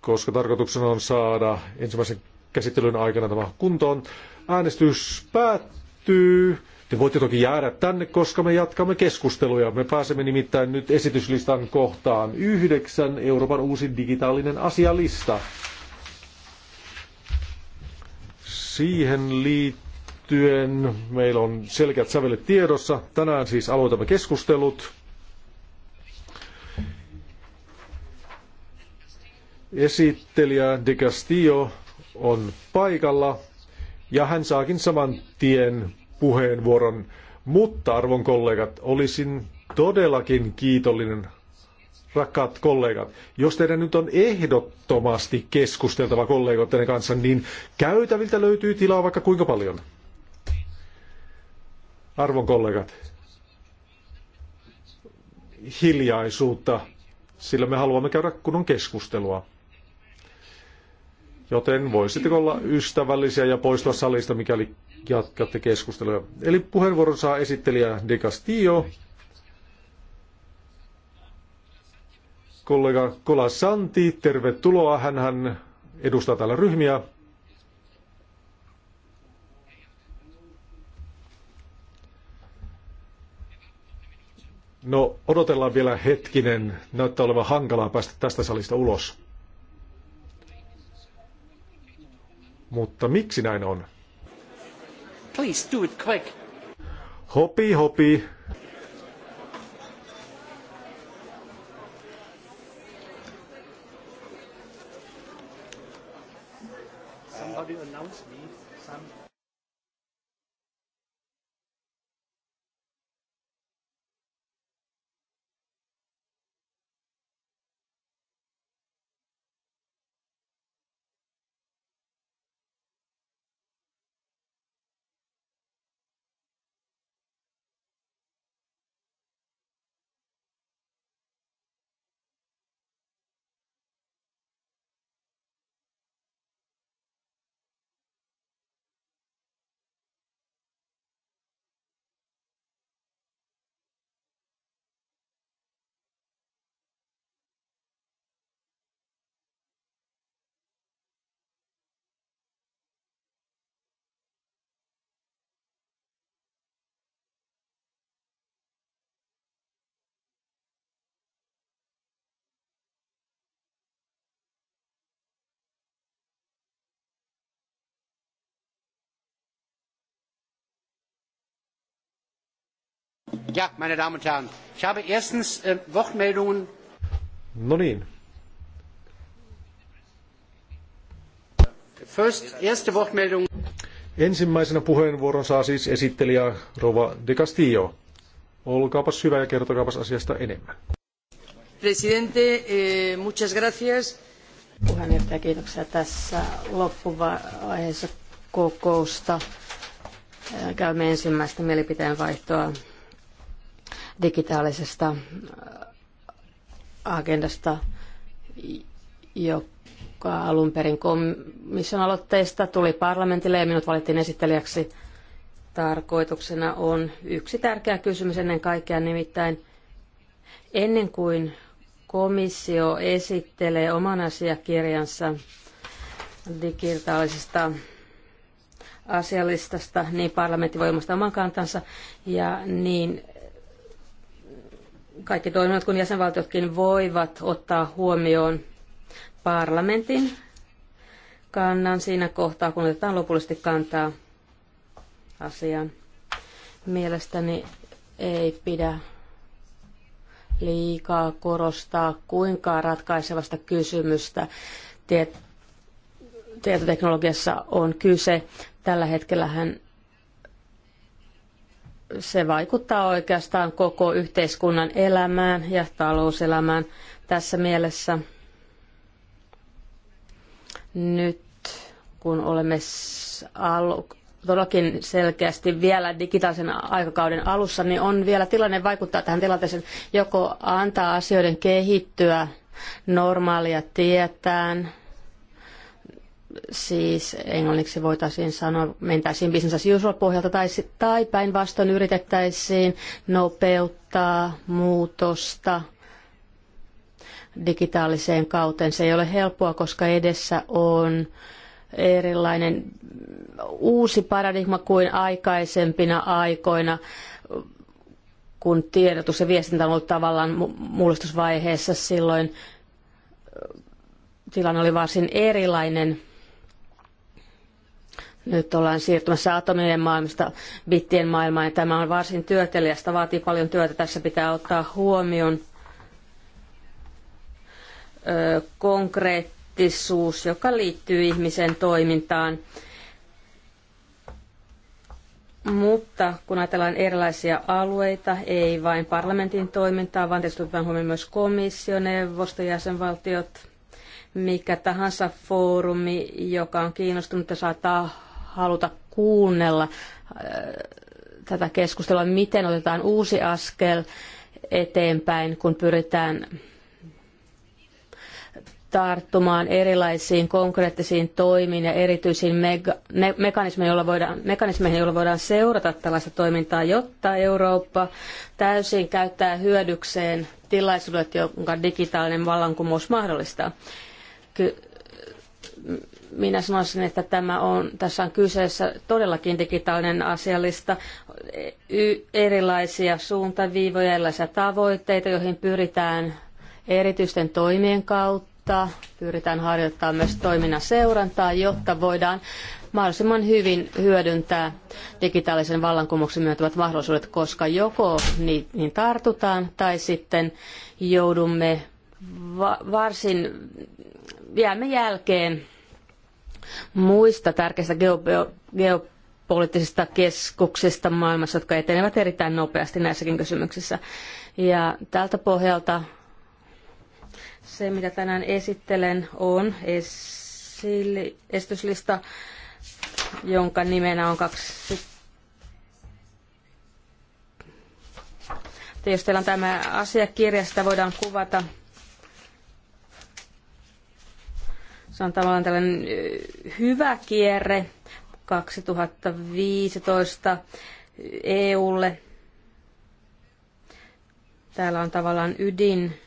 koska tarkoituksena on saada ensimmäisen käsittelyn aikana tämä kuntoon. Äänestys päättyy. Te voitte toki jäädä tänne, koska me jatkamme keskusteluja. Me pääsemme nimittäin nyt esityslistan kohtaan yhdeksän Euroopan uusi digitaalinen asialista. Siihen liittyen meillä on selkeät sävelet tiedossa. Tänään siis aloitamme keskustelut. Esittelijä De Castillo on paikalla ja hän saakin saman tien puheenvuoron. Mutta arvon kollegat, olisin todellakin kiitollinen, rakkaat kollegat. Jos teidän nyt on ehdottomasti keskusteltava kollegoiden kanssa, niin käytäviltä löytyy tilaa vaikka kuinka paljon. Arvon kollegat, hiljaisuutta, sillä me haluamme käydä kunnon keskustelua. Joten voisitteko olla ystävällisiä ja poistua salista, mikäli jatkatte keskustelua. Eli puheenvuoron saa esittelijä De Castillo, kollega Kola Santi, tervetuloa. hän edustaa täällä ryhmiä. No, odotellaan vielä hetkinen. Näyttää olevan hankalaa päästä tästä salista ulos. Mutta miksi näin on? Please do it quick. Hopi, hopi. Ja, meine Damen und Herren, ich habe erstens äh, Wortmeldungen. No niin. First, erste Wortmeldung. Ensimmäisenä puheenvuoron saa siis esittelijä Rova de Castillo. Olkaapas hyvä ja kertokaapas asiasta enemmän. Presidente, eh, muchas gracias. Puheenjohtaja, kiitoksia tässä loppuvaiheessa kokousta. Käymme ensimmäistä mielipiteenvaihtoa vaihtoa digitaalisesta äh, agendasta, joka alun perin komission aloitteesta tuli parlamentille ja minut valittiin esittelijäksi. Tarkoituksena on yksi tärkeä kysymys ennen kaikkea, nimittäin ennen kuin komissio esittelee oman asiakirjansa digitaalisesta asialistasta, niin parlamentti voi oman kantansa ja niin kaikki toiminnot, kun jäsenvaltiotkin voivat ottaa huomioon parlamentin kannan siinä kohtaa, kun otetaan lopullisesti kantaa asiaan. Mielestäni ei pidä liikaa korostaa, kuinka ratkaisevasta kysymystä tietoteknologiassa on kyse. Tällä hetkellä hän se vaikuttaa oikeastaan koko yhteiskunnan elämään ja talouselämään tässä mielessä. Nyt kun olemme todellakin selkeästi vielä digitaalisen aikakauden alussa, niin on vielä tilanne vaikuttaa tähän tilanteeseen, joko antaa asioiden kehittyä normaalia tietään, siis englanniksi voitaisiin sanoa, mentäisiin business as usual pohjalta tai, tai päinvastoin yritettäisiin nopeuttaa muutosta digitaaliseen kauteen. Se ei ole helppoa, koska edessä on erilainen uusi paradigma kuin aikaisempina aikoina, kun tiedotus ja viestintä on ollut tavallaan mullistusvaiheessa silloin tilanne oli varsin erilainen nyt ollaan siirtymässä atomien maailmasta bittien maailmaan ja tämä on varsin työteliästä, vaatii paljon työtä. Tässä pitää ottaa huomioon ö, konkreettisuus, joka liittyy ihmisen toimintaan. Mutta kun ajatellaan erilaisia alueita, ei vain parlamentin toimintaa, vaan tietysti otetaan huomioon myös komissio, neuvosto, jäsenvaltiot, mikä tahansa foorumi, joka on kiinnostunut ja saattaa haluta kuunnella äh, tätä keskustelua, miten otetaan uusi askel eteenpäin, kun pyritään tarttumaan erilaisiin konkreettisiin toimiin ja erityisiin mega- mekanismeihin, joilla voidaan, mekanismeihin, joilla voidaan seurata tällaista toimintaa, jotta Eurooppa täysin käyttää hyödykseen tilaisuudet, jonka digitaalinen vallankumous mahdollistaa. Ky- minä sanoisin, että tämä on, tässä on kyseessä todellakin digitaalinen asialista, erilaisia suuntaviivoja, erilaisia tavoitteita, joihin pyritään erityisten toimien kautta, pyritään harjoittamaan myös toiminnan seurantaa, jotta voidaan mahdollisimman hyvin hyödyntää digitaalisen vallankumouksen myöntävät mahdollisuudet, koska joko niihin tartutaan tai sitten joudumme varsin jäämme jälkeen muista tärkeistä geopoliittisista keskuksista maailmassa, jotka etenevät erittäin nopeasti näissäkin kysymyksissä. Ja tältä pohjalta se, mitä tänään esittelen, on esili- esityslista, jonka nimenä on kaksi Jos teillä on tämä asiakirja, sitä voidaan kuvata Se on tavallaan tällainen hyvä kierre 2015 EUlle. Täällä on tavallaan ydin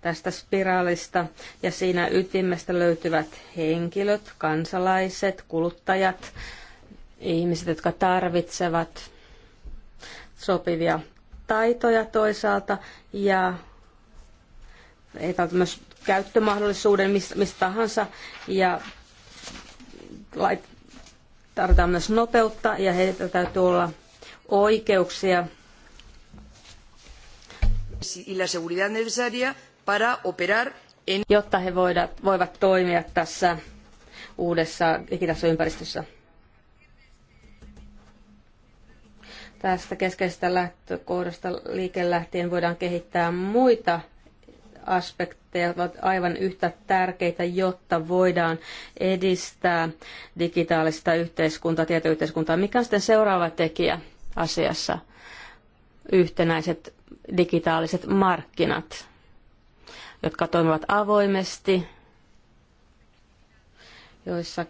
tästä spiraalista ja siinä ytimestä löytyvät henkilöt, kansalaiset, kuluttajat, ihmiset, jotka tarvitsevat sopivia taitoja toisaalta ja ei myös käyttömahdollisuuden mistä tahansa ja tarvitaan myös nopeutta ja heitä täytyy olla oikeuksia. Jotta he voivat, voivat toimia tässä uudessa digitaalisessa ympäristössä. Tästä keskeisestä lähtökohdasta liike lähtien voidaan kehittää muita aspekteja ovat aivan yhtä tärkeitä, jotta voidaan edistää digitaalista yhteiskuntaa, tietoyhteiskuntaa. Mikä on sitten seuraava tekijä asiassa? Yhtenäiset digitaaliset markkinat, jotka toimivat avoimesti, joissa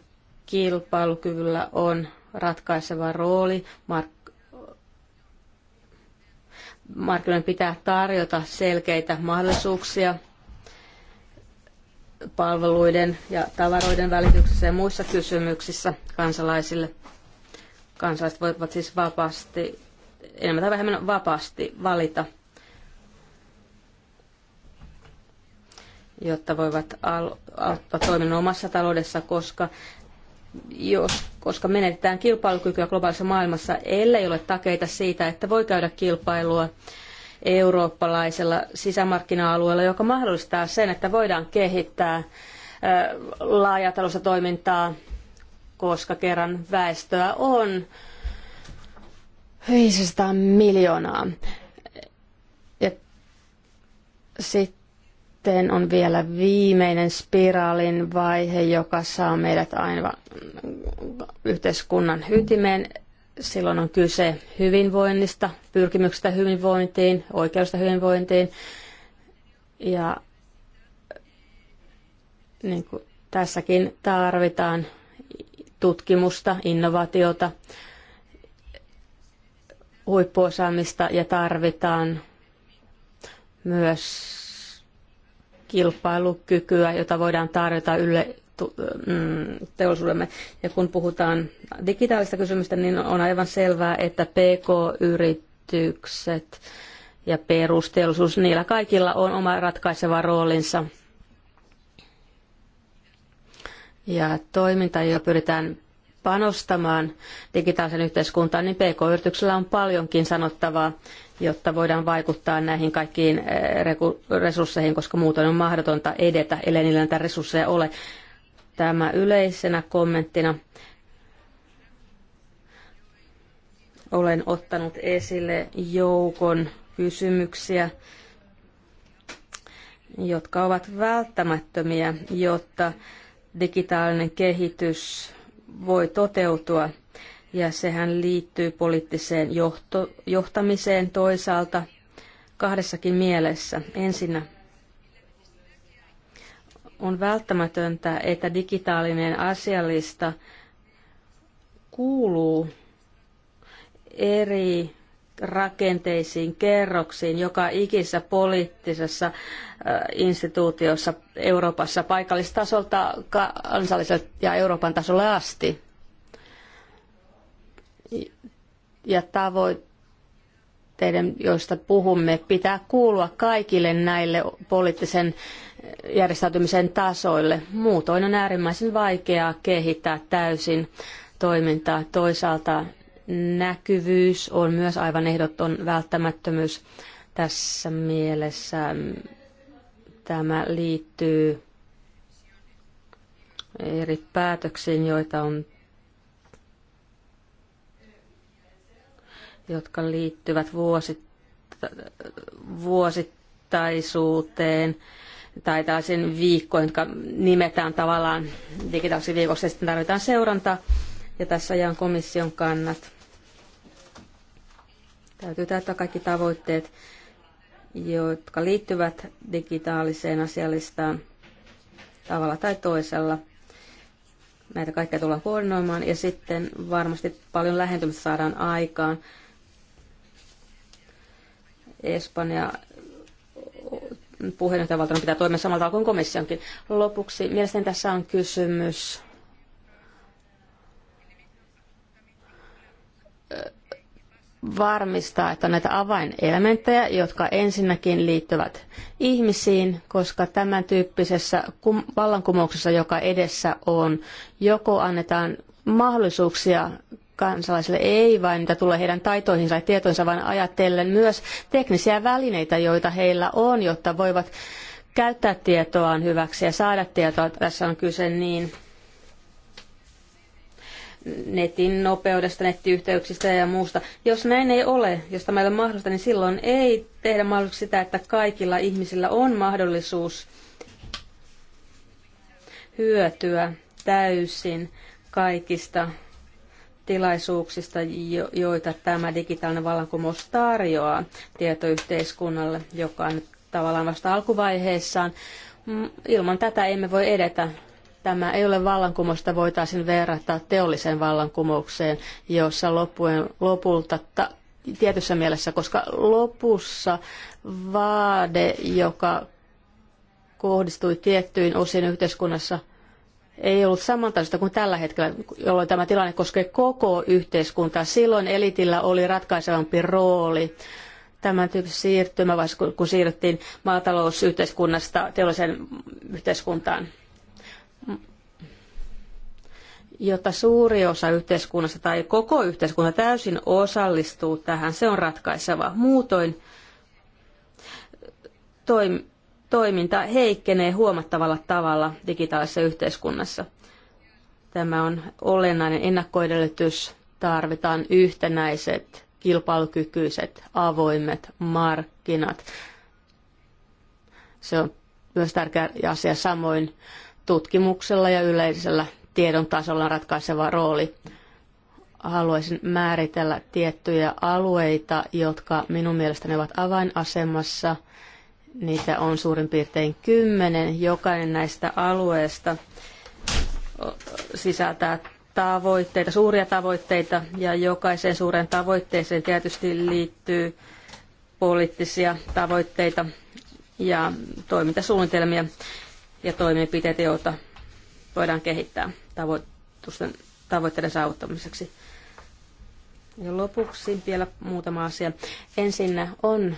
kilpailukyvyllä on ratkaiseva rooli. Mark- markkinoiden pitää tarjota selkeitä mahdollisuuksia palveluiden ja tavaroiden välityksessä ja muissa kysymyksissä kansalaisille. Kansalaiset voivat siis vapaasti, enemmän tai vähemmän vapaasti valita, jotta voivat al- toiminnan omassa taloudessa, koska jos, koska menetetään kilpailukykyä globaalissa maailmassa, ellei ole takeita siitä, että voi käydä kilpailua eurooppalaisella sisämarkkina-alueella, joka mahdollistaa sen, että voidaan kehittää laajatalousta toimintaa, koska kerran väestöä on 500 miljoonaa. Ja sitten sitten on vielä viimeinen spiraalin vaihe, joka saa meidät aina yhteiskunnan ytimeen. Silloin on kyse hyvinvoinnista, pyrkimyksestä hyvinvointiin, oikeudesta hyvinvointiin. Ja niin kuin tässäkin tarvitaan tutkimusta, innovaatiota, huippuosaamista ja tarvitaan myös kilpailukykyä, jota voidaan tarjota ylle mm, teollisuudemme. Ja kun puhutaan digitaalista kysymystä, niin on aivan selvää, että PK-yritykset ja perusteollisuus, niillä kaikilla on oma ratkaiseva roolinsa. Ja toiminta, jota pyritään panostamaan digitaalisen yhteiskuntaan, niin PK-yrityksellä on paljonkin sanottavaa, jotta voidaan vaikuttaa näihin kaikkiin eh, resursseihin, koska muutoin on mahdotonta edetä, ellei niillä näitä resursseja ole. Tämä yleisenä kommenttina olen ottanut esille joukon kysymyksiä, jotka ovat välttämättömiä, jotta digitaalinen kehitys voi toteutua. Ja sehän liittyy poliittiseen johto, johtamiseen toisaalta kahdessakin mielessä. Ensinnä on välttämätöntä, että digitaalinen asialista kuuluu eri rakenteisiin, kerroksiin, joka ikisessä poliittisessa instituutiossa Euroopassa paikallistasolta kansalliselta ja Euroopan tasolle asti. Ja tavoitteiden, joista puhumme, pitää kuulua kaikille näille poliittisen järjestäytymisen tasoille. Muutoin on äärimmäisen vaikeaa kehittää täysin toimintaa. Toisaalta näkyvyys on myös aivan ehdoton välttämättömyys tässä mielessä. Tämä liittyy eri päätöksiin, joita on jotka liittyvät vuosittaisuuteen tai tällaisiin viikkoihin, jotka nimetään tavallaan digitaalisiksi viikoksi, ja sitten tarvitaan seurantaa, ja tässä ajan komission kannat. Täytyy täyttää kaikki tavoitteet, jotka liittyvät digitaaliseen asialistaan tavalla tai toisella. Näitä kaikkea tullaan koordinoimaan ja sitten varmasti paljon lähentymistä saadaan aikaan. Espanja puheenjohtajavaltion pitää toimia samalla tavalla kuin komissionkin. Lopuksi mielestäni tässä on kysymys varmistaa, että näitä avainelementtejä, jotka ensinnäkin liittyvät ihmisiin, koska tämän tyyppisessä vallankumouksessa, joka edessä on, joko annetaan mahdollisuuksia kansalaisille, ei vain mitä tulee heidän taitoihinsa ja tietoinsa, vaan ajatellen myös teknisiä välineitä, joita heillä on, jotta voivat käyttää tietoaan hyväksi ja saada tietoa. Tässä on kyse niin netin nopeudesta, nettiyhteyksistä ja muusta. Jos näin ei ole, jos tämä ei ole mahdollista, niin silloin ei tehdä mahdollista sitä, että kaikilla ihmisillä on mahdollisuus hyötyä täysin kaikista tilaisuuksista, joita tämä digitaalinen vallankumous tarjoaa tietoyhteiskunnalle, joka on nyt tavallaan vasta alkuvaiheessaan. Mm, ilman tätä emme voi edetä Tämä ei ole vallankumousta, voitaisiin verrata teolliseen vallankumoukseen, jossa loppujen, lopulta ta, tietyssä mielessä, koska lopussa vaade, joka kohdistui tiettyyn osin yhteiskunnassa, ei ollut samantaista kuin tällä hetkellä, jolloin tämä tilanne koskee koko yhteiskuntaa. Silloin elitillä oli ratkaisevampi rooli tämän tyyppisessä siirtymävaiheessa, kun siirryttiin maatalousyhteiskunnasta teolliseen yhteiskuntaan jotta suuri osa yhteiskunnasta tai koko yhteiskunta täysin osallistuu tähän, se on ratkaiseva. Muutoin toim- toiminta heikkenee huomattavalla tavalla digitaalisessa yhteiskunnassa. Tämä on olennainen ennakkoedellytys. Tarvitaan yhtenäiset, kilpailukykyiset, avoimet markkinat. Se on myös tärkeä asia samoin tutkimuksella ja yleisellä tiedon tasolla on ratkaiseva rooli. Haluaisin määritellä tiettyjä alueita, jotka minun mielestäni ovat avainasemassa. Niitä on suurin piirtein kymmenen. Jokainen näistä alueista sisältää tavoitteita, suuria tavoitteita, ja jokaiseen suureen tavoitteeseen tietysti liittyy poliittisia tavoitteita ja toimintasuunnitelmia ja toimenpiteitä, joita voidaan kehittää tavoitteiden saavuttamiseksi. Ja lopuksi vielä muutama asia. Ensinnä on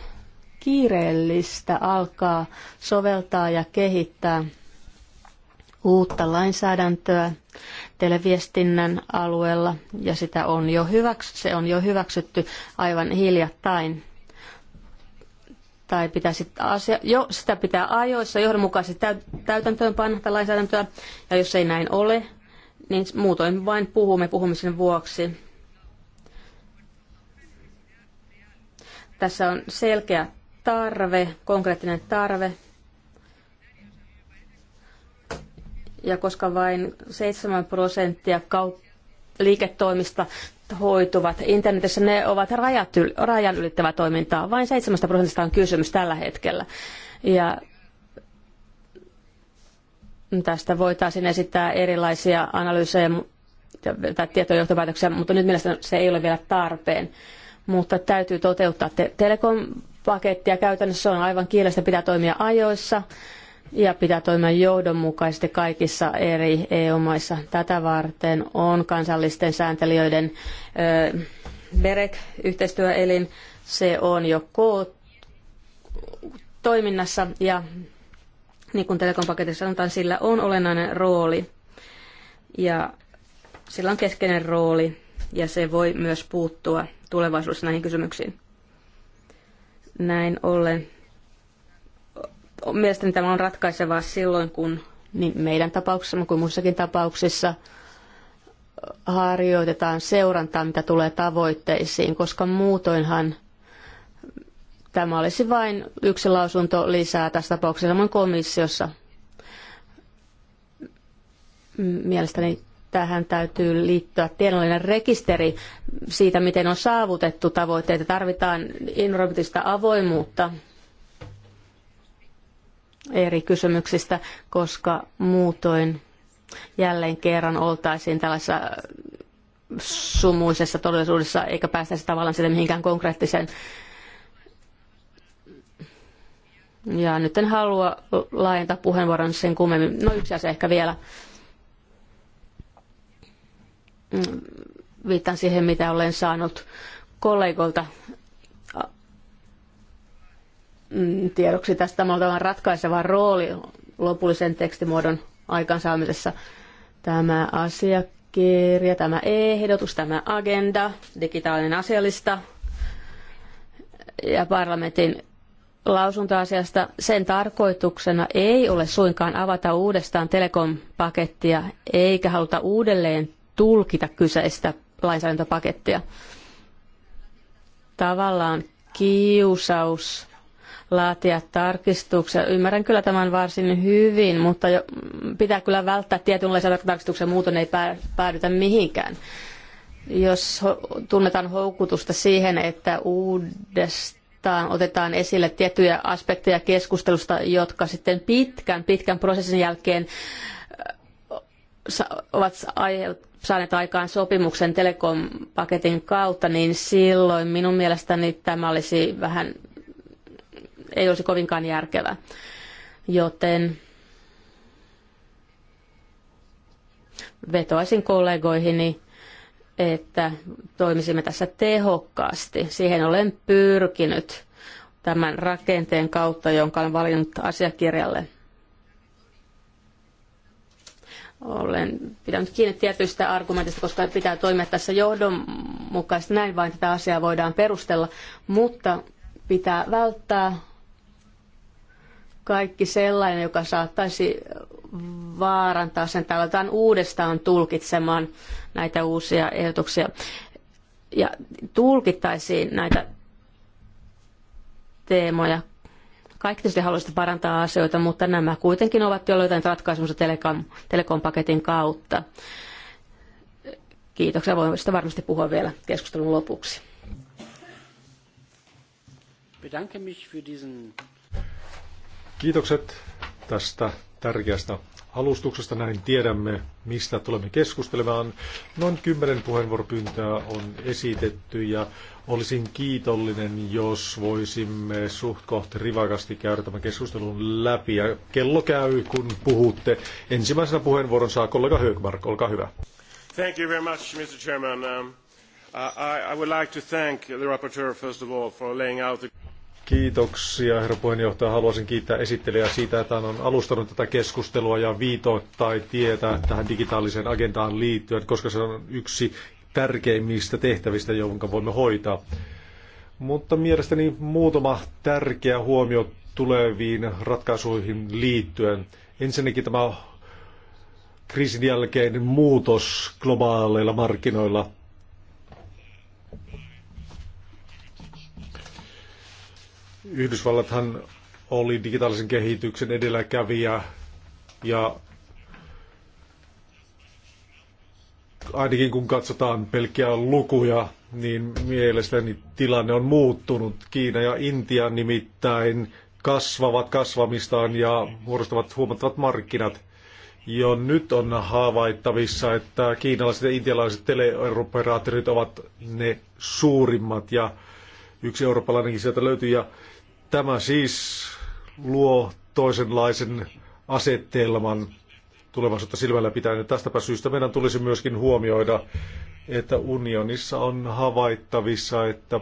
kiireellistä alkaa soveltaa ja kehittää uutta lainsäädäntöä televiestinnän alueella ja sitä on jo hyväks- se on jo hyväksytty aivan hiljattain tai pitäisi asia, jo, sitä pitää ajoissa johdonmukaisesti täytäntöön panna lainsäädäntöä, ja jos ei näin ole, niin muutoin vain puhumme puhumisen vuoksi. Tässä on selkeä tarve, konkreettinen tarve. Ja koska vain 7 prosenttia kaup- liiketoimista hoituvat internetissä, ne ovat rajat, rajan ylittävää toimintaa. Vain 7 prosentista on kysymys tällä hetkellä. Ja tästä voitaisiin esittää erilaisia analyysejä tai tietojohtopäätöksiä, mutta nyt mielestäni se ei ole vielä tarpeen. Mutta täytyy toteuttaa te- telekom Käytännössä se on aivan kielestä, pitää toimia ajoissa ja pitää toimia johdonmukaisesti kaikissa eri EU-maissa. Tätä varten on kansallisten sääntelijöiden BEREC-yhteistyöelin. Se on jo toiminnassa ja niin kuin telekompaketissa sanotaan, sillä on olennainen rooli ja sillä on keskeinen rooli ja se voi myös puuttua tulevaisuudessa näihin kysymyksiin. Näin ollen Mielestäni tämä on ratkaisevaa silloin, kun niin meidän tapauksessamme kuin muissakin tapauksissa harjoitetaan seurantaa, mitä tulee tavoitteisiin, koska muutoinhan tämä olisi vain yksi lausunto lisää tässä tapauksessa samoin komissiossa. Mielestäni tähän täytyy liittyä tiedollinen rekisteri siitä, miten on saavutettu tavoitteita. Tarvitaan innovatiivista avoimuutta eri kysymyksistä, koska muutoin jälleen kerran oltaisiin tällaisessa sumuisessa todellisuudessa, eikä päästäisi tavallaan sitä mihinkään konkreettiseen. Ja nyt en halua laajentaa puheenvuoron sen kummemmin. No yksi asia ehkä vielä. Mm, viittaan siihen, mitä olen saanut kollegoilta Mm, tiedoksi tästä on oltava ratkaiseva rooli lopullisen tekstimuodon aikaansaamisessa. Tämä asiakirja, tämä ehdotus, tämä agenda, digitaalinen asiallista ja parlamentin lausuntoasiasta sen tarkoituksena ei ole suinkaan avata uudestaan telekompakettia eikä haluta uudelleen tulkita kyseistä lainsäädäntöpakettia. Tavallaan kiusaus laatia tarkistuksia. Ymmärrän kyllä tämän varsin hyvin, mutta jo, pitää kyllä välttää tietynlaisia tarkistuksia, muuten ei päädytä mihinkään. Jos tunnetaan houkutusta siihen, että uudestaan otetaan, otetaan esille tiettyjä aspekteja keskustelusta, jotka sitten pitkän, pitkän prosessin jälkeen äh, ovat saaneet aikaan sopimuksen telekom-paketin kautta, niin silloin minun mielestäni tämä olisi vähän ei olisi kovinkaan järkevä. Joten vetoaisin kollegoihini, että toimisimme tässä tehokkaasti. Siihen olen pyrkinyt tämän rakenteen kautta, jonka olen valinnut asiakirjalle olen pitänyt kiinni tietyistä argumentista, koska pitää toimia tässä johdonmukaisesti. Näin vain tätä asiaa voidaan perustella, mutta pitää välttää kaikki sellainen, joka saattaisi vaarantaa sen, että aletaan uudestaan tulkitsemaan näitä uusia ehdotuksia. Ja tulkittaisiin näitä teemoja. Kaikki tietysti haluaisivat parantaa asioita, mutta nämä kuitenkin ovat jo löytäneet ratkaisunsa telekom, telekompaketin kautta. Kiitoksia. Voimme sitä varmasti puhua vielä keskustelun lopuksi. Bedanke mich für diesen Kiitokset tästä tärkeästä alustuksesta. Näin tiedämme, mistä tulemme keskustelemaan. Noin kymmenen puheenvuoropyyntöä on esitetty ja olisin kiitollinen, jos voisimme suht kohti rivakasti käydä tämän keskustelun läpi. Ja kello käy, kun puhutte. Ensimmäisenä puheenvuoron saa kollega Högmark. Olkaa hyvä. Thank you very much, Mr. Chairman. Um, I, I would like to thank the rapporteur, first of all, for laying out the... Kiitoksia, herra puheenjohtaja. Haluaisin kiittää esittelijää siitä, että hän on alustanut tätä keskustelua ja viitoittaa tietä tähän digitaaliseen agendaan liittyen, koska se on yksi tärkeimmistä tehtävistä, jonka voimme hoitaa. Mutta mielestäni muutama tärkeä huomio tuleviin ratkaisuihin liittyen. Ensinnäkin tämä kriisin jälkeinen muutos globaaleilla markkinoilla. Yhdysvallathan oli digitaalisen kehityksen edelläkävijä ja ainakin kun katsotaan pelkkiä lukuja, niin mielestäni tilanne on muuttunut. Kiina ja Intia nimittäin kasvavat kasvamistaan ja muodostavat huomattavat markkinat. Jo nyt on havaittavissa, että kiinalaiset ja intialaiset teleoperaattorit ovat ne suurimmat ja yksi eurooppalainenkin sieltä löytyy. Ja Tämä siis luo toisenlaisen asetelman tulevaisuutta silmällä pitäen. Tästäpä syystä meidän tulisi myöskin huomioida, että unionissa on havaittavissa, että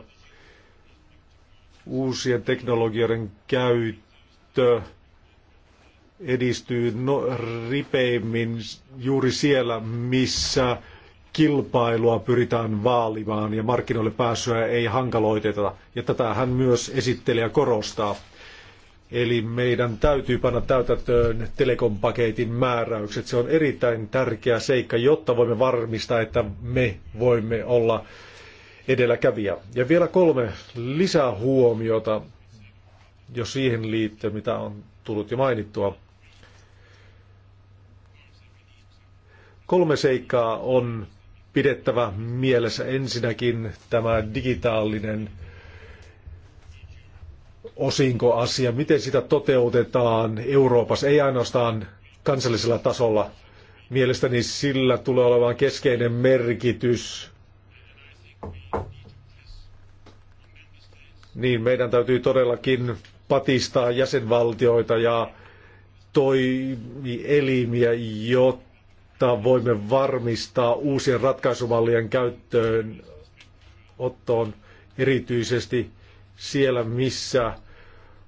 uusien teknologioiden käyttö edistyy no, ripeimmin juuri siellä, missä kilpailua pyritään vaalimaan ja markkinoille pääsyä ei hankaloiteta. Ja tätähän myös esittelijä korostaa. Eli meidän täytyy panna täytäntöön telekompaketin määräykset. Se on erittäin tärkeä seikka, jotta voimme varmistaa, että me voimme olla edelläkävijä. Ja vielä kolme lisähuomiota, jos siihen liittyy, mitä on tullut jo mainittua. Kolme seikkaa on pidettävä mielessä ensinnäkin tämä digitaalinen osinkoasia, miten sitä toteutetaan Euroopassa, ei ainoastaan kansallisella tasolla. Mielestäni sillä tulee olemaan keskeinen merkitys. Niin meidän täytyy todellakin patistaa jäsenvaltioita ja toimielimiä, jotta jotta voimme varmistaa uusien ratkaisumallien käyttöön ottoon erityisesti siellä, missä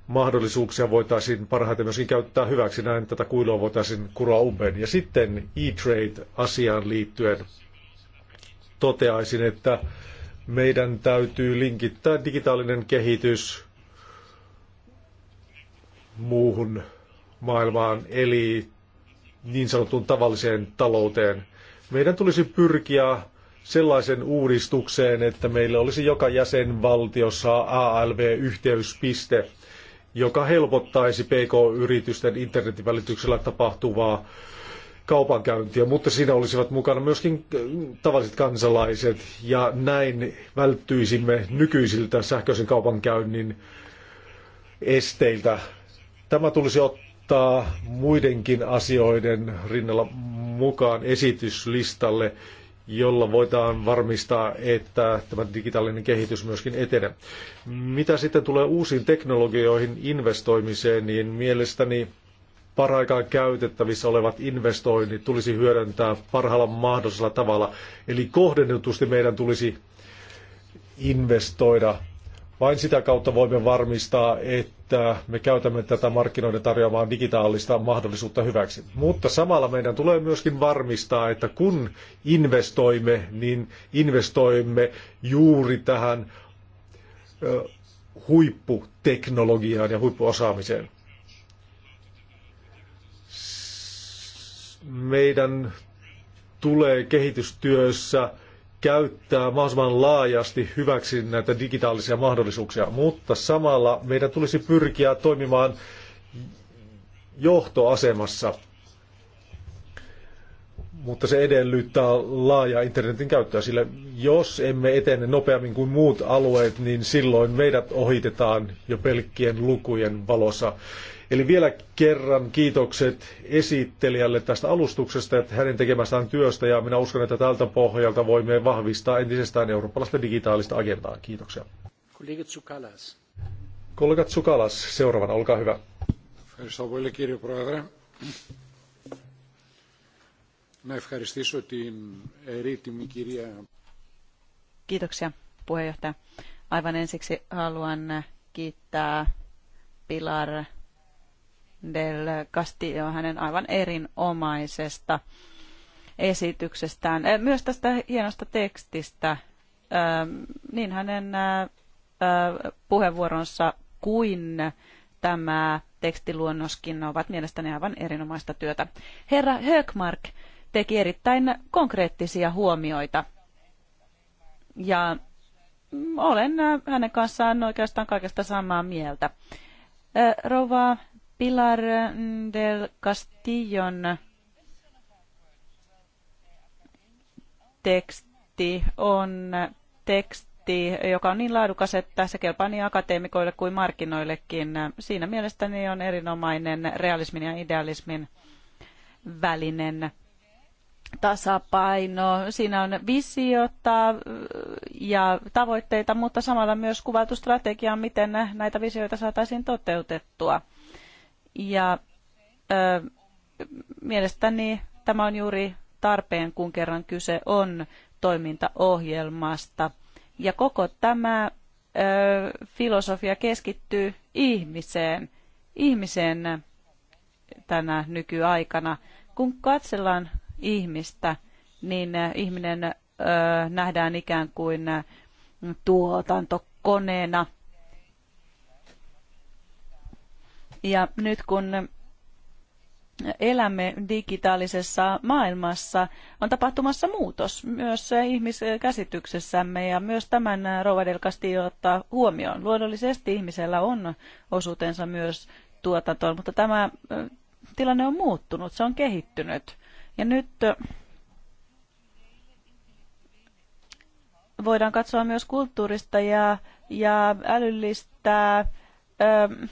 mahdollisuuksia voitaisiin parhaiten myöskin käyttää hyväksi. Näin tätä kuilua voitaisiin kuroa umpeen. Ja sitten e-trade-asiaan liittyen toteaisin, että meidän täytyy linkittää digitaalinen kehitys muuhun maailmaan, eli niin sanottuun tavalliseen talouteen. Meidän tulisi pyrkiä sellaisen uudistukseen, että meillä olisi joka jäsenvaltiossa ALV-yhteyspiste, joka helpottaisi PK-yritysten internetin välityksellä tapahtuvaa kaupankäyntiä, mutta siinä olisivat mukana myöskin tavalliset kansalaiset ja näin välttyisimme nykyisiltä sähköisen kaupankäynnin esteiltä. Tämä tulisi ottaa ottaa muidenkin asioiden rinnalla mukaan esityslistalle, jolla voidaan varmistaa, että tämä digitaalinen kehitys myöskin etenee. Mitä sitten tulee uusiin teknologioihin investoimiseen, niin mielestäni paraikaa käytettävissä olevat investoinnit tulisi hyödyntää parhaalla mahdollisella tavalla. Eli kohdennetusti meidän tulisi investoida. Vain sitä kautta voimme varmistaa, että että me käytämme tätä markkinoiden tarjoamaa digitaalista mahdollisuutta hyväksi. Mutta samalla meidän tulee myöskin varmistaa, että kun investoimme, niin investoimme juuri tähän huipputeknologiaan ja huippuosaamiseen. Meidän tulee kehitystyössä käyttää mahdollisimman laajasti hyväksi näitä digitaalisia mahdollisuuksia, mutta samalla meidän tulisi pyrkiä toimimaan johtoasemassa, mutta se edellyttää laajaa internetin käyttöä, sillä jos emme etene nopeammin kuin muut alueet, niin silloin meidät ohitetaan jo pelkkien lukujen valossa. Eli vielä kerran kiitokset esittelijälle tästä alustuksesta, että hänen tekemästään työstä, ja minä uskon, että tältä pohjalta voimme vahvistaa entisestään eurooppalaista digitaalista agendaa. Kiitoksia. Kollega Tsukalas. Kollega Tsukalas, seuraavana, olkaa hyvä. Kiitoksia puheenjohtaja. Aivan ensiksi haluan kiittää Pilar del Castillo hänen aivan erinomaisesta esityksestään. Eh, myös tästä hienosta tekstistä, ehm, niin hänen eh, eh, puheenvuoronsa kuin tämä tekstiluonnoskin ovat mielestäni aivan erinomaista työtä. Herra Högmark teki erittäin konkreettisia huomioita ja mm, olen hänen kanssaan oikeastaan kaikesta samaa mieltä. Rova Pilar del Castillon teksti on teksti, joka on niin laadukas, että se kelpaa niin akateemikoille kuin markkinoillekin. Siinä mielestäni on erinomainen realismin ja idealismin välinen tasapaino. Siinä on visiota ja tavoitteita, mutta samalla myös kuvattu strategiaa, miten näitä visioita saataisiin toteutettua. Ja ö, mielestäni tämä on juuri tarpeen, kun kerran kyse on toimintaohjelmasta. Ja koko tämä ö, filosofia keskittyy ihmiseen, ihmiseen tänä nykyaikana. Kun katsellaan ihmistä, niin ihminen ö, nähdään ikään kuin tuotantokoneena – Ja nyt kun elämme digitaalisessa maailmassa, on tapahtumassa muutos myös ihmiskäsityksessämme ja myös tämän Rouva del Castillo ottaa huomioon. Luonnollisesti ihmisellä on osuutensa myös tuotantoon, mutta tämä tilanne on muuttunut, se on kehittynyt. Ja nyt voidaan katsoa myös kulttuurista ja, ja älyllistä ö,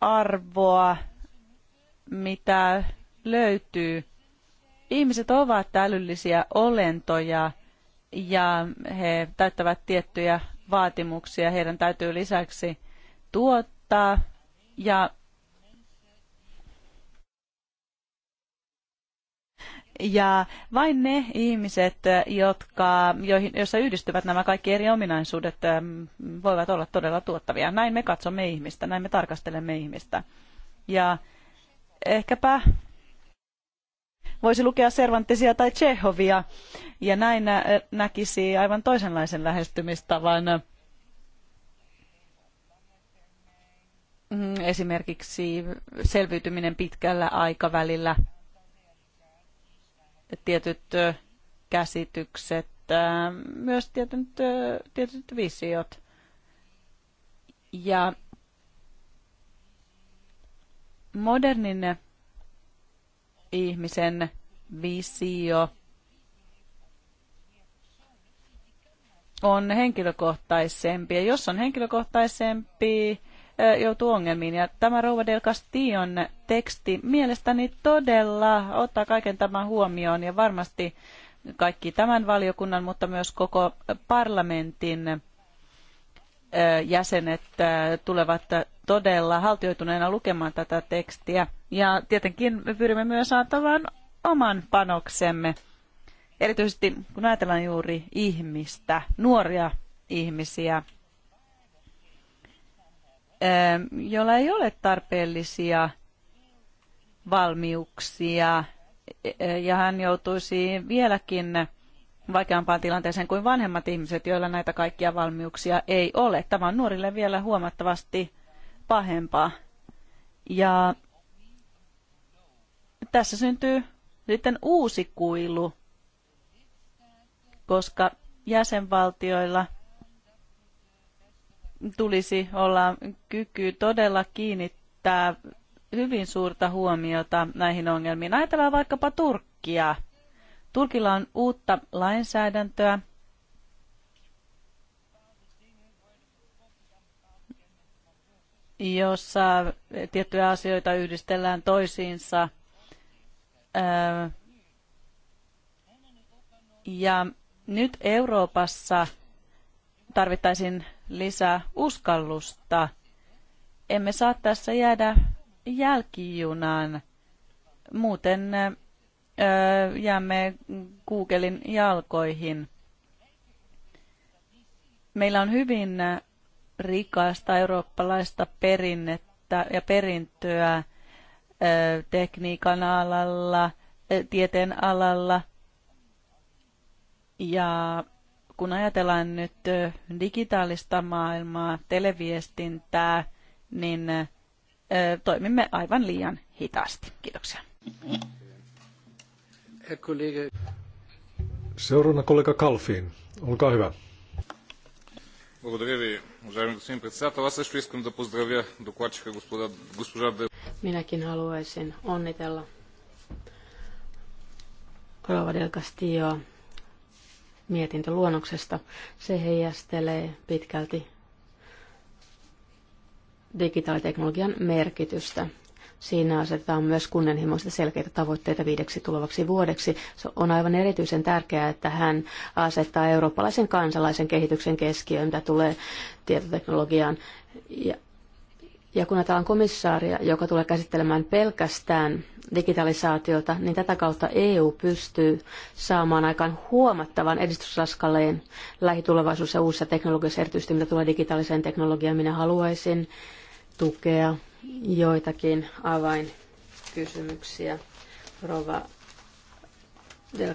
arvoa, mitä löytyy. Ihmiset ovat älyllisiä olentoja ja he täyttävät tiettyjä vaatimuksia. Heidän täytyy lisäksi tuottaa ja Ja vain ne ihmiset, jotka, joihin, joissa yhdistyvät nämä kaikki eri ominaisuudet, ähm, voivat olla todella tuottavia. Näin me katsomme ihmistä, näin me tarkastelemme ihmistä. Ja ehkäpä voisi lukea Cervantesia tai Chehovia ja näin äh, näkisi aivan toisenlaisen lähestymistavan. Mm, esimerkiksi selviytyminen pitkällä aikavälillä – tietyt käsitykset, myös tietyt, tietyt visiot. Ja modernin ihmisen visio on henkilökohtaisempi. Ja jos on henkilökohtaisempi, joutuu ongelmiin. Ja tämä Rouva del Castillon teksti mielestäni todella ottaa kaiken tämän huomioon ja varmasti kaikki tämän valiokunnan, mutta myös koko parlamentin jäsenet tulevat todella haltioituneena lukemaan tätä tekstiä. Ja tietenkin me pyrimme myös antamaan oman panoksemme, erityisesti kun ajatellaan juuri ihmistä, nuoria ihmisiä, jolla ei ole tarpeellisia valmiuksia e, e, ja hän joutuisi vieläkin vaikeampaan tilanteeseen kuin vanhemmat ihmiset, joilla näitä kaikkia valmiuksia ei ole. Tämä on nuorille vielä huomattavasti pahempaa. Ja tässä syntyy sitten uusi kuilu, koska jäsenvaltioilla – tulisi olla kyky todella kiinnittää hyvin suurta huomiota näihin ongelmiin. Ajatellaan vaikkapa Turkkia. Turkilla on uutta lainsäädäntöä. jossa tiettyjä asioita yhdistellään toisiinsa. Ja nyt Euroopassa tarvittaisiin lisää uskallusta. Emme saa tässä jäädä jälkijunaan. Muuten öö, jäämme Googlein jalkoihin. Meillä on hyvin rikasta eurooppalaista perinnettä ja perintöä öö, tekniikan alalla, tieteen alalla ja kun ajatellaan nyt digitaalista maailmaa, televiestintää, niin toimimme aivan liian hitaasti. Kiitoksia. Seuraavana kollega Kalfiin. Olkaa hyvä. Minäkin haluaisin onnitella Rova Del Castilloa luonnoksesta. Se heijastelee pitkälti digitaaliteknologian merkitystä. Siinä asetetaan myös kunnianhimoista selkeitä tavoitteita viideksi tulevaksi vuodeksi. Se on aivan erityisen tärkeää, että hän asettaa eurooppalaisen kansalaisen kehityksen keskiöön, mitä tulee tietoteknologiaan. Ja ja kun ajatellaan komissaaria, joka tulee käsittelemään pelkästään digitalisaatiota, niin tätä kautta EU pystyy saamaan aikaan huomattavan edistysraskaleen lähitulevaisuus ja uusissa teknologioissa, erityisesti mitä tulee digitaaliseen teknologiaan. Minä haluaisin tukea joitakin avainkysymyksiä. Rova Del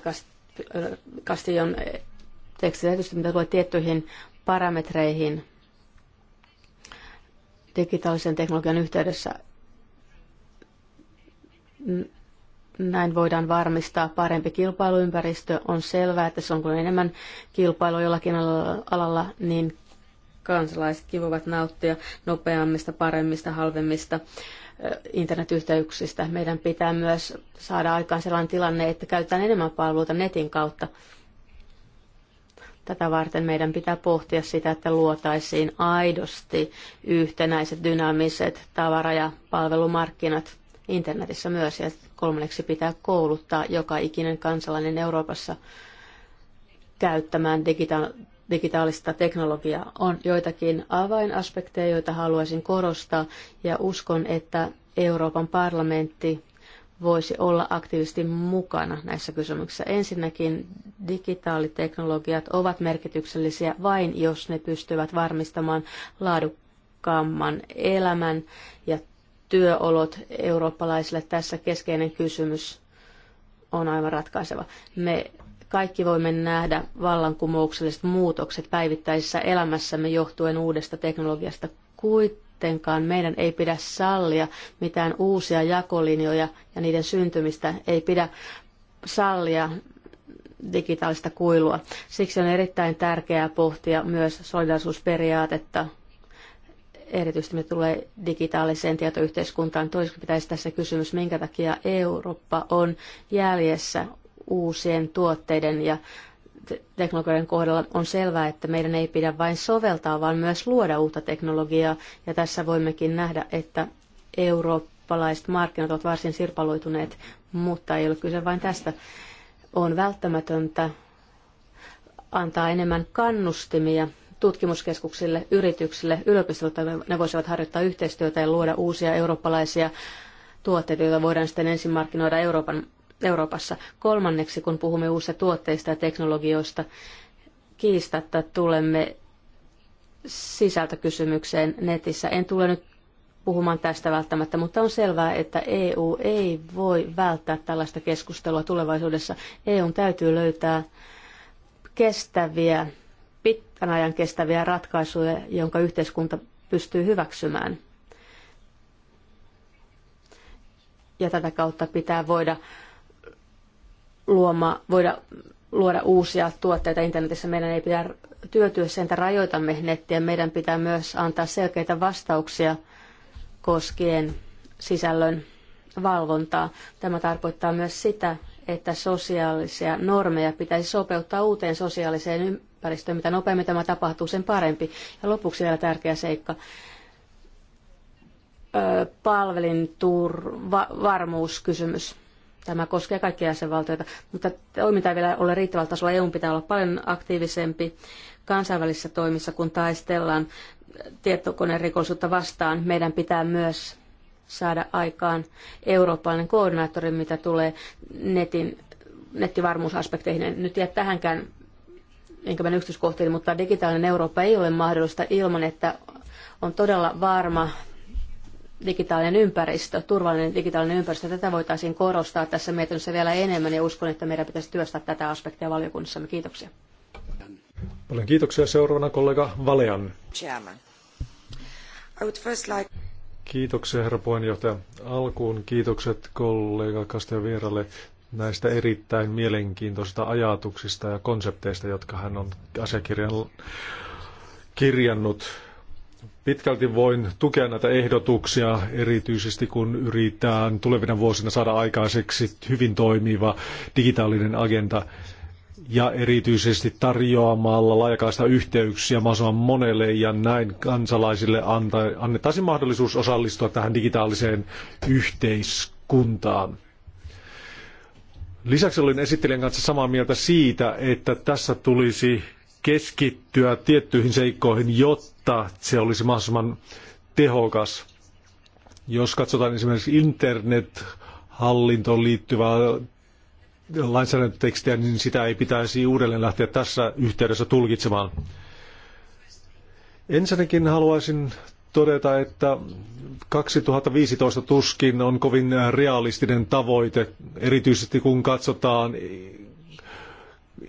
Castillon tekstitystä, mitä tulee tiettyihin parametreihin, digitaalisen teknologian yhteydessä näin voidaan varmistaa parempi kilpailuympäristö. On selvää, että se on kun enemmän kilpailua jollakin alalla, niin kansalaiset kivuvat nauttia nopeammista, paremmista, halvemmista internetyhteyksistä. Meidän pitää myös saada aikaan sellainen tilanne, että käytetään enemmän palveluita netin kautta. Tätä varten meidän pitää pohtia sitä, että luotaisiin aidosti yhtenäiset dynaamiset tavara- ja palvelumarkkinat internetissä myös. Ja kolmanneksi pitää kouluttaa joka ikinen kansalainen Euroopassa käyttämään digita- digitaalista teknologiaa. On joitakin avainaspekteja, joita haluaisin korostaa ja uskon, että Euroopan parlamentti voisi olla aktiivisesti mukana näissä kysymyksissä. Ensinnäkin digitaaliteknologiat ovat merkityksellisiä vain, jos ne pystyvät varmistamaan laadukkaamman elämän ja työolot eurooppalaisille. Tässä keskeinen kysymys on aivan ratkaiseva. Me kaikki voimme nähdä vallankumoukselliset muutokset päivittäisessä elämässämme johtuen uudesta teknologiasta. Kuit kuitenkaan meidän ei pidä sallia mitään uusia jakolinjoja ja niiden syntymistä ei pidä sallia digitaalista kuilua. Siksi on erittäin tärkeää pohtia myös solidaisuusperiaatetta, erityisesti me tulee digitaaliseen tietoyhteiskuntaan. Toiseksi pitäisi tässä kysymys, minkä takia Eurooppa on jäljessä uusien tuotteiden ja teknologioiden kohdalla on selvää, että meidän ei pidä vain soveltaa, vaan myös luoda uutta teknologiaa. Ja tässä voimmekin nähdä, että eurooppalaiset markkinat ovat varsin sirpaloituneet, mutta ei ole kyse vain tästä. On välttämätöntä antaa enemmän kannustimia tutkimuskeskuksille, yrityksille, yliopistoille, että ne voisivat harjoittaa yhteistyötä ja luoda uusia eurooppalaisia tuotteita, joita voidaan sitten ensin markkinoida Euroopan Euroopassa. Kolmanneksi, kun puhumme uusista tuotteista ja teknologioista, kiistatta tulemme sisältökysymykseen netissä. En tule nyt puhumaan tästä välttämättä, mutta on selvää, että EU ei voi välttää tällaista keskustelua tulevaisuudessa. EUn täytyy löytää kestäviä, pitkän ajan kestäviä ratkaisuja, jonka yhteiskunta pystyy hyväksymään. Ja tätä kautta pitää voida luoma, voida luoda uusia tuotteita internetissä. Meidän ei pidä työtyä sen, että rajoitamme nettiä. Meidän pitää myös antaa selkeitä vastauksia koskien sisällön valvontaa. Tämä tarkoittaa myös sitä, että sosiaalisia normeja pitäisi sopeuttaa uuteen sosiaaliseen ympäristöön. Mitä nopeammin tämä tapahtuu, sen parempi. Ja lopuksi vielä tärkeä seikka. Palvelin varmuuskysymys Tämä koskee kaikkia jäsenvaltioita, mutta toiminta ei vielä ole riittävällä tasolla. EU pitää olla paljon aktiivisempi kansainvälisissä toimissa, kun taistellaan tietokonerikollisuutta vastaan. Meidän pitää myös saada aikaan eurooppalainen koordinaattori, mitä tulee netin, nettivarmuusaspekteihin. nyt jää tähänkään, enkä mene yksityiskohtiin, mutta digitaalinen Eurooppa ei ole mahdollista ilman, että on todella varma digitaalinen ympäristö, turvallinen digitaalinen ympäristö. Tätä voitaisiin korostaa tässä mietinnössä vielä enemmän ja uskon, että meidän pitäisi työstää tätä aspektia valiokunnassamme. Kiitoksia. Paljon kiitoksia seuraavana kollega Valean. Chairman. I would first like... Kiitoksia herra puheenjohtaja. Alkuun kiitokset kollega Kastia Vieralle näistä erittäin mielenkiintoisista ajatuksista ja konsepteista, jotka hän on asiakirjan kirjannut Pitkälti voin tukea näitä ehdotuksia, erityisesti kun yritetään tulevina vuosina saada aikaiseksi hyvin toimiva digitaalinen agenda ja erityisesti tarjoamalla laajakaista yhteyksiä mahdollisimman monelle ja näin kansalaisille anta, annettaisiin mahdollisuus osallistua tähän digitaaliseen yhteiskuntaan. Lisäksi olin esittelijän kanssa samaa mieltä siitä, että tässä tulisi keskittyä tiettyihin seikkoihin, jotta jotta se olisi mahdollisimman tehokas. Jos katsotaan esimerkiksi internethallintoon liittyvää lainsäädäntötekstiä, niin sitä ei pitäisi uudelleen lähteä tässä yhteydessä tulkitsemaan. Ensinnäkin haluaisin todeta, että 2015 tuskin on kovin realistinen tavoite, erityisesti kun katsotaan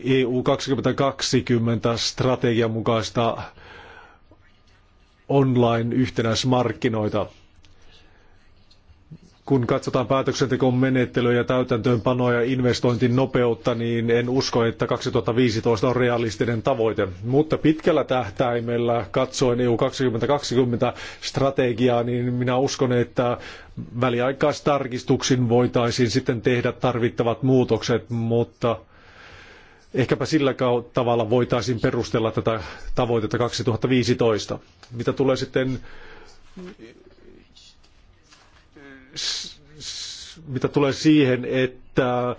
EU 2020 strategian mukaista online-yhtenäismarkkinoita. Kun katsotaan päätöksentekon menettelyä ja täytäntöönpanoa ja investointin nopeutta, niin en usko, että 2015 on realistinen tavoite. Mutta pitkällä tähtäimellä katsoen EU 2020-strategiaa, niin minä uskon, että väliaikaistarkistuksin voitaisiin sitten tehdä tarvittavat muutokset, mutta Ehkäpä sillä tavalla voitaisiin perustella tätä tavoitetta 2015. Mitä tulee sitten mitä tulee siihen, että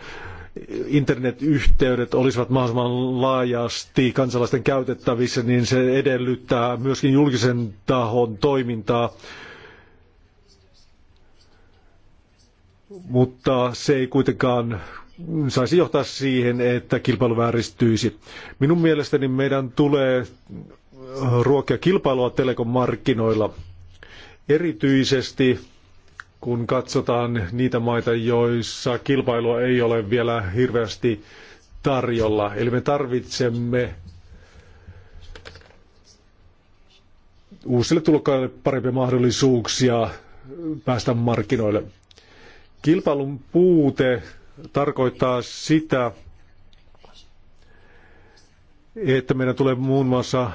internetyhteydet olisivat mahdollisimman laajasti kansalaisten käytettävissä, niin se edellyttää myöskin julkisen tahon toimintaa. Mutta se ei kuitenkaan saisi johtaa siihen, että kilpailu vääristyisi. Minun mielestäni meidän tulee ruokia kilpailua markkinoilla. Erityisesti kun katsotaan niitä maita, joissa kilpailua ei ole vielä hirveästi tarjolla. Eli me tarvitsemme uusille tulokkaille parempia mahdollisuuksia päästä markkinoille. Kilpailun puute tarkoittaa sitä, että meidän tulee muun muassa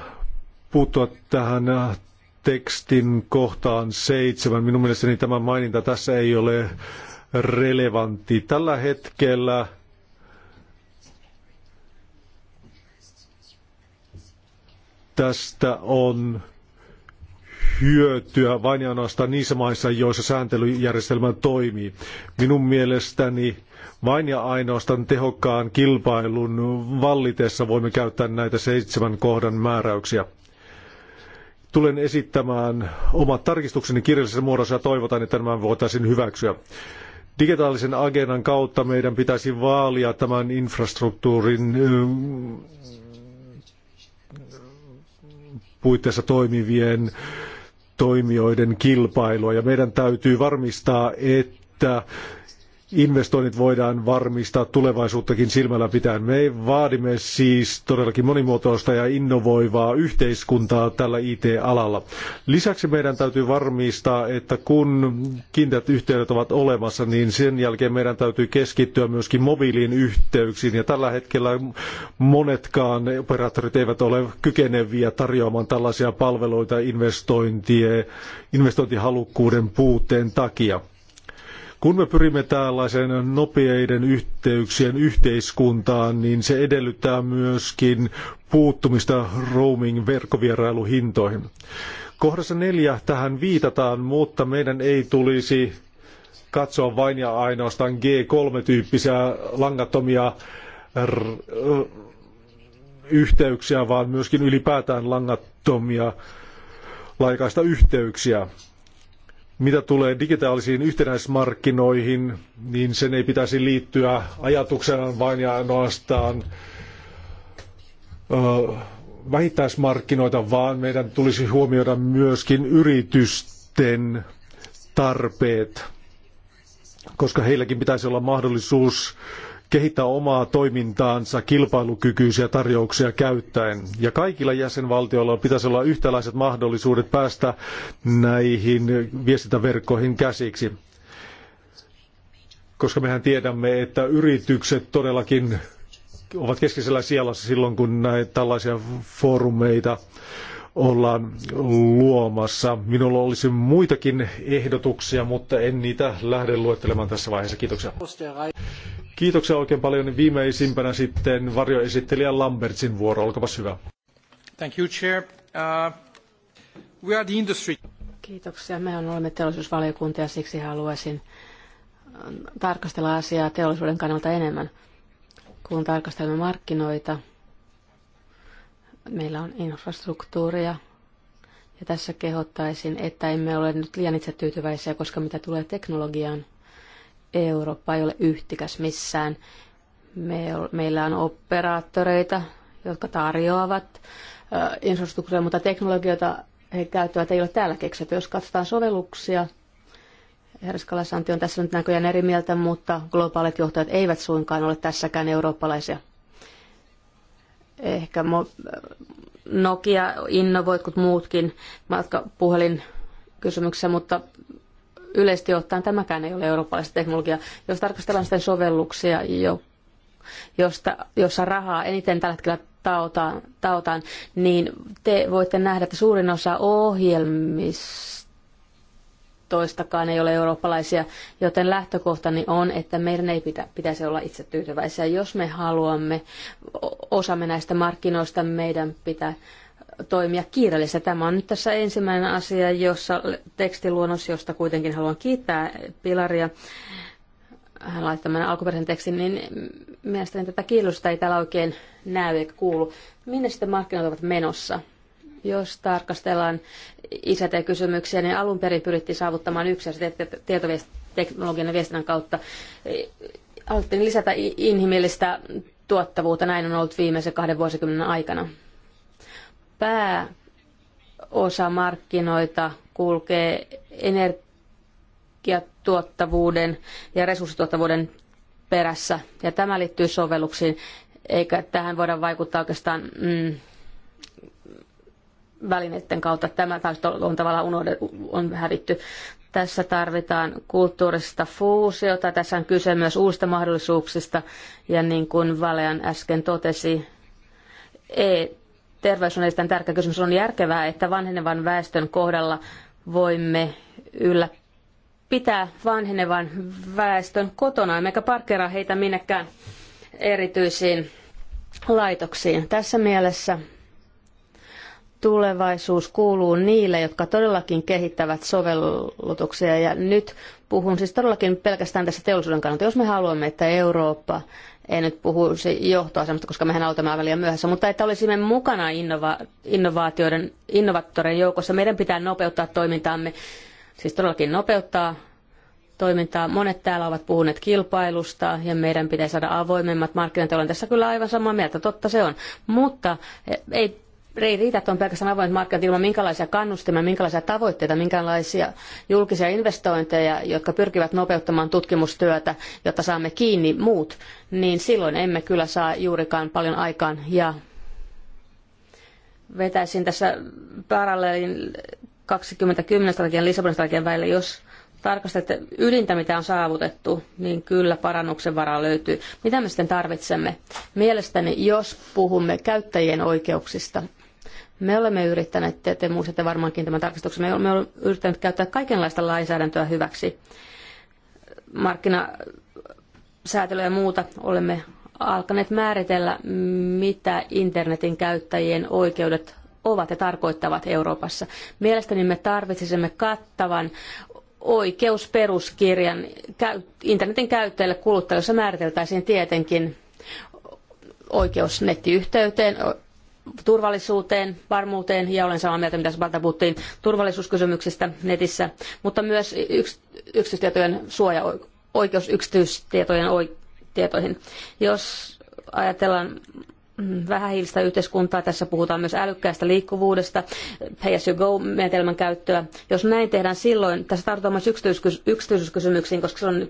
puuttua tähän tekstin kohtaan seitsemän. Minun mielestäni tämä maininta tässä ei ole relevantti. Tällä hetkellä tästä on hyötyä vain ja ainoastaan niissä maissa, joissa sääntelyjärjestelmä toimii. Minun mielestäni vain ja ainoastaan tehokkaan kilpailun vallitessa voimme käyttää näitä seitsemän kohdan määräyksiä. Tulen esittämään omat tarkistukseni kirjallisessa muodossa ja toivotan, että nämä voitaisiin hyväksyä. Digitaalisen agendan kautta meidän pitäisi vaalia tämän infrastruktuurin puitteissa toimivien toimijoiden kilpailua ja meidän täytyy varmistaa, että investoinnit voidaan varmistaa tulevaisuuttakin silmällä pitäen. Me vaadimme siis todellakin monimuotoista ja innovoivaa yhteiskuntaa tällä IT-alalla. Lisäksi meidän täytyy varmistaa, että kun kiinteät yhteydet ovat olemassa, niin sen jälkeen meidän täytyy keskittyä myöskin mobiiliin yhteyksiin. Ja tällä hetkellä monetkaan operaattorit eivät ole kykeneviä tarjoamaan tällaisia palveluita investointihalukkuuden puutteen takia. Kun me pyrimme tällaiseen nopeiden yhteyksien yhteiskuntaan, niin se edellyttää myöskin puuttumista roaming-verkkovierailuhintoihin. Kohdassa neljä tähän viitataan, mutta meidän ei tulisi katsoa vain ja ainoastaan G3-tyyppisiä langattomia yhteyksiä, vaan myöskin ylipäätään langattomia laikaista yhteyksiä. Mitä tulee digitaalisiin yhtenäismarkkinoihin, niin sen ei pitäisi liittyä ajatuksena vain ja ainoastaan vähittäismarkkinoita, vaan meidän tulisi huomioida myöskin yritysten tarpeet, koska heilläkin pitäisi olla mahdollisuus kehittää omaa toimintaansa kilpailukykyisiä tarjouksia käyttäen. Ja kaikilla jäsenvaltioilla pitäisi olla yhtäläiset mahdollisuudet päästä näihin viestintäverkkoihin käsiksi. Koska mehän tiedämme, että yritykset todellakin ovat keskeisellä siellä silloin, kun näitä tällaisia foorumeita ollaan luomassa. Minulla olisi muitakin ehdotuksia, mutta en niitä lähde luettelemaan tässä vaiheessa. Kiitoksia. Kiitoksia oikein paljon. Viimeisimpänä sitten varjoesittelijä Lambertsin vuoro. Olkapas hyvä. Thank you, Chair. Uh, we are the industry. Kiitoksia. Me olemme teollisuusvaliokunta ja siksi haluaisin um, tarkastella asiaa teollisuuden kannalta enemmän. Kun tarkastelemme markkinoita, meillä on infrastruktuuria, ja tässä kehottaisin, että emme ole nyt liian itse tyytyväisiä, koska mitä tulee teknologiaan, Eurooppa ei ole yhtikäs missään. Me, meillä on operaattoreita, jotka tarjoavat infrastruktuuria, mutta teknologioita he käyttävät ei ole täällä keksitty. Jos katsotaan sovelluksia, Herskala Santi on tässä nyt näköjään eri mieltä, mutta globaalit johtajat eivät suinkaan ole tässäkään eurooppalaisia. Ehkä Nokia Innovoit, kuin muutkin matkapuhelin kysymyksessä, mutta yleisesti ottaen tämäkään ei ole eurooppalaista teknologiaa. Jos tarkastellaan sitten sovelluksia, jo, josta, jossa rahaa eniten tällä hetkellä taotaan, taotaan, niin te voitte nähdä, että suurin osa ohjelmistoistakaan ei ole eurooppalaisia, joten lähtökohtani on, että meidän ei pitä, pitäisi olla itse tyytyväisiä. Jos me haluamme osamme näistä markkinoista, meidän pitää toimia kiireellisesti Tämä on nyt tässä ensimmäinen asia, jossa tekstiluonnos, josta kuitenkin haluan kiittää Pilaria, hän laittoi tämän alkuperäisen tekstin, niin mielestäni tätä kiilusta ei täällä oikein näy eikä kuulu. Minne sitten markkinat ovat menossa? Jos tarkastellaan ICT-kysymyksiä, niin alun perin pyrittiin saavuttamaan yksi asia tietoteknologian ja viestinnän kautta. Haluttiin lisätä inhimillistä tuottavuutta, näin on ollut viimeisen kahden vuosikymmenen aikana pääosa markkinoita kulkee energiatuottavuuden ja resurssituottavuuden perässä. Ja tämä liittyy sovelluksiin, eikä tähän voida vaikuttaa oikeastaan mm, välineiden kautta. Tämä taas on tavallaan unohde, on hävitty. Tässä tarvitaan kulttuurista fuusiota. Tässä on kyse myös uusista mahdollisuuksista. Ja niin kuin Valean äsken totesi, e- terveys on erittäin tärkeä kysymys. On järkevää, että vanhenevan väestön kohdalla voimme yllä pitää vanhenevan väestön kotona, emmekä parkkeraa heitä minnekään erityisiin laitoksiin. Tässä mielessä tulevaisuus kuuluu niille, jotka todellakin kehittävät sovellutuksia. Ja nyt puhun siis todellakin pelkästään tässä teollisuuden kannalta. Jos me haluamme, että Eurooppa en nyt puhuisi johtoasemasta, koska mehän aloitamme aivan liian myöhässä, mutta että olisimme mukana innova- innovaatioiden, innovaattoreiden joukossa. Meidän pitää nopeuttaa toimintaamme, siis todellakin nopeuttaa toimintaa. Monet täällä ovat puhuneet kilpailusta ja meidän pitää saada avoimemmat markkinat. Olen tässä kyllä aivan samaa mieltä, totta se on. Mutta eh, ei ei riitä, että on pelkästään avoimet markkinat ilman minkälaisia kannustimia, minkälaisia tavoitteita, minkälaisia julkisia investointeja, jotka pyrkivät nopeuttamaan tutkimustyötä, jotta saamme kiinni muut, niin silloin emme kyllä saa juurikaan paljon aikaan. Ja vetäisin tässä parallelin 2010 strategian Lissabonin strategian välillä, jos tarkastatte ydintä, mitä on saavutettu, niin kyllä parannuksen varaa löytyy. Mitä me sitten tarvitsemme? Mielestäni, jos puhumme käyttäjien oikeuksista, me olemme yrittäneet, te, te muistatte varmaankin tämän tarkistuksen, me olemme yrittäneet käyttää kaikenlaista lainsäädäntöä hyväksi. Markkinasäätelyä ja muuta olemme alkaneet määritellä, mitä internetin käyttäjien oikeudet ovat ja tarkoittavat Euroopassa. Mielestäni me tarvitsisimme kattavan oikeusperuskirjan internetin käyttäjille kuluttajille, jossa määriteltäisiin tietenkin oikeus nettiyhteyteen, turvallisuuteen, varmuuteen ja olen samaa mieltä, mitä Sabalta puhuttiin turvallisuuskysymyksistä netissä, mutta myös yks, yksityistietojen suoja, oikeus yksityistietojen tietoihin. Jos ajatellaan mm, vähähiilistä yhteiskuntaa. Tässä puhutaan myös älykkäästä liikkuvuudesta, pay as you go-menetelmän käyttöä. Jos näin tehdään silloin, tässä tartutaan myös yksityiskysymyksiin, koska se on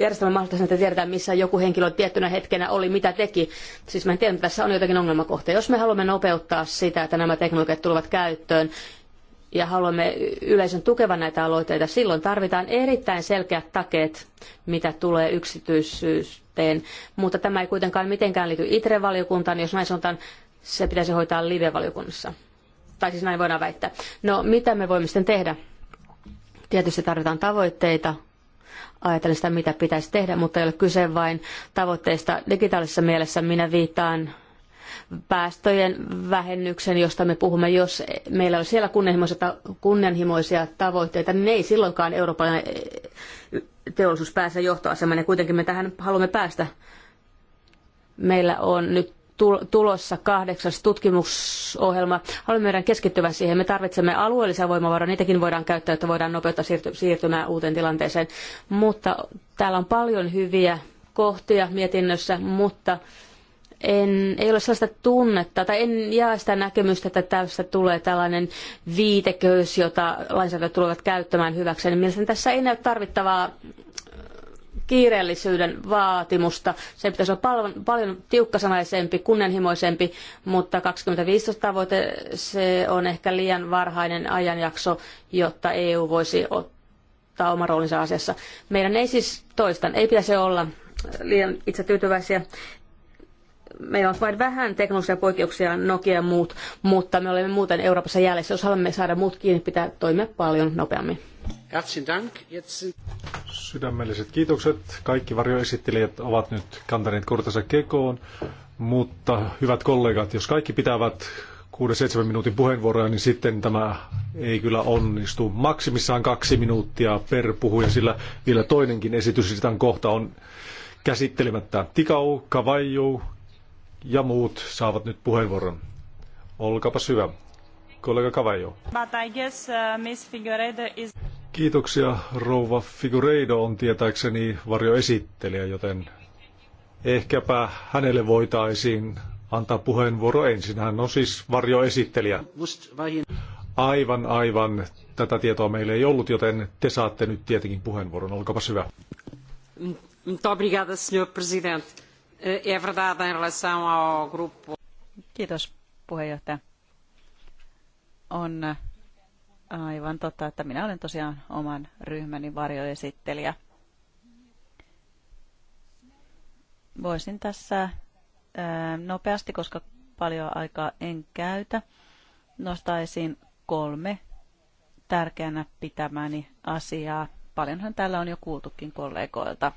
järjestelmä mahdollistaa että tiedetään, missä joku henkilö tiettynä hetkenä oli, mitä teki. Siis mä en tiedä, että tässä on jotakin ongelmakohtia. Jos me haluamme nopeuttaa sitä, että nämä teknologiat tulevat käyttöön, ja haluamme yleisön tukevan näitä aloitteita, silloin tarvitaan erittäin selkeät takeet, mitä tulee yksityisyyteen. Mutta tämä ei kuitenkaan mitenkään liity ITRE-valiokuntaan, jos näin sanotaan, se pitäisi hoitaa live-valiokunnassa. Tai siis näin voidaan väittää. No, mitä me voimme sitten tehdä? Tietysti tarvitaan tavoitteita, ajatellen sitä, mitä pitäisi tehdä, mutta ei ole kyse vain tavoitteista digitaalisessa mielessä. Minä viittaan päästöjen vähennyksen, josta me puhumme, jos meillä on siellä kunnianhimoisia, kunnianhimoisia tavoitteita, niin ei silloinkaan Euroopan e, teollisuus pääse johtoasemaan, ja kuitenkin me tähän haluamme päästä. Meillä on nyt tulossa kahdeksas tutkimusohjelma. Haluamme meidän keskittyvän siihen. Me tarvitsemme alueellisia voimavaroja, niitäkin voidaan käyttää, että voidaan nopeuttaa siirtymää uuteen tilanteeseen. Mutta täällä on paljon hyviä kohtia mietinnössä, mutta en, ei ole sellaista tunnetta, tai en jaa sitä näkemystä, että tästä tulee tällainen viiteköys, jota lainsäädäntö tulevat käyttämään hyväkseen. Mielestäni tässä ei näy tarvittavaa kiireellisyyden vaatimusta. Se pitäisi olla paljon, paljon tiukkasanaisempi, kunnianhimoisempi, mutta 2015 tavoite se on ehkä liian varhainen ajanjakso, jotta EU voisi ottaa oman roolinsa asiassa. Meidän ei siis toistan, ei pitäisi olla liian itse tyytyväisiä meillä on vain vähän teknologisia poikkeuksia, Nokia ja muut, mutta me olemme muuten Euroopassa jäljessä. Jos haluamme saada muut kiinni, pitää toimia paljon nopeammin. Sydämelliset kiitokset. Kaikki varjoesittelijät ovat nyt kantaneet kortensa kekoon, mutta hyvät kollegat, jos kaikki pitävät 6-7 minuutin puheenvuoroja, niin sitten tämä ei kyllä onnistu. Maksimissaan kaksi minuuttia per puhuja, sillä vielä toinenkin esitys tämän kohta on käsittelemättä. Tikau, Kavaiju ja muut saavat nyt puheenvuoron. Olkaapa hyvä kollega Kavajo. Uh, is... Kiitoksia, rouva Figureido on tietääkseni varjoesittelijä, joten ehkäpä hänelle voitaisiin antaa puheenvuoro ensin. Hän on siis varjoesittelijä. Aivan, aivan. Tätä tietoa meillä ei ollut, joten te saatte nyt tietenkin puheenvuoron. Olkaapa hyvä. Kiitos, puheenjohtaja on aivan totta, että minä olen tosiaan oman ryhmäni varjoesittelijä. Voisin tässä nopeasti, koska paljon aikaa en käytä, nostaisin kolme tärkeänä pitämäni asiaa. Paljonhan täällä on jo kuultukin kollegoilta.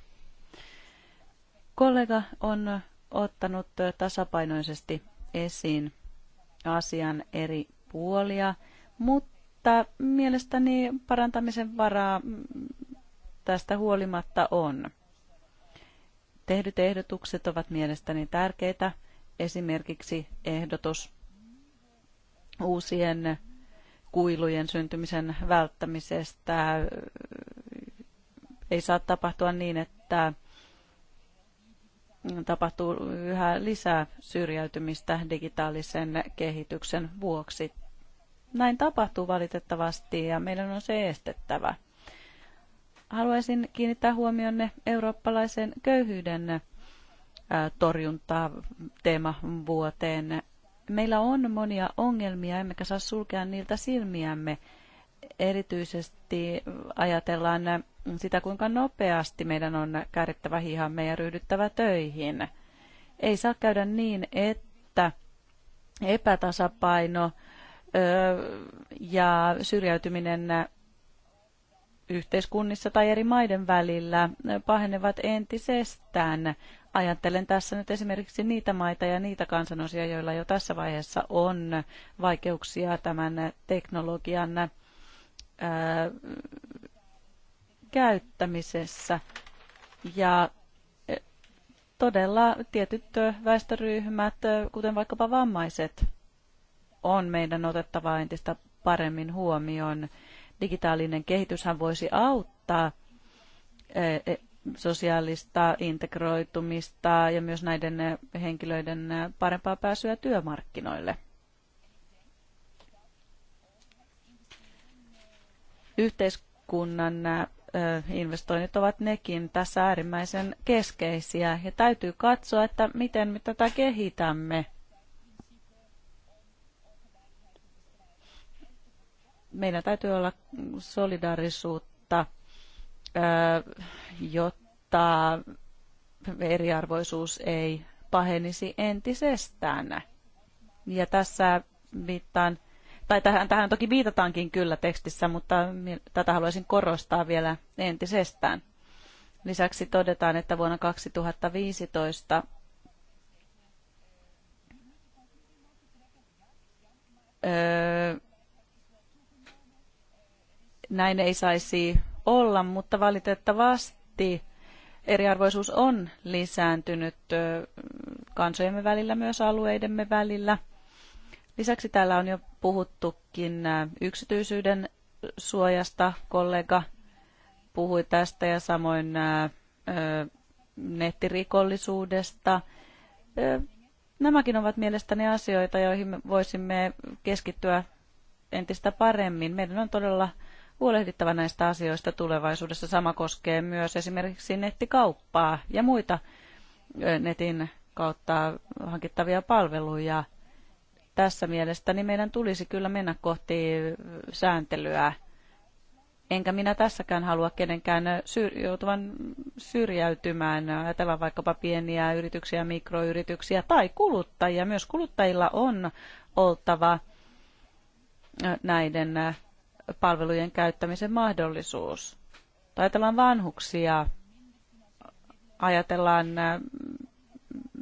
Kollega on ottanut tasapainoisesti esiin asian eri puolia, mutta mielestäni parantamisen varaa mm, tästä huolimatta on. Tehdyt ehdotukset ovat mielestäni tärkeitä, esimerkiksi ehdotus uusien kuilujen syntymisen välttämisestä. Ei saa tapahtua niin, että tapahtuu yhä lisää syrjäytymistä digitaalisen kehityksen vuoksi näin tapahtuu valitettavasti ja meidän on se estettävä. Haluaisin kiinnittää huomionne eurooppalaisen köyhyyden torjuntaa vuoteen. Meillä on monia ongelmia, emmekä saa sulkea niiltä silmiämme. Erityisesti ajatellaan sitä, kuinka nopeasti meidän on käärittävä hihamme ja ryhdyttävä töihin. Ei saa käydä niin, että epätasapaino – ja syrjäytyminen yhteiskunnissa tai eri maiden välillä pahenevat entisestään. Ajattelen tässä nyt esimerkiksi niitä maita ja niitä kansanosia, joilla jo tässä vaiheessa on vaikeuksia tämän teknologian ää, käyttämisessä. Ja todella tietyt väestöryhmät, kuten vaikkapa vammaiset, on meidän otettava entistä paremmin huomioon. Digitaalinen kehityshän voisi auttaa eh, eh, sosiaalista integroitumista ja myös näiden eh, henkilöiden parempaa pääsyä työmarkkinoille. Yhteiskunnan investoinnit ovat nekin tässä äärimmäisen keskeisiä ja täytyy katsoa, että miten me tätä kehitämme meillä täytyy olla solidaarisuutta, jotta eriarvoisuus ei pahenisi entisestään. Ja tässä viittaan, tai tähän, tähän toki viitataankin kyllä tekstissä, mutta tätä haluaisin korostaa vielä entisestään. Lisäksi todetaan, että vuonna 2015 öö, näin ei saisi olla, mutta valitettavasti eriarvoisuus on lisääntynyt kansojemme välillä, myös alueidemme välillä. Lisäksi täällä on jo puhuttukin yksityisyyden suojasta. Kollega puhui tästä ja samoin nettirikollisuudesta. Nämäkin ovat mielestäni asioita, joihin voisimme keskittyä entistä paremmin. Meidän on todella huolehdittava näistä asioista tulevaisuudessa. Sama koskee myös esimerkiksi nettikauppaa ja muita netin kautta hankittavia palveluja. Tässä niin meidän tulisi kyllä mennä kohti sääntelyä. Enkä minä tässäkään halua kenenkään syr- joutuvan syrjäytymään. Ajatellaan vaikkapa pieniä yrityksiä, mikroyrityksiä tai kuluttajia. Myös kuluttajilla on oltava näiden palvelujen käyttämisen mahdollisuus. Ajatellaan vanhuksia, ajatellaan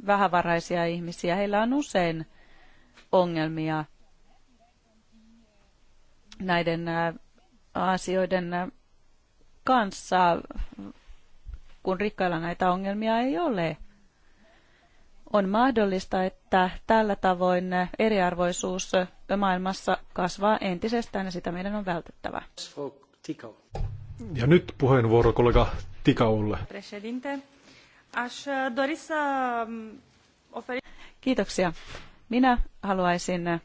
vähävaraisia ihmisiä, heillä on usein ongelmia näiden asioiden kanssa, kun rikkailla näitä ongelmia ei ole on mahdollista, että tällä tavoin eriarvoisuus maailmassa kasvaa entisestään ja sitä meidän on vältettävä. Ja nyt puheenvuoro kollega Tikaulle. Mm, Kiitoksia. Minä haluaisin,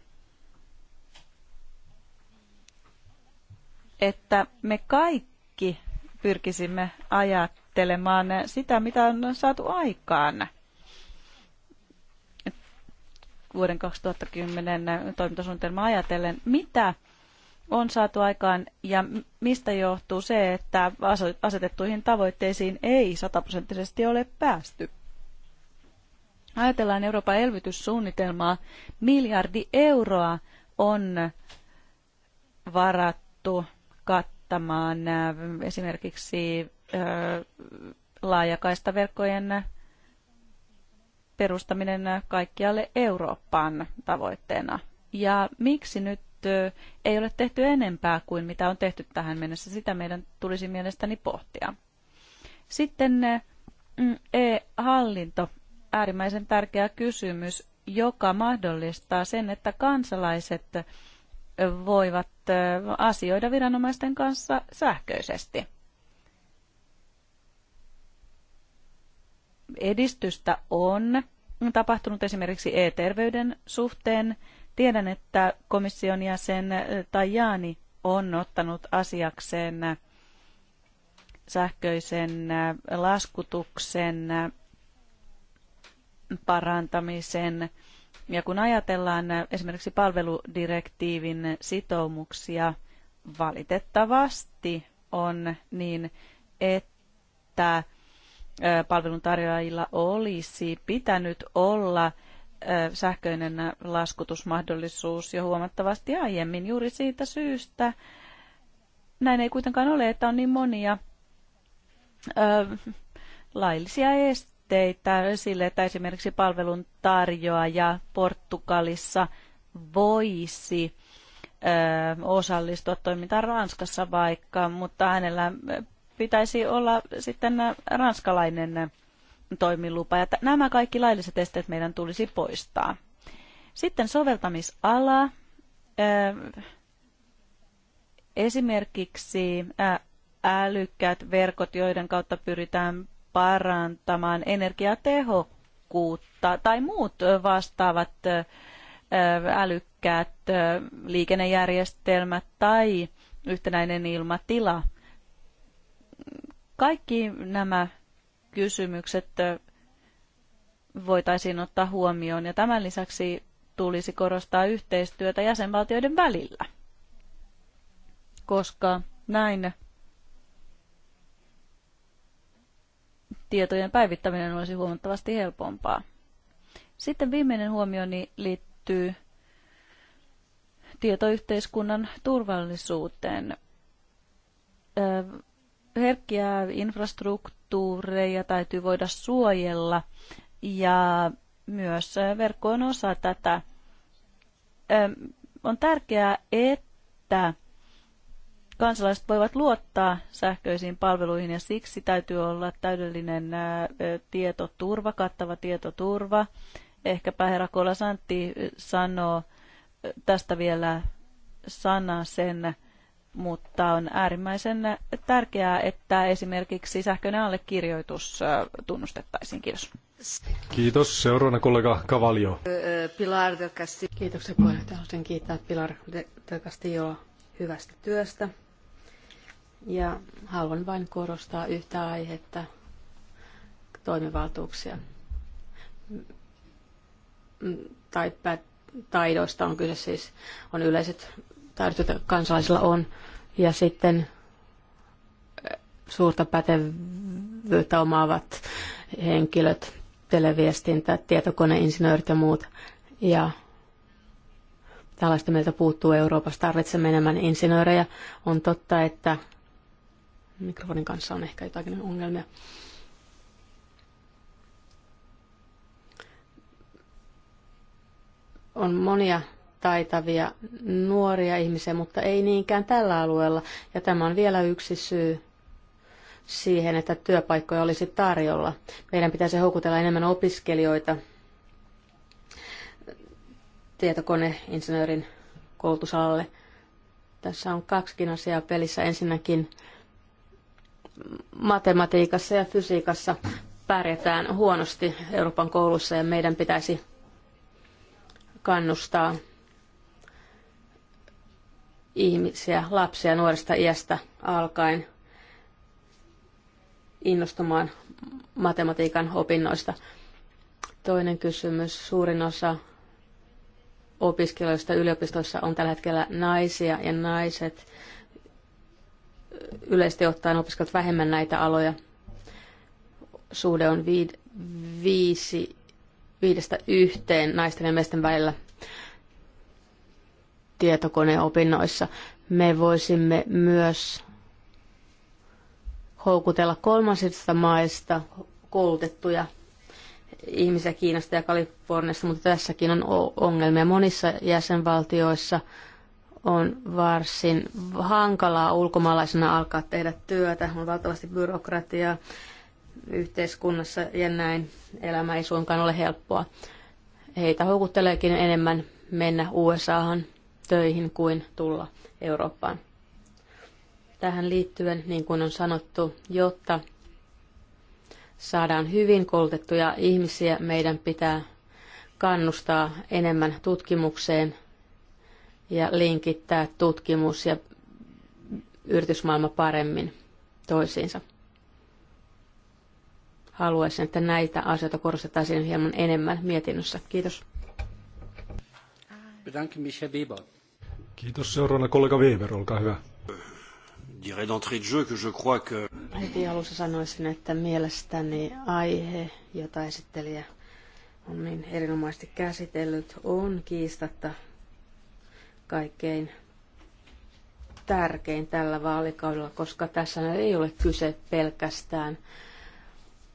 että me kaikki pyrkisimme ajattelemaan sitä, mitä on saatu aikaan – vuoden 2010 toimintasuunnitelmaa ajatellen. Mitä on saatu aikaan ja mistä johtuu se, että asetettuihin tavoitteisiin ei sataprosenttisesti ole päästy? Ajatellaan Euroopan elvytyssuunnitelmaa. Miljardi euroa on varattu kattamaan äh, esimerkiksi laajakaistaverkkojen perustaminen kaikkialle Eurooppaan tavoitteena. Ja miksi nyt ei ole tehty enempää kuin mitä on tehty tähän mennessä, sitä meidän tulisi mielestäni pohtia. Sitten mm, e-hallinto, äärimmäisen tärkeä kysymys, joka mahdollistaa sen, että kansalaiset voivat asioida viranomaisten kanssa sähköisesti. edistystä on tapahtunut esimerkiksi e-terveyden suhteen. Tiedän, että komission jäsen Tajani on ottanut asiakseen sähköisen laskutuksen parantamisen. Ja kun ajatellaan esimerkiksi palveludirektiivin sitoumuksia, valitettavasti on niin, että palveluntarjoajilla olisi pitänyt olla sähköinen laskutusmahdollisuus jo huomattavasti aiemmin juuri siitä syystä. Näin ei kuitenkaan ole, että on niin monia laillisia esteitä sille, että esimerkiksi palvelun tarjoaja Portugalissa voisi osallistua toimintaan Ranskassa vaikka, mutta hänellä pitäisi olla sitten ranskalainen toimilupa. Ja nämä kaikki lailliset esteet meidän tulisi poistaa. Sitten soveltamisala. Eh, esimerkiksi eh, älykkäät verkot, joiden kautta pyritään parantamaan energiatehokkuutta tai muut eh, vastaavat älykkäät liikennejärjestelmät tai yhtenäinen ilmatila – kaikki nämä kysymykset voitaisiin ottaa huomioon ja tämän lisäksi tulisi korostaa yhteistyötä jäsenvaltioiden välillä, koska näin tietojen päivittäminen olisi huomattavasti helpompaa. Sitten viimeinen huomioni liittyy tietoyhteiskunnan turvallisuuteen herkkiä infrastruktuureja täytyy voida suojella ja myös verkko on osa tätä. On tärkeää, että kansalaiset voivat luottaa sähköisiin palveluihin ja siksi täytyy olla täydellinen tietoturva, kattava tietoturva. Ehkäpä herra Kola Santti sanoo tästä vielä sana sen, mutta on äärimmäisen tärkeää, että esimerkiksi sähköinen allekirjoitus tunnustettaisiin. Kiitos. Kiitos. Seuraavana kollega Kavalio. Pilar del Castillo. Kiitoksia puheenjohtaja. Haluaisin kiittää Pilar del Castillo hyvästä työstä. Ja haluan vain korostaa yhtä aihetta, toimivaltuuksia tai taidoista on kyse siis, on yleiset taidot, joita kansalaisilla on, ja sitten suurta pätevyyttä omaavat henkilöt, televiestintä, tietokoneinsinöörit ja muut. Ja tällaista meiltä puuttuu Euroopassa. Tarvitsemme enemmän insinöörejä. On totta, että mikrofonin kanssa on ehkä jotakin ongelmia. On monia taitavia nuoria ihmisiä, mutta ei niinkään tällä alueella. Ja tämä on vielä yksi syy siihen, että työpaikkoja olisi tarjolla. Meidän pitäisi houkutella enemmän opiskelijoita tietokoneinsinöörin koulutusalalle. Tässä on kaksikin asiaa pelissä. Ensinnäkin matematiikassa ja fysiikassa pärjätään huonosti Euroopan koulussa ja meidän pitäisi kannustaa ihmisiä, lapsia nuoresta iästä alkaen innostumaan matematiikan opinnoista. Toinen kysymys. Suurin osa opiskelijoista yliopistoissa on tällä hetkellä naisia ja naiset yleisesti ottaen opiskelut vähemmän näitä aloja. Suhde on viid, viisi, viidestä yhteen naisten ja miesten välillä tietokoneopinnoissa. Me voisimme myös houkutella kolmansista maista koulutettuja ihmisiä Kiinasta ja Kaliforniasta, mutta tässäkin on ongelmia. Monissa jäsenvaltioissa on varsin hankalaa ulkomaalaisena alkaa tehdä työtä. On valtavasti byrokratiaa yhteiskunnassa ja näin. Elämä ei suinkaan ole helppoa. Heitä houkutteleekin enemmän mennä USAhan töihin kuin tulla Eurooppaan. Tähän liittyen, niin kuin on sanottu, jotta saadaan hyvin koulutettuja ihmisiä, meidän pitää kannustaa enemmän tutkimukseen ja linkittää tutkimus ja yritysmaailma paremmin toisiinsa. Haluaisin, että näitä asioita korostettaisiin hieman enemmän mietinnössä. Kiitos. Bedanke mich, Herr Weber. Kiitos. Seuraavana kollega Weber, olkaa hyvä. Heti alussa sanoisin, että mielestäni aihe, jota esittelijä on niin erinomaisesti käsitellyt, on kiistatta kaikkein tärkein tällä vaalikaudella, koska tässä ei ole kyse pelkästään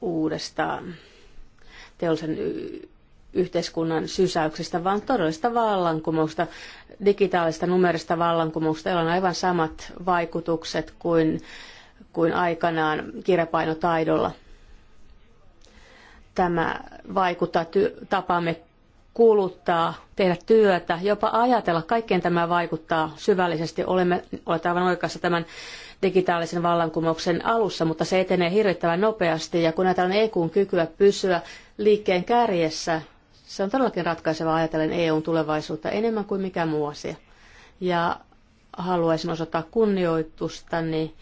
uudesta teollisen yhteiskunnan sysäyksestä, vaan todellista vallankumousta digitaalista numerista vallankumouksesta, jolla on aivan samat vaikutukset kuin, kuin aikanaan kirjapainotaidolla. Tämä vaikuttaa ty- tapaamme kuluttaa, tehdä työtä, jopa ajatella. Kaikkeen tämä vaikuttaa syvällisesti. Olemme, olette aivan oikeassa tämän digitaalisen vallankumouksen alussa, mutta se etenee hirvittävän nopeasti. Ja kun ajatellaan EKUn kykyä pysyä liikkeen kärjessä, se on todellakin ratkaiseva ajatellen EUn tulevaisuutta enemmän kuin mikä muu asia. Ja haluaisin osoittaa kunnioitustani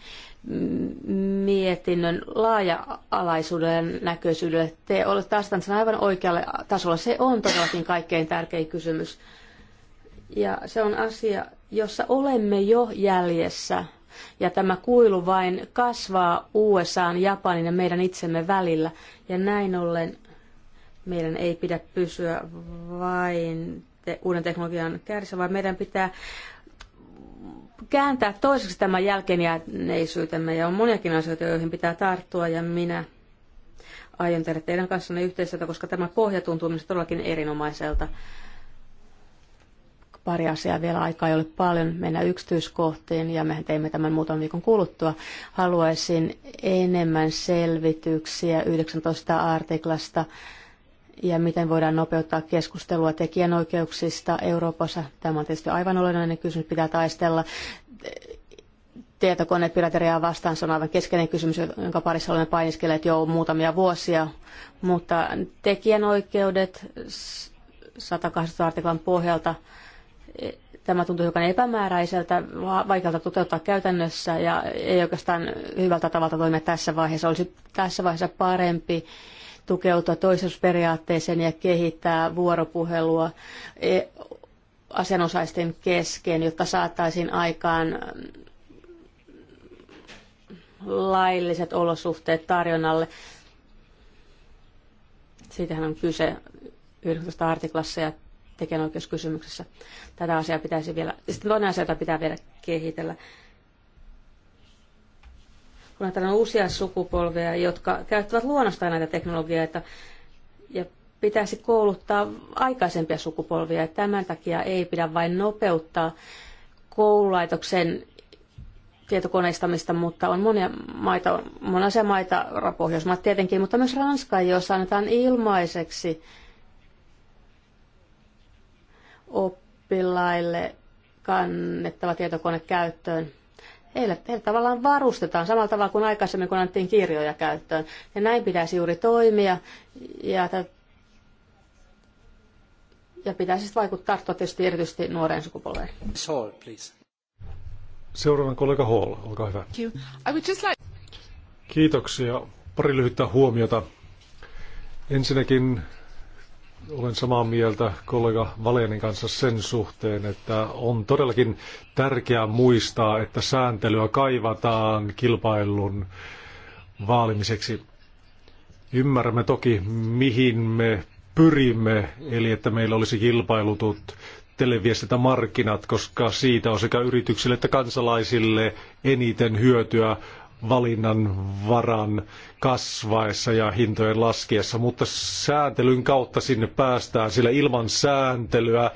mietinnön laaja-alaisuudelle ja näköisyydelle. Te olette astanut sen aivan oikealle tasolla. Se on todellakin kaikkein tärkein kysymys. Ja se on asia, jossa olemme jo jäljessä. Ja tämä kuilu vain kasvaa USA, Japanin ja meidän itsemme välillä. Ja näin ollen meidän ei pidä pysyä vain te- uuden teknologian kärsissä, vaan meidän pitää kääntää toiseksi tämä jälkeenjääneisyytemme ja on moniakin asioita, joihin pitää tarttua ja minä aion tehdä teidän kanssanne yhteistyötä, koska tämä pohja tuntuu minusta todellakin erinomaiselta. Pari asiaa vielä, aikaa ei ole paljon, mennä yksityiskohtiin ja mehän teimme tämän muutaman viikon kuluttua. Haluaisin enemmän selvityksiä 19 artiklasta ja miten voidaan nopeuttaa keskustelua tekijänoikeuksista Euroopassa. Tämä on tietysti aivan olennainen kysymys, pitää taistella tietokonepirateriaa vastaan. Se on aivan keskeinen kysymys, jonka parissa olemme painiskelleet jo muutamia vuosia. Mutta tekijänoikeudet 108 artiklan pohjalta e, tämä tuntuu hiukan epämääräiseltä, vaikealta toteuttaa käytännössä ja ei oikeastaan hyvältä tavalta toimia tässä vaiheessa. Olisi tässä vaiheessa parempi tukeutua toisuusperiaatteeseen ja kehittää vuoropuhelua e, asianosaisten kesken, jotta saataisiin aikaan mm, lailliset olosuhteet tarjonnalle. Siitähän on kyse 19 artiklassa ja tekijänoikeuskysymyksessä. Tätä asiaa pitäisi vielä, sitten toinen asia, jota pitää vielä kehitellä, kun ajatellaan uusia sukupolvia, jotka käyttävät luonnostaan näitä teknologioita ja pitäisi kouluttaa aikaisempia sukupolvia. Ja tämän takia ei pidä vain nopeuttaa koululaitoksen tietokoneistamista, mutta on monia maita, monenlaisia maita, Pohjoismaat tietenkin, mutta myös Ranska, jossa annetaan ilmaiseksi oppilaille kannettava tietokone käyttöön heille, heille tavallaan varustetaan samalla tavalla kuin aikaisemmin, kun annettiin kirjoja käyttöön. Ja näin pitäisi juuri toimia. Ja, ja pitäisi vaikuttaa tietysti erityisesti nuoreen sukupolveen. Saul, please. Seuraavan kollega Hall, olkaa hyvä. Kiitoksia. Pari lyhyttä huomiota. Ensinnäkin olen samaa mieltä kollega Valenin kanssa sen suhteen, että on todellakin tärkeää muistaa, että sääntelyä kaivataan kilpailun vaalimiseksi. Ymmärrämme toki, mihin me pyrimme, eli että meillä olisi kilpailutut televiestintämarkkinat, koska siitä on sekä yrityksille että kansalaisille eniten hyötyä valinnan varan kasvaessa ja hintojen laskiessa, mutta sääntelyn kautta sinne päästään, sillä ilman sääntelyä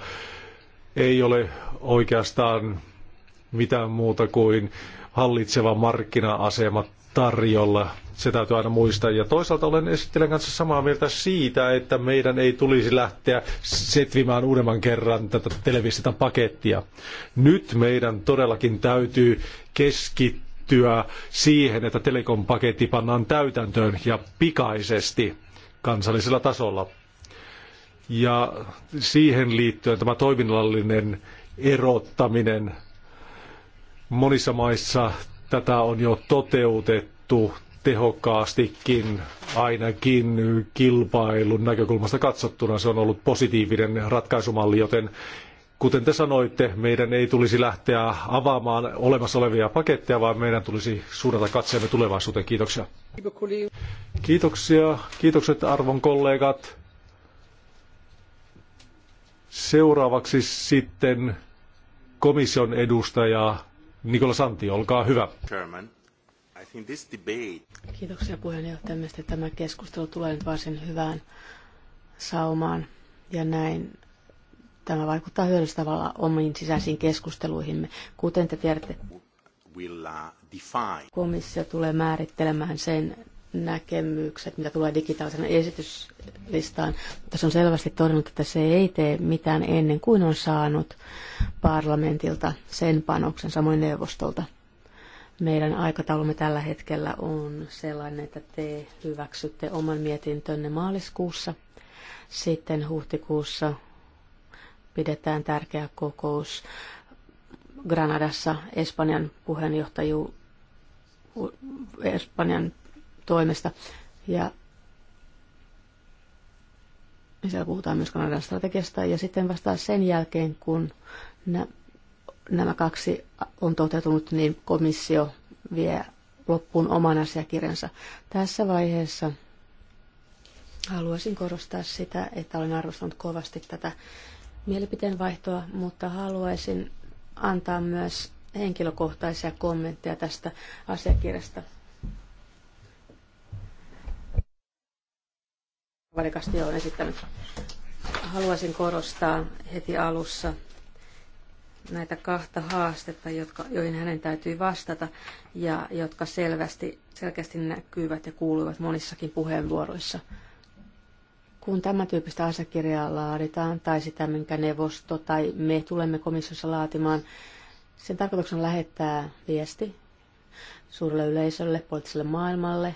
ei ole oikeastaan mitään muuta kuin hallitseva markkina-asema tarjolla. Se täytyy aina muistaa. Ja toisaalta olen esittelen kanssa samaa mieltä siitä, että meidän ei tulisi lähteä setvimään uudemman kerran tätä televisiota pakettia. Nyt meidän todellakin täytyy keskittyä liittyä siihen, että telekompaketti pannaan täytäntöön ja pikaisesti kansallisella tasolla. Ja siihen liittyen tämä toiminnallinen erottaminen. Monissa maissa tätä on jo toteutettu tehokkaastikin, ainakin kilpailun näkökulmasta katsottuna. Se on ollut positiivinen ratkaisumalli, joten Kuten te sanoitte, meidän ei tulisi lähteä avaamaan olemassa olevia paketteja, vaan meidän tulisi suunnata katseemme tulevaisuuteen. Kiitoksia. Kiitoksia. Kiitokset arvon kollegat. Seuraavaksi sitten komission edustaja Nikola Santi, olkaa hyvä. Kiitoksia puheenjohtaja. Mielestäni tämä keskustelu tulee nyt varsin hyvään saumaan ja näin Tämä vaikuttaa hyödyllisellä tavalla omiin sisäisiin keskusteluihimme, kuten te tiedätte. Komissio tulee määrittelemään sen näkemykset, mitä tulee digitaalisen esityslistaan, mutta se on selvästi todennut, että se ei tee mitään ennen kuin on saanut parlamentilta sen panoksen, samoin neuvostolta. Meidän aikataulumme tällä hetkellä on sellainen, että te hyväksytte oman mietintönne maaliskuussa, sitten huhtikuussa pidetään tärkeä kokous Granadassa Espanjan puheenjohtaju Espanjan toimesta. Ja siellä puhutaan myös Kanadan strategiasta. Ja sitten vasta sen jälkeen, kun nämä kaksi on toteutunut, niin komissio vie loppuun oman asiakirjansa. Tässä vaiheessa haluaisin korostaa sitä, että olen arvostanut kovasti tätä mielipiteen vaihtoa, mutta haluaisin antaa myös henkilökohtaisia kommentteja tästä asiakirjasta. Valikasti on esittänyt. Haluaisin korostaa heti alussa näitä kahta haastetta, jotka, joihin hänen täytyy vastata ja jotka selvästi, selkeästi näkyvät ja kuuluvat monissakin puheenvuoroissa kun tämä tyyppistä asiakirjaa laaditaan, tai sitä, minkä neuvosto tai me tulemme komissiossa laatimaan, sen tarkoituksena lähettää viesti suurelle yleisölle, poliittiselle maailmalle,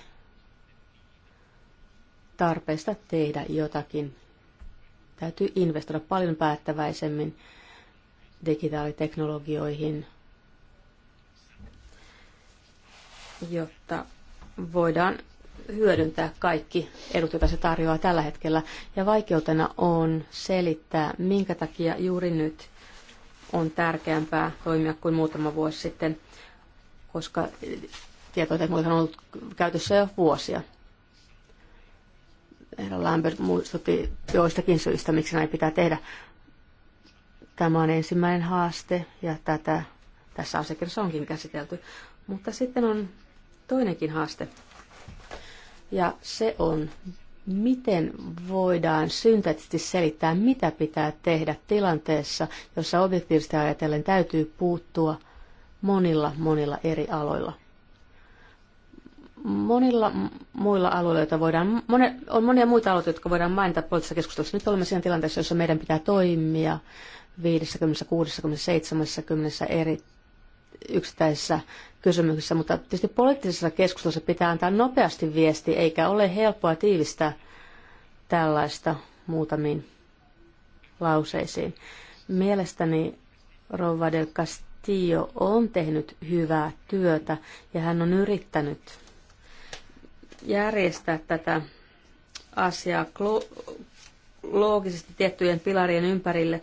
tarpeesta tehdä jotakin. Täytyy investoida paljon päättäväisemmin digitaaliteknologioihin, jotta voidaan hyödyntää kaikki edut, joita se tarjoaa tällä hetkellä. Ja vaikeutena on selittää, minkä takia juuri nyt on tärkeämpää toimia kuin muutama vuosi sitten, koska että on ollut käytössä jo vuosia. Herra Lambert muistutti joistakin syistä, miksi näin pitää tehdä. Tämä on ensimmäinen haaste ja tätä tässä asiakirjassa onkin käsitelty. Mutta sitten on toinenkin haaste, ja se on, miten voidaan synteettisesti selittää, mitä pitää tehdä tilanteessa, jossa objektiivisesti ajatellen täytyy puuttua monilla monilla eri aloilla monilla muilla aloilla, joita voidaan, mone, on monia muita aloja, jotka voidaan mainita poliittisessa keskustelussa. Nyt olemme siinä tilanteessa, jossa meidän pitää toimia 50, 60, 70 eri yksittäisissä kysymyksissä, mutta tietysti poliittisessa keskustelussa pitää antaa nopeasti viesti, eikä ole helppoa tiivistää tällaista muutamiin lauseisiin. Mielestäni Rouva del Castillo on tehnyt hyvää työtä ja hän on yrittänyt järjestää tätä asiaa loogisesti tiettyjen pilarien ympärille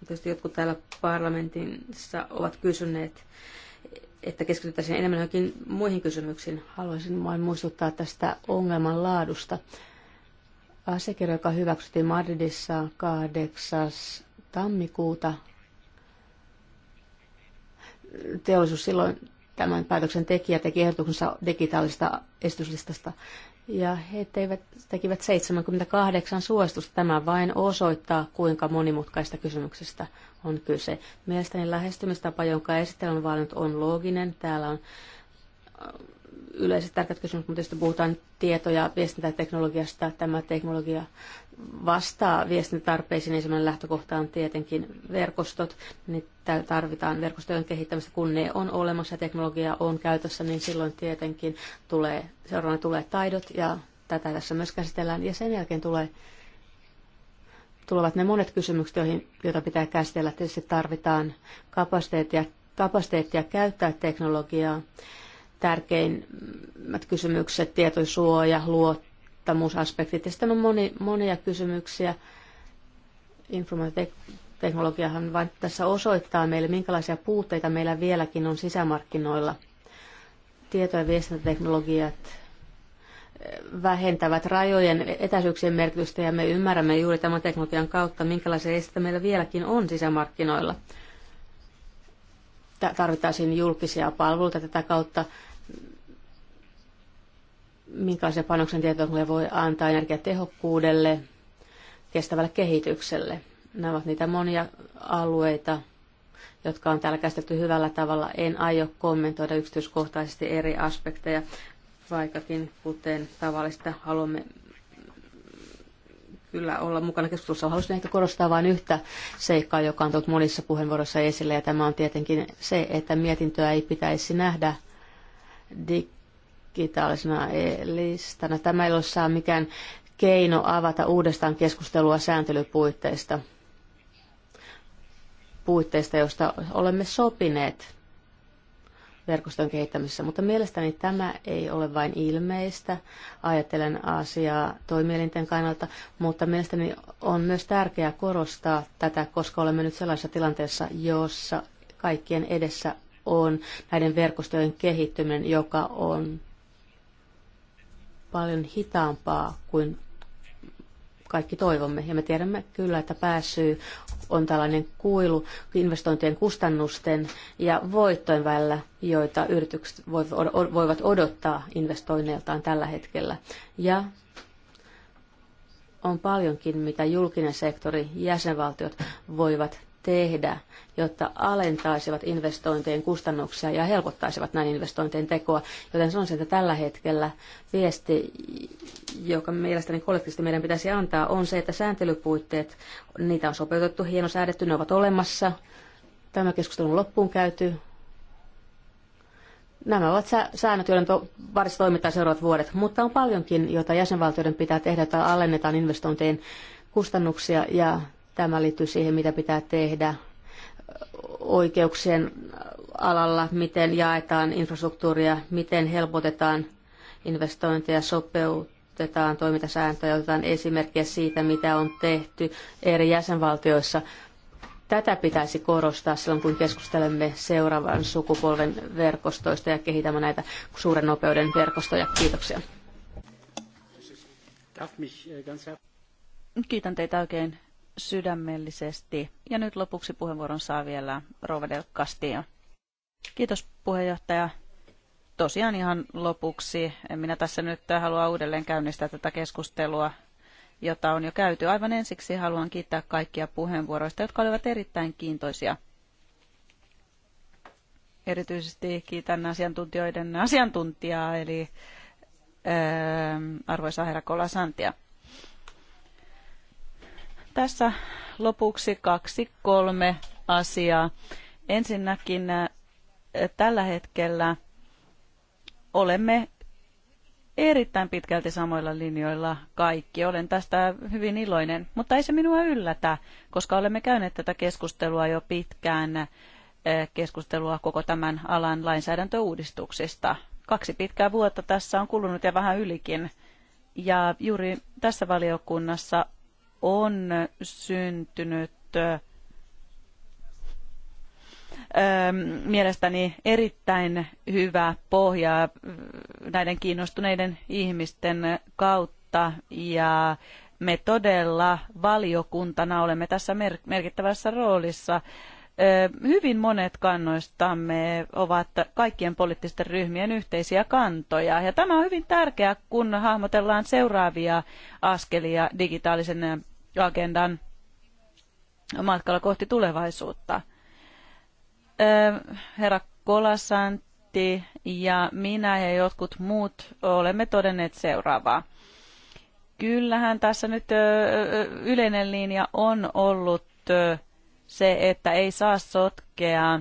Tietysti jotkut täällä parlamentissa ovat kysyneet, että keskityttäisiin enemmän johonkin muihin kysymyksiin. Haluaisin vain muistuttaa tästä ongelman laadusta. Asiakirja, joka hyväksyttiin Madridissa 8. tammikuuta. Teollisuus silloin tämän päätöksen tekijä teki ehdotuksensa digitaalista estyslistasta ja he teivät, tekivät 78 suositusta. Tämä vain osoittaa, kuinka monimutkaista kysymyksestä on kyse. Mielestäni lähestymistapa, jonka esittely on valinnut, on looginen. Täällä on yleiset tärkeät kysymykset, mutta tietysti puhutaan tieto- ja viestintäteknologiasta. Tämä teknologia vastaa viestintätarpeisiin. Ensimmäinen lähtökohta on tietenkin verkostot. niin tarvitaan verkostojen kehittämistä. Kun ne on olemassa ja teknologia on käytössä, niin silloin tietenkin tulee, seuraavana tulee taidot ja tätä tässä myös käsitellään. Ja sen jälkeen tulee tulevat ne monet kysymykset, joihin, joita pitää käsitellä. Tietysti tarvitaan kapasiteettia, kapasiteettia käyttää teknologiaa tärkeimmät kysymykset, tietosuoja, luottamusaspektit. Ja sitten on moni, monia kysymyksiä. Informaatioteknologiahan vain tässä osoittaa meille, minkälaisia puutteita meillä vieläkin on sisämarkkinoilla. Tieto- ja viestintäteknologiat eh, vähentävät rajojen etäisyyksien merkitystä ja me ymmärrämme juuri tämän teknologian kautta, minkälaisia esteitä meillä vieläkin on sisämarkkinoilla tarvittaisiin julkisia palveluita tätä kautta minkälaisen panoksen tietokone voi antaa energiatehokkuudelle, kestävälle kehitykselle. Nämä ovat niitä monia alueita, jotka on täällä käsitelty hyvällä tavalla. En aio kommentoida yksityiskohtaisesti eri aspekteja, vaikkakin kuten tavallista haluamme kyllä olla mukana keskustelussa. Haluaisin ehkä korostaa vain yhtä seikkaa, joka on tullut monissa puheenvuoroissa esille, ja tämä on tietenkin se, että mietintöä ei pitäisi nähdä digitaalisena listana. Tämä ei ole saa mikään keino avata uudestaan keskustelua sääntelypuitteista, puitteista, joista olemme sopineet verkoston kehittämisessä, mutta mielestäni tämä ei ole vain ilmeistä, ajatellen asiaa toimielinten kannalta, mutta mielestäni on myös tärkeää korostaa tätä, koska olemme nyt sellaisessa tilanteessa, jossa kaikkien edessä on näiden verkostojen kehittyminen, joka on paljon hitaampaa kuin kaikki toivomme. Ja me tiedämme kyllä, että pääsyy on tällainen kuilu investointien kustannusten ja voittojen välillä, joita yritykset voivat odottaa investoinneiltaan tällä hetkellä. Ja on paljonkin, mitä julkinen sektori, jäsenvaltiot voivat tehdä, jotta alentaisivat investointien kustannuksia ja helpottaisivat näin investointien tekoa. Joten sanoisin, että tällä hetkellä viesti, joka mielestäni kollektiivisesti meidän pitäisi antaa, on se, että sääntelypuitteet, niitä on sopeutettu, hieno säädetty, ne ovat olemassa. Tämä keskustelu on loppuun käyty. Nämä ovat säännöt, joiden varissa toimitaan seuraavat vuodet, mutta on paljonkin, jota jäsenvaltioiden pitää tehdä, että alennetaan investointien kustannuksia ja Tämä liittyy siihen, mitä pitää tehdä oikeuksien alalla, miten jaetaan infrastruktuuria, miten helpotetaan investointeja, sopeutetaan toimintasääntöjä, otetaan esimerkkejä siitä, mitä on tehty eri jäsenvaltioissa. Tätä pitäisi korostaa silloin, kun keskustelemme seuraavan sukupolven verkostoista ja kehitämme näitä suuren nopeuden verkostoja. Kiitoksia. Äh, Kiitän teitä oikein sydämellisesti. Ja nyt lopuksi puheenvuoron saa vielä Rova del Castillo. Kiitos puheenjohtaja. Tosiaan ihan lopuksi, minä tässä nyt halua uudelleen käynnistää tätä keskustelua, jota on jo käyty. Aivan ensiksi haluan kiittää kaikkia puheenvuoroista, jotka olivat erittäin kiintoisia. Erityisesti kiitän asiantuntijoiden asiantuntijaa, eli ää, ähm, arvoisa herra Kolasantia tässä lopuksi kaksi kolme asiaa. Ensinnäkin äh, tällä hetkellä olemme erittäin pitkälti samoilla linjoilla kaikki. Olen tästä hyvin iloinen, mutta ei se minua yllätä, koska olemme käyneet tätä keskustelua jo pitkään, äh, keskustelua koko tämän alan lainsäädäntöuudistuksista. Kaksi pitkää vuotta tässä on kulunut ja vähän ylikin. Ja juuri tässä valiokunnassa on syntynyt ähm, mielestäni erittäin hyvä pohja äh, näiden kiinnostuneiden ihmisten kautta ja me todella valiokuntana olemme tässä merkittävässä roolissa. Äh, hyvin monet kannoistamme ovat kaikkien poliittisten ryhmien yhteisiä kantoja ja tämä on hyvin tärkeää, kun hahmotellaan seuraavia askelia digitaalisen agendan matkalla kohti tulevaisuutta. Herra Kolasantti ja minä ja jotkut muut olemme todenneet seuraavaa. Kyllähän tässä nyt yleinen linja on ollut se, että ei saa sotkea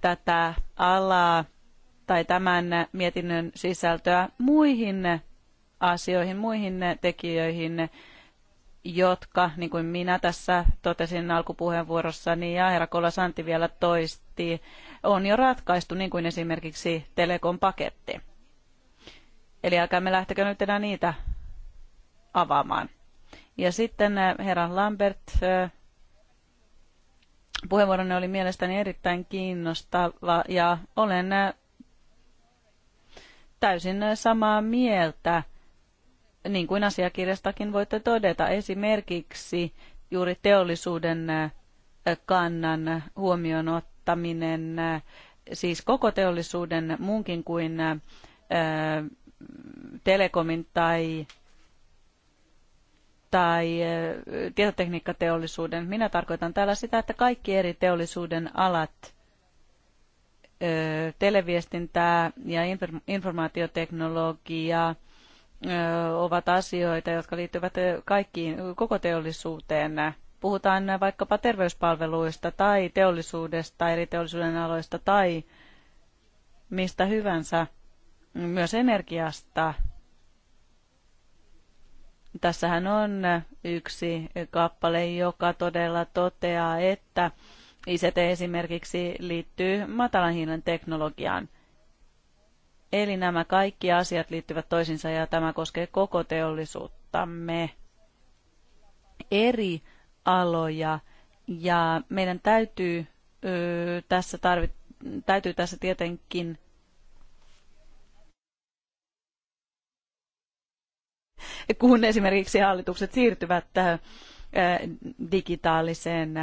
tätä alaa tai tämän mietinnön sisältöä muihin asioihin, muihin tekijöihin, jotka, niin kuin minä tässä totesin alkupuheenvuorossani ja Herra Santi vielä toisti, on jo ratkaistu, niin kuin esimerkiksi Telekom paketti. Eli älkäämme lähtekö nyt enää niitä avaamaan. Ja sitten eh, herra Lambert, eh, puheenvuoronne oli mielestäni erittäin kiinnostava ja olen eh, täysin samaa mieltä niin kuin asiakirjastakin voitte todeta, esimerkiksi juuri teollisuuden kannan huomioon ottaminen, siis koko teollisuuden muunkin kuin telekomin tai tai tietotekniikkateollisuuden. Minä tarkoitan täällä sitä, että kaikki eri teollisuuden alat, televiestintää ja informaatioteknologiaa, ovat asioita, jotka liittyvät kaikkiin, koko teollisuuteen. Puhutaan vaikkapa terveyspalveluista tai teollisuudesta, eri teollisuuden aloista tai mistä hyvänsä, myös energiasta. Tässähän on yksi kappale, joka todella toteaa, että ICT esimerkiksi liittyy matalan hiilen teknologiaan – Eli nämä kaikki asiat liittyvät toisiinsa ja tämä koskee koko teollisuuttamme eri aloja ja meidän täytyy ö, tässä tarvit, täytyy tässä tietenkin kun esimerkiksi hallitukset siirtyvät digitaaliseen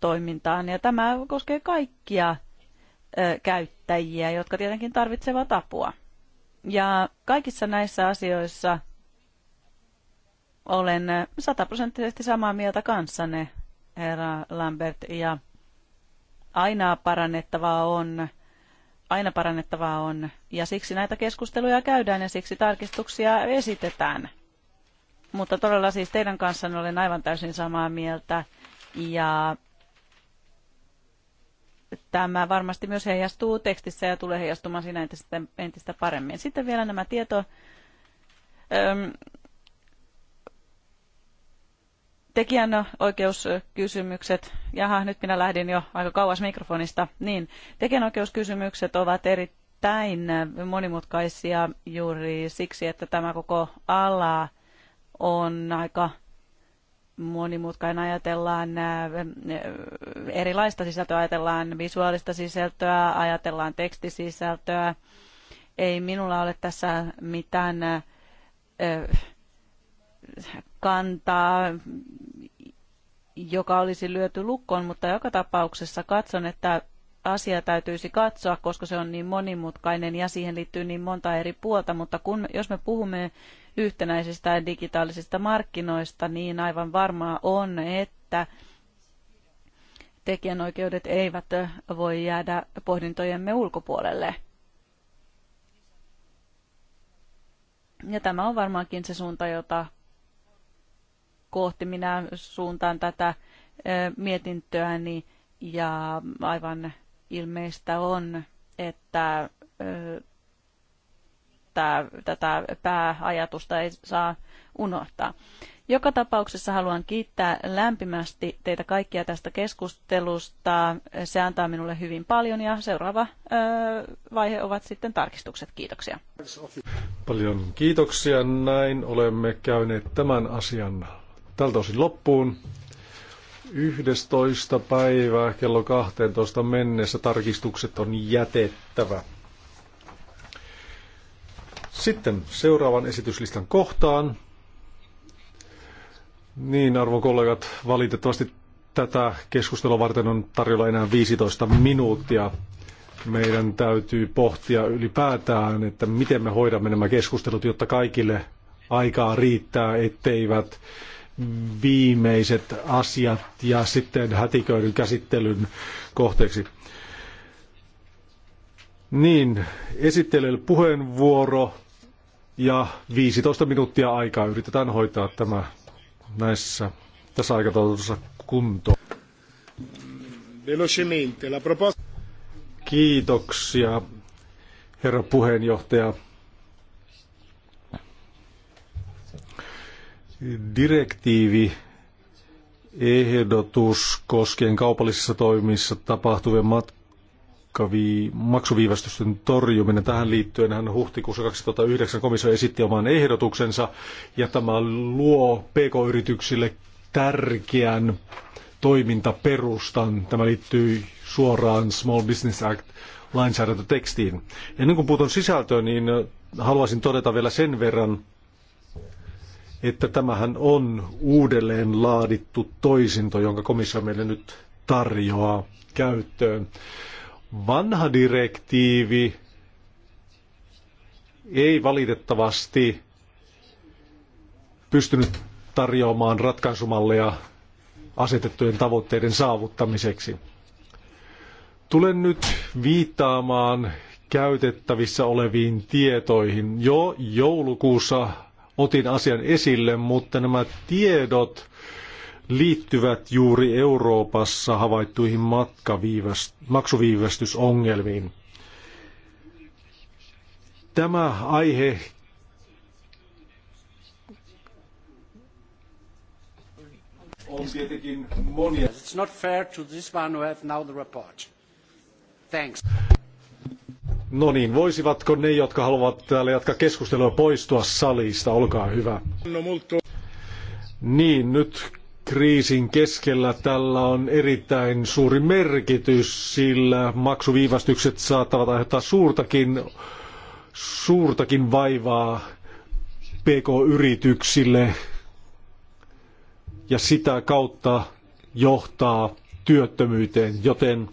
toimintaan. Ja tämä koskee kaikkia käyttäjiä, jotka tietenkin tarvitsevat apua. Ja kaikissa näissä asioissa olen sataprosenttisesti samaa mieltä kanssanne, herra Lambert, ja aina parannettavaa on, aina parannettavaa on, ja siksi näitä keskusteluja käydään ja siksi tarkistuksia esitetään. Mutta todella siis teidän kanssanne olen aivan täysin samaa mieltä, ja tämä varmasti myös heijastuu tekstissä ja tulee heijastumaan siinä entistä, entistä paremmin. Sitten vielä nämä tieto, ähm, tekijänoikeuskysymykset, jaha, nyt minä lähdin jo aika kauas mikrofonista, niin tekijänoikeuskysymykset ovat erittäin monimutkaisia juuri siksi, että tämä koko ala on aika monimutkainen. Ajatellaan äh, erilaista sisältöä, ajatellaan visuaalista sisältöä, ajatellaan tekstisisältöä. Ei minulla ole tässä mitään äh, kantaa, joka olisi lyöty lukkoon, mutta joka tapauksessa katson, että asia täytyisi katsoa, koska se on niin monimutkainen ja siihen liittyy niin monta eri puolta, mutta kun, jos me puhumme yhtenäisistä ja digitaalisista markkinoista, niin aivan varmaa on, että tekijänoikeudet eivät voi jäädä pohdintojemme ulkopuolelle. Ja tämä on varmaankin se suunta, jota kohti minä suuntaan tätä mietintöäni ja aivan ilmeistä on, että että tätä pääajatusta ei saa unohtaa. Joka tapauksessa haluan kiittää lämpimästi teitä kaikkia tästä keskustelusta. Se antaa minulle hyvin paljon ja seuraava vaihe ovat sitten tarkistukset. Kiitoksia. Paljon kiitoksia. Näin olemme käyneet tämän asian tältä osin loppuun. 11. päivää kello 12 mennessä tarkistukset on jätettävä. Sitten seuraavan esityslistan kohtaan. Niin, arvon kollegat, valitettavasti tätä keskustelua varten on tarjolla enää 15 minuuttia. Meidän täytyy pohtia ylipäätään, että miten me hoidamme nämä keskustelut, jotta kaikille aikaa riittää, etteivät viimeiset asiat ja sitten hätiköidyn käsittelyn kohteeksi. Niin, esittelyllä puheenvuoro ja 15 minuuttia aikaa yritetään hoitaa tämä näissä tässä aikataulussa kuntoon. Velocemente, la proposta... Kiitoksia, herra puheenjohtaja. Direktiivi ehdotus koskien kaupallisissa toimissa tapahtuvien mat- maksuviivästysten torjuminen. Tähän liittyen hän huhtikuussa 2009 komissio esitti oman ehdotuksensa ja tämä luo pk-yrityksille tärkeän toimintaperustan. Tämä liittyy suoraan Small Business Act lainsäädäntötekstiin. Ennen kuin puutun sisältöön, niin haluaisin todeta vielä sen verran, että tämähän on uudelleen laadittu toisinto, jonka komissio meille nyt tarjoaa käyttöön. Vanha direktiivi ei valitettavasti pystynyt tarjoamaan ratkaisumalleja asetettujen tavoitteiden saavuttamiseksi. Tulen nyt viittaamaan käytettävissä oleviin tietoihin. Jo joulukuussa otin asian esille, mutta nämä tiedot liittyvät juuri Euroopassa havaittuihin maksuviivästysongelmiin. Tämä aihe on tietenkin monia. It's not fair to this one who have now the report. Thanks. No niin, voisivatko ne, jotka haluavat täällä jatkaa keskustelua, poistua salista? Olkaa hyvä. No niin, nyt kriisin keskellä tällä on erittäin suuri merkitys, sillä maksuviivästykset saattavat aiheuttaa suurtakin, suurtakin vaivaa PK-yrityksille ja sitä kautta johtaa työttömyyteen, joten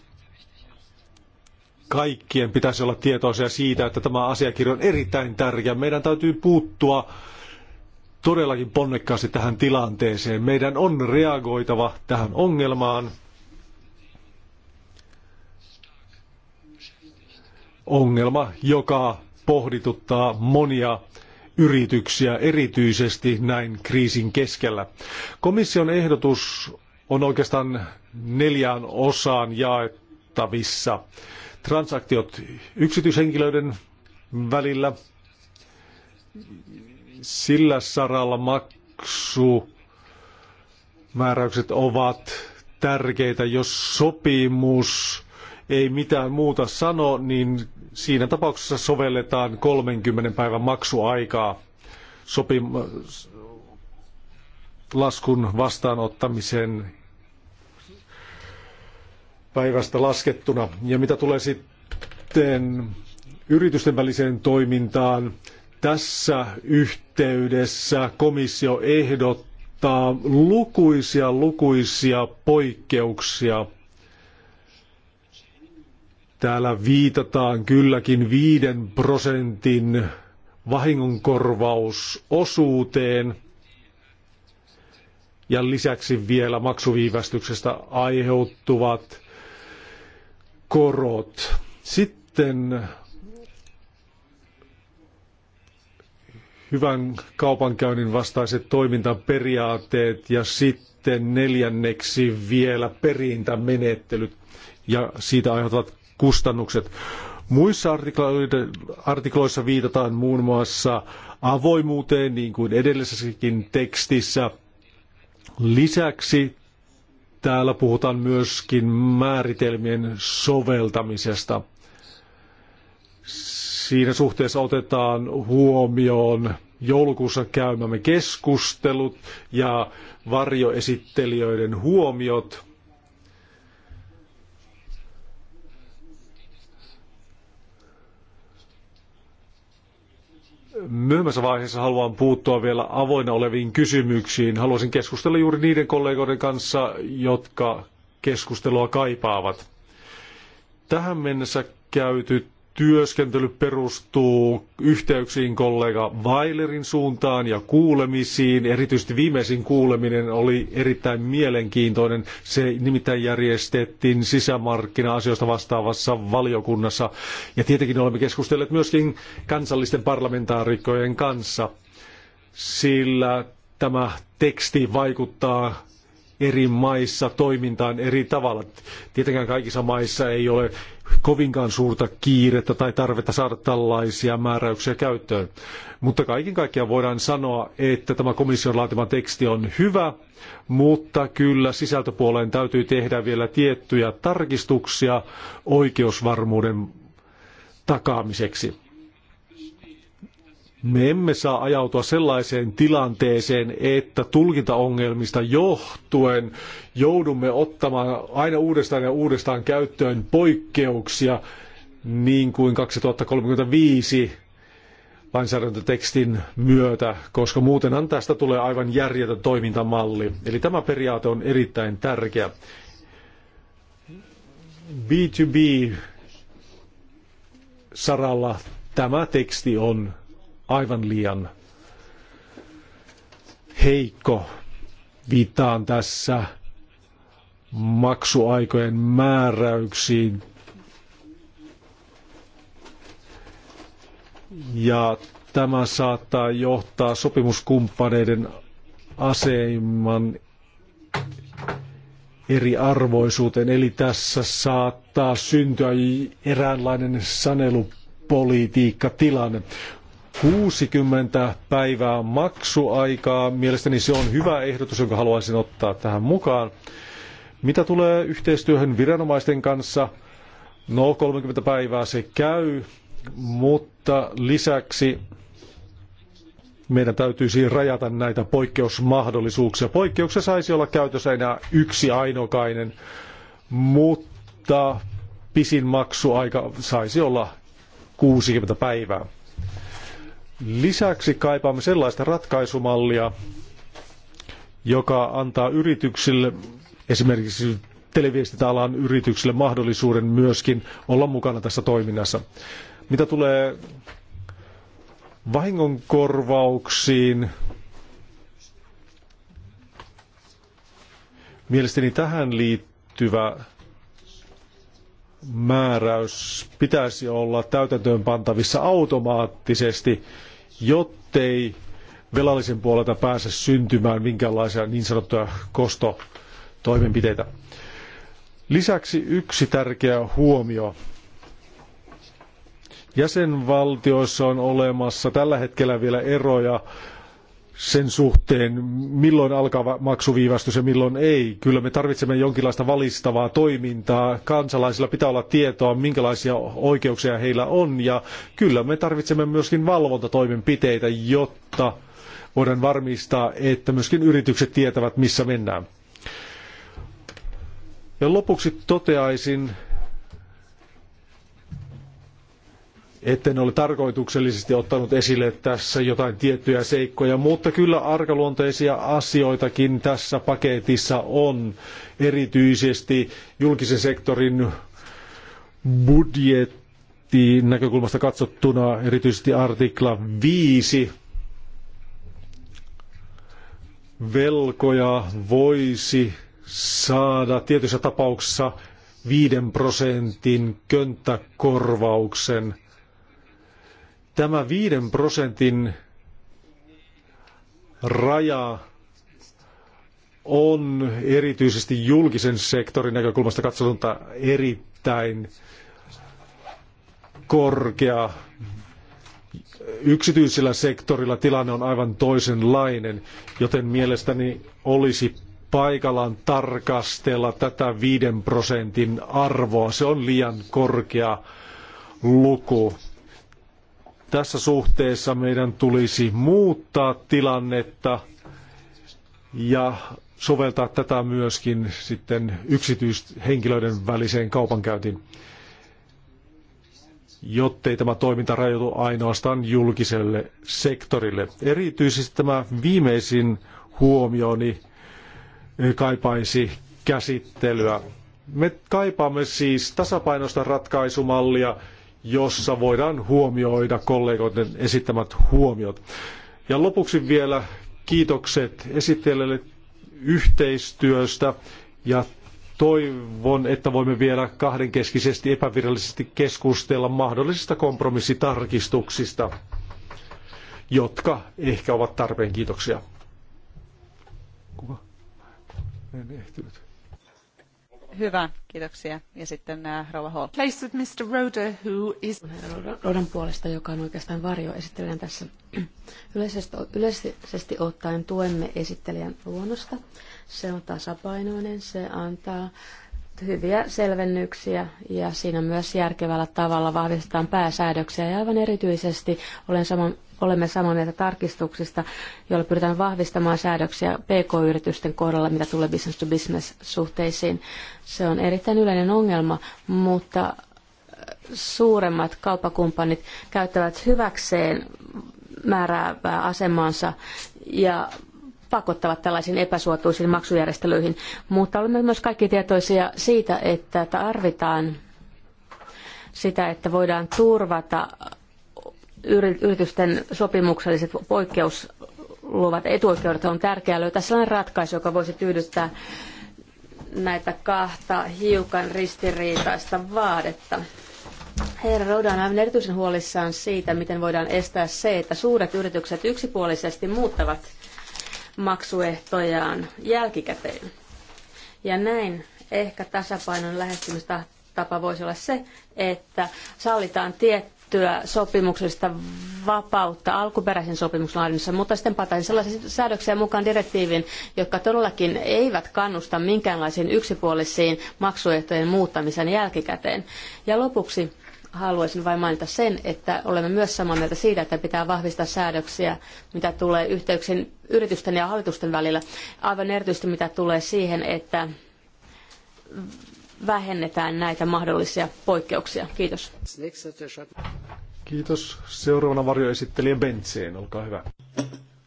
kaikkien pitäisi olla tietoisia siitä, että tämä asiakirja on erittäin tärkeä. Meidän täytyy puuttua todellakin ponnekkaasti tähän tilanteeseen. Meidän on reagoitava tähän ongelmaan. Ongelma, joka pohdituttaa monia yrityksiä, erityisesti näin kriisin keskellä. Komission ehdotus on oikeastaan neljään osaan jaettavissa. Transaktiot yksityishenkilöiden välillä, sillä saralla maksu määräykset ovat tärkeitä. Jos sopimus ei mitään muuta sano, niin siinä tapauksessa sovelletaan 30 päivän maksuaikaa sopim- laskun vastaanottamisen päivästä laskettuna. Ja mitä tulee sitten yritysten väliseen toimintaan, tässä yhteydessä komissio ehdottaa lukuisia lukuisia poikkeuksia. Täällä viitataan kylläkin viiden prosentin vahingonkorvausosuuteen ja lisäksi vielä maksuviivästyksestä aiheutuvat korot. Sitten hyvän kaupankäynnin vastaiset toimintaperiaatteet ja sitten neljänneksi vielä perintämenettelyt ja siitä aiheutuvat kustannukset. Muissa artikloissa viitataan muun muassa avoimuuteen, niin kuin edellisessäkin tekstissä. Lisäksi täällä puhutaan myöskin määritelmien soveltamisesta. Siinä suhteessa otetaan huomioon joulukuussa käymämme keskustelut ja varjoesittelijöiden huomiot. Myöhemmässä vaiheessa haluan puuttua vielä avoinna oleviin kysymyksiin. Haluaisin keskustella juuri niiden kollegoiden kanssa, jotka keskustelua kaipaavat. Tähän mennessä käytyt työskentely perustuu yhteyksiin kollega Weilerin suuntaan ja kuulemisiin. Erityisesti viimeisin kuuleminen oli erittäin mielenkiintoinen. Se nimittäin järjestettiin sisämarkkina-asioista vastaavassa valiokunnassa. Ja tietenkin olemme keskustelleet myöskin kansallisten parlamentaarikkojen kanssa, sillä tämä teksti vaikuttaa eri maissa toimintaan eri tavalla. Tietenkään kaikissa maissa ei ole kovinkaan suurta kiirettä tai tarvetta saada tällaisia määräyksiä käyttöön. Mutta kaiken kaikkiaan voidaan sanoa, että tämä komission laatima teksti on hyvä, mutta kyllä sisältöpuoleen täytyy tehdä vielä tiettyjä tarkistuksia oikeusvarmuuden takaamiseksi. Me emme saa ajautua sellaiseen tilanteeseen, että tulkintaongelmista johtuen joudumme ottamaan aina uudestaan ja uudestaan käyttöön poikkeuksia, niin kuin 2035 lainsäädäntötekstin myötä, koska muutenhan tästä tulee aivan järjetön toimintamalli. Eli tämä periaate on erittäin tärkeä. B2B saralla tämä teksti on aivan liian heikko. Viittaan tässä maksuaikojen määräyksiin ja tämä saattaa johtaa sopimuskumppaneiden aseman eriarvoisuuteen. Eli tässä saattaa syntyä eräänlainen sanelupolitiikkatilanne. 60 päivää maksuaikaa. Mielestäni se on hyvä ehdotus, jonka haluaisin ottaa tähän mukaan. Mitä tulee yhteistyöhön viranomaisten kanssa? No, 30 päivää se käy, mutta lisäksi meidän täytyisi rajata näitä poikkeusmahdollisuuksia. Poikkeuksia saisi olla käytössä enää yksi ainokainen, mutta pisin maksuaika saisi olla 60 päivää. Lisäksi kaipaamme sellaista ratkaisumallia, joka antaa yrityksille, esimerkiksi televiestintäalan yrityksille, mahdollisuuden myöskin olla mukana tässä toiminnassa. Mitä tulee vahingonkorvauksiin, mielestäni tähän liittyvä määräys pitäisi olla täytäntöönpantavissa automaattisesti jottei velallisen puolelta pääse syntymään minkäänlaisia niin sanottuja kostotoimenpiteitä. Lisäksi yksi tärkeä huomio. Jäsenvaltioissa on olemassa tällä hetkellä vielä eroja sen suhteen, milloin alkaa maksuviivästys ja milloin ei. Kyllä me tarvitsemme jonkinlaista valistavaa toimintaa. Kansalaisilla pitää olla tietoa, minkälaisia oikeuksia heillä on. Ja kyllä me tarvitsemme myöskin valvontatoimenpiteitä, jotta voidaan varmistaa, että myöskin yritykset tietävät, missä mennään. Ja lopuksi toteaisin, etten ole tarkoituksellisesti ottanut esille tässä jotain tiettyjä seikkoja, mutta kyllä arkaluonteisia asioitakin tässä paketissa on, erityisesti julkisen sektorin budjetti näkökulmasta katsottuna, erityisesti artikla 5, velkoja voisi saada tietyissä tapauksissa 5 prosentin könttäkorvauksen – Tämä viiden prosentin raja on erityisesti julkisen sektorin näkökulmasta katsottuna erittäin korkea. Yksityisellä sektorilla tilanne on aivan toisenlainen, joten mielestäni olisi paikallaan tarkastella tätä viiden prosentin arvoa. Se on liian korkea luku. Tässä suhteessa meidän tulisi muuttaa tilannetta ja soveltaa tätä myöskin sitten yksityishenkilöiden väliseen kaupankäyntiin, jottei tämä toiminta rajoitu ainoastaan julkiselle sektorille. Erityisesti tämä viimeisin huomioni kaipaisi käsittelyä. Me kaipaamme siis tasapainosta ratkaisumallia, jossa voidaan huomioida kollegoiden esittämät huomiot. Ja lopuksi vielä kiitokset esittelijälle yhteistyöstä ja toivon, että voimme vielä kahdenkeskisesti epävirallisesti keskustella mahdollisista kompromissitarkistuksista, jotka ehkä ovat tarpeen. Kiitoksia. Kuva? En ehtinyt. Hyvä, kiitoksia. Ja sitten äh, Rova Hall. Place with Mr. Roder, who is... Rodan puolesta, joka on oikeastaan varjo, esittelijän tässä. Yleisesti, yleisesti ottaen tuemme esittelijän luonnosta. Se on tasapainoinen, se antaa hyviä selvennyksiä ja siinä myös järkevällä tavalla vahvistetaan pääsäädöksiä. Ja aivan erityisesti olen sama, olemme samaa mieltä tarkistuksista, joilla pyritään vahvistamaan säädöksiä PK-yritysten kohdalla, mitä tulee business-to-business-suhteisiin. Se on erittäin yleinen ongelma, mutta äh, suuremmat kauppakumppanit käyttävät hyväkseen määräävää asemansa ja pakottavat tällaisiin epäsuotuisiin maksujärjestelyihin, mutta olemme myös kaikki tietoisia siitä, että tarvitaan sitä, että voidaan turvata yritysten sopimukselliset poikkeusluvat etuoikeudet on tärkeää löytää sellainen ratkaisu, joka voisi tyydyttää näitä kahta hiukan ristiriitaista vaadetta. Herra on aivan erityisen huolissaan siitä, miten voidaan estää se, että suuret yritykset yksipuolisesti muuttavat maksuehtojaan jälkikäteen. Ja näin ehkä tasapainon lähestymistapa voisi olla se, että sallitaan tiettyä sopimuksellista vapautta alkuperäisen sopimuksen laadinnassa, mutta sitten pataisiin sellaisia säädöksiä mukaan direktiivin, jotka todellakin eivät kannusta minkäänlaisiin yksipuolisiin maksuehtojen muuttamisen jälkikäteen. Ja lopuksi haluaisin vain mainita sen, että olemme myös samaa mieltä siitä, että pitää vahvistaa säädöksiä, mitä tulee yhteyksien yritysten ja hallitusten välillä. Aivan erityisesti mitä tulee siihen, että vähennetään näitä mahdollisia poikkeuksia. Kiitos. Kiitos. Seuraavana varjoesittelijä Bentseen, olkaa hyvä.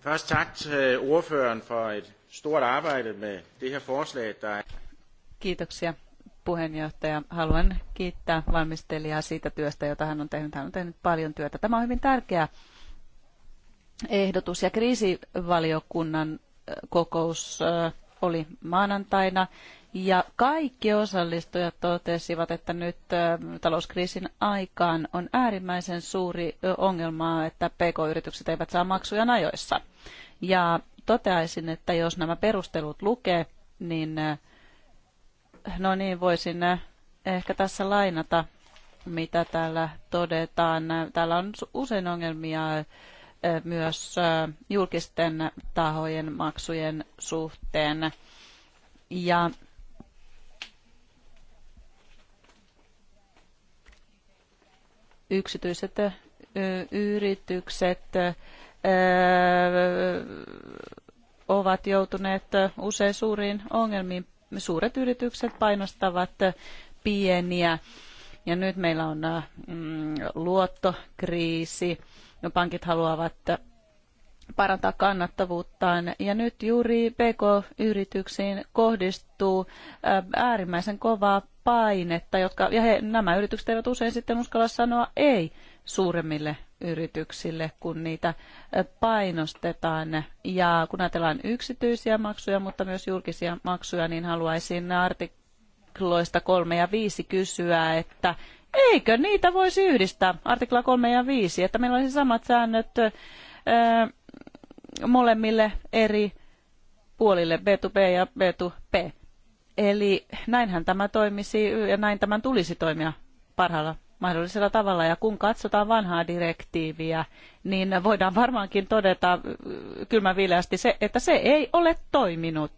Først tak til ordføreren for et stort arbejde med det her forslag. Der... Er- Kiitoksia puheenjohtaja. Haluan kiittää valmistelijaa siitä työstä, jota hän on tehnyt. Hän on tehnyt paljon työtä. Tämä on hyvin tärkeä ehdotus ja kriisivaliokunnan kokous oli maanantaina ja kaikki osallistujat totesivat, että nyt talouskriisin aikaan on äärimmäisen suuri ongelma, että pk-yritykset eivät saa maksuja ajoissa. Ja toteaisin, että jos nämä perustelut lukee, niin No niin, voisin äh, ehkä tässä lainata, mitä täällä todetaan. Täällä on usein ongelmia äh, myös äh, julkisten tahojen maksujen suhteen. Ja yksityiset yritykset ovat joutuneet usein suuriin ongelmiin suuret yritykset painostavat pieniä. Ja nyt meillä on äh, mm, luottokriisi. No, pankit haluavat äh, parantaa kannattavuuttaan. Ja nyt juuri PK-yrityksiin kohdistuu äh, äärimmäisen kovaa painetta, jotka, ja he, nämä yritykset eivät usein sitten uskalla sanoa ei suuremmille yrityksille, kun niitä painostetaan. Ja kun ajatellaan yksityisiä maksuja, mutta myös julkisia maksuja, niin haluaisin artikloista 3 ja 5 kysyä, että eikö niitä voisi yhdistää, artikla 3 ja 5, että meillä olisi samat säännöt ö, molemmille eri puolille, B2B ja b 2 p Eli näinhän tämä toimisi ja näin tämän tulisi toimia parhaalla mahdollisella tavalla. Ja kun katsotaan vanhaa direktiiviä, niin voidaan varmaankin todeta kylmäviileästi se, että se ei ole toiminut.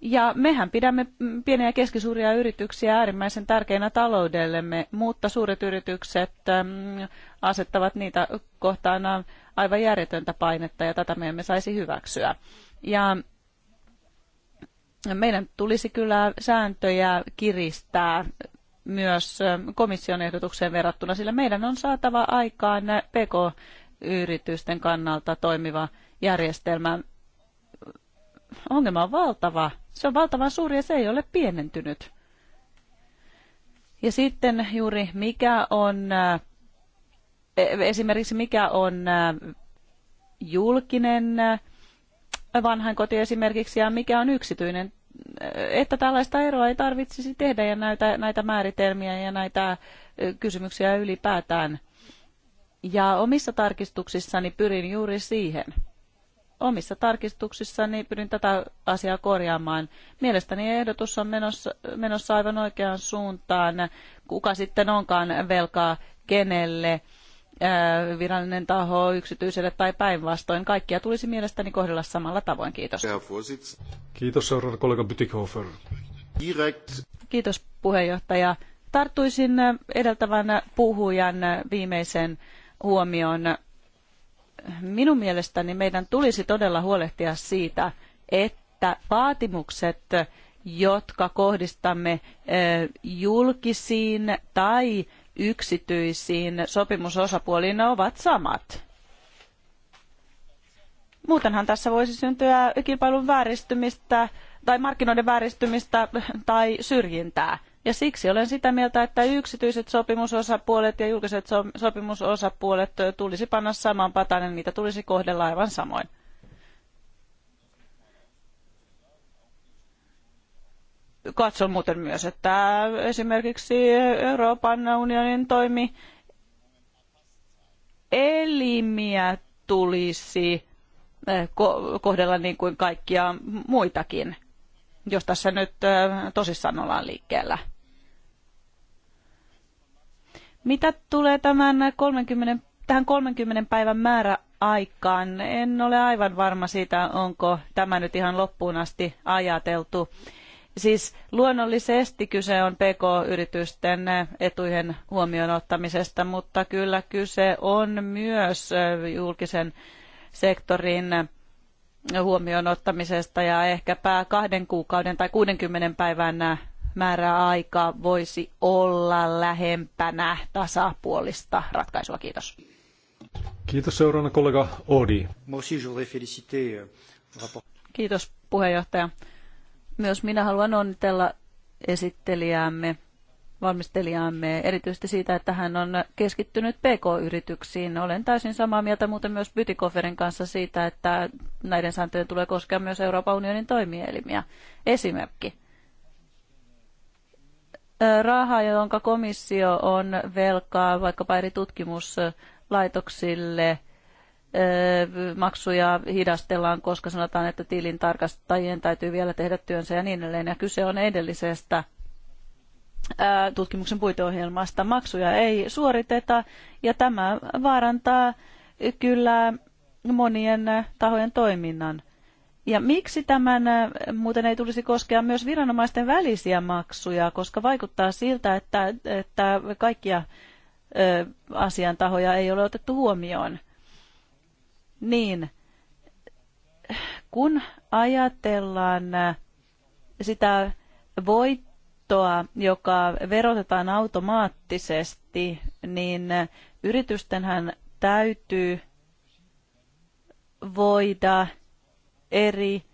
Ja mehän pidämme pieniä ja keskisuuria yrityksiä äärimmäisen tärkeinä taloudellemme, mutta suuret yritykset asettavat niitä kohtaan aivan järjetöntä painetta ja tätä me emme saisi hyväksyä. Ja meidän tulisi kyllä sääntöjä kiristää myös komission ehdotukseen verrattuna, sillä meidän on saatava aikaan PK-yritysten kannalta toimiva järjestelmä. Ongelma on valtava. Se on valtavan suuri ja se ei ole pienentynyt. Ja sitten juuri mikä on, e, esimerkiksi mikä on julkinen vanhainkoti esimerkiksi ja mikä on yksityinen että tällaista eroa ei tarvitsisi tehdä ja näitä, näitä määritelmiä ja näitä kysymyksiä ylipäätään. Ja omissa tarkistuksissani pyrin juuri siihen. Omissa tarkistuksissani pyrin tätä asiaa korjaamaan. Mielestäni ehdotus on menossa, menossa aivan oikeaan suuntaan. Kuka sitten onkaan velkaa kenelle? virallinen taho yksityiselle tai päinvastoin. Kaikkia tulisi mielestäni kohdella samalla tavoin. Kiitos. Kiitos seuraava kollega Bütikhofer. Kiitos puheenjohtaja. Tarttuisin edeltävän puhujan viimeisen huomioon. Minun mielestäni meidän tulisi todella huolehtia siitä, että vaatimukset jotka kohdistamme julkisiin tai yksityisiin sopimusosapuoliin ovat samat. Muutenhan tässä voisi syntyä kilpailun vääristymistä tai markkinoiden vääristymistä tai syrjintää. Ja siksi olen sitä mieltä, että yksityiset sopimusosapuolet ja julkiset sopimusosapuolet tulisi panna samaan pataan ja niin niitä tulisi kohdella aivan samoin. Katson muuten myös, että esimerkiksi Euroopan unionin toimi elimiä tulisi eh, kohdella niin kuin kaikkia muitakin, jos tässä nyt eh, tosissaan ollaan liikkeellä. Mitä tulee tämän 30, tähän 30 päivän määräaikaan? En ole aivan varma siitä, onko tämä nyt ihan loppuun asti ajateltu. Siis luonnollisesti kyse on PK-yritysten etujen huomioon ottamisesta, mutta kyllä kyse on myös julkisen sektorin huomioon ottamisesta ja ehkäpä kahden kuukauden tai 60 päivän määräaika voisi olla lähempänä tasapuolista ratkaisua. Kiitos. Kiitos seuraavana kollega Odi. Euh, Kiitos puheenjohtaja. Myös minä haluan onnitella esittelijäämme, valmistelijaamme, erityisesti siitä, että hän on keskittynyt PK-yrityksiin. Olen täysin samaa mieltä muuten myös Bytikoferin kanssa siitä, että näiden sääntöjen tulee koskea myös Euroopan unionin toimielimiä. Esimerkki. Raha, jonka komissio on velkaa vaikkapa eri tutkimuslaitoksille – maksuja hidastellaan, koska sanotaan, että tilin tarkastajien täytyy vielä tehdä työnsä ja niin edelleen. Ja kyse on edellisestä tutkimuksen puiteohjelmasta. Maksuja ei suoriteta ja tämä vaarantaa kyllä monien tahojen toiminnan. Ja miksi tämän muuten ei tulisi koskea myös viranomaisten välisiä maksuja, koska vaikuttaa siltä, että, että kaikkia asiantahoja ei ole otettu huomioon. Niin, kun ajatellaan äh, sitä voittoa, joka verotetaan automaattisesti, niin äh, yritystenhän täytyy voida eri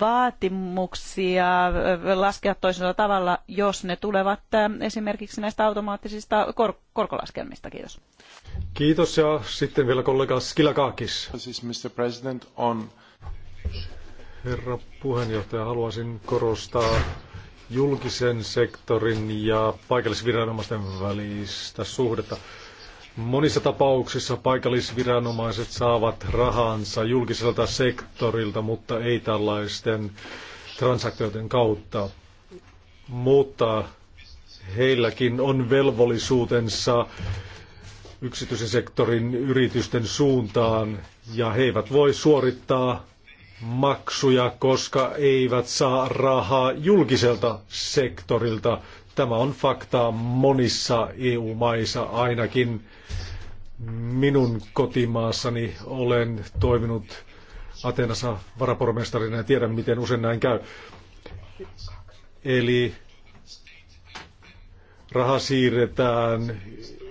vaatimuksia äh, laskea toisella tavalla, jos ne tulevat esimerkiksi näistä automaattisista kor- korkolaskelmista. Kiitos. Kiitos ja sitten vielä kollega Skilakakis. Siis Herra puheenjohtaja, haluaisin korostaa julkisen sektorin ja paikallisviranomaisten välistä suhdetta. Monissa tapauksissa paikallisviranomaiset saavat rahansa julkiselta sektorilta, mutta ei tällaisten transaktioiden kautta. Mutta heilläkin on velvollisuutensa yksityisen sektorin yritysten suuntaan ja he eivät voi suorittaa maksuja, koska eivät saa rahaa julkiselta sektorilta. Tämä on fakta monissa EU-maissa ainakin. Minun kotimaassani olen toiminut Atenassa varapormestarina ja tiedän, miten usein näin käy. Eli raha siirretään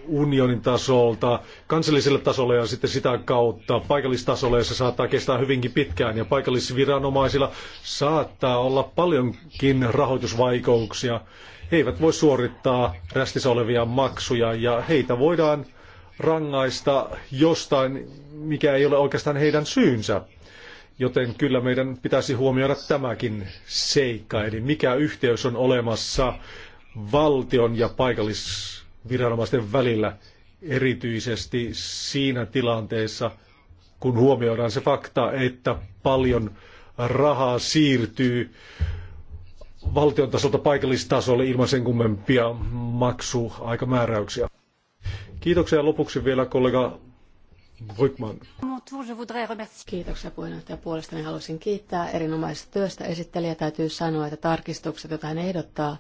unionin tasolta, kansalliselle tasolle ja sitten sitä kautta paikallistasolle, ja se saattaa kestää hyvinkin pitkään. Ja paikallisviranomaisilla saattaa olla paljonkin rahoitusvaikeuksia. He eivät voi suorittaa rästissä olevia maksuja, ja heitä voidaan rangaista jostain, mikä ei ole oikeastaan heidän syynsä. Joten kyllä meidän pitäisi huomioida tämäkin seikka, eli mikä yhteys on olemassa valtion ja paikallis viranomaisten välillä, erityisesti siinä tilanteessa, kun huomioidaan se fakta, että paljon rahaa siirtyy valtion tasolta paikallistasolle ilman sen kummempia maksuaikamääräyksiä. Kiitoksia lopuksi vielä kollega Voikman. Kiitoksia puheenjohtaja puolestani. Haluaisin kiittää erinomaisesta työstä. Esittelijä täytyy sanoa, että tarkistukset, joita hän ehdottaa,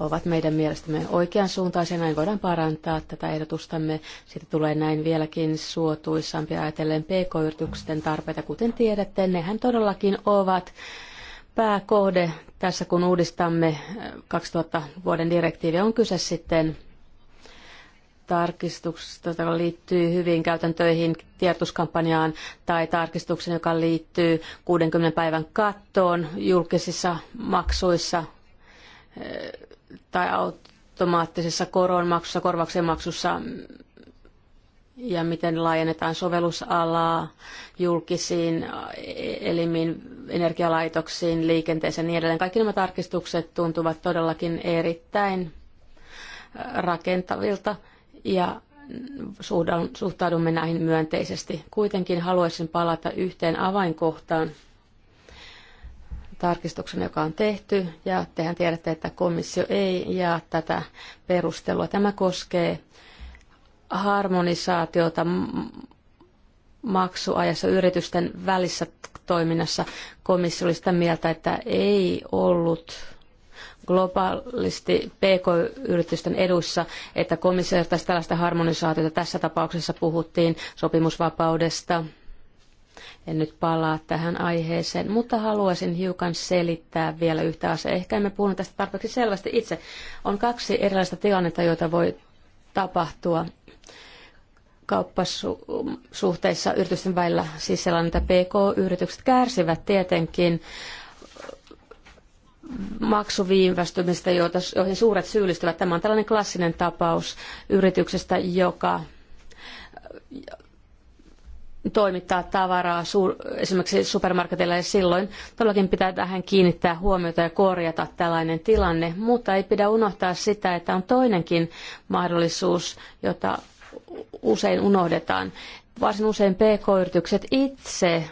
ovat meidän mielestämme oikean suuntaisia. Näin voidaan parantaa tätä ehdotustamme. Siitä tulee näin vieläkin suotuisampi ajatellen pk-yritysten tarpeita. Kuten tiedätte, nehän todellakin ovat pääkohde tässä, kun uudistamme 2000 äh, vuoden direktiiviä, on kyse sitten tarkistuksesta, joka liittyy hyvin käytäntöihin tiedotuskampanjaan tai tarkistuksen, joka liittyy 60 päivän kattoon julkisissa maksuissa äh, tai automaattisessa koronmaksussa, korvauksen maksussa ja miten laajennetaan sovellusalaa julkisiin elimiin, energialaitoksiin, liikenteeseen ja niin edelleen. Kaikki nämä tarkistukset tuntuvat todellakin erittäin äh, rakentavilta ja suhtaudumme näihin myönteisesti. Kuitenkin haluaisin palata yhteen avainkohtaan, tarkistuksen, joka on tehty, ja tehän tiedätte, että komissio ei jaa tätä perustelua. Tämä koskee harmonisaatiota maksuajassa yritysten välissä toiminnassa. Komissio oli sitä mieltä, että ei ollut globaalisti PK-yritysten edussa, että komissio tällaista harmonisaatiota. Tässä tapauksessa puhuttiin sopimusvapaudesta, en nyt palaa tähän aiheeseen, mutta haluaisin hiukan selittää vielä yhtä asiaa. Ehkä emme puhunut tästä tarpeeksi selvästi itse. On kaksi erilaista tilannetta, joita voi tapahtua kauppasuhteissa yritysten välillä. Siis sellainen, että PK-yritykset kärsivät tietenkin maksuviivästymistä, joihin suuret syyllistyvät. Tämä on tällainen klassinen tapaus yrityksestä, joka toimittaa tavaraa esimerkiksi supermarketilla ja silloin todellakin pitää tähän kiinnittää huomiota ja korjata tällainen tilanne, mutta ei pidä unohtaa sitä, että on toinenkin mahdollisuus, jota usein unohdetaan. Varsin usein PK-yritykset itse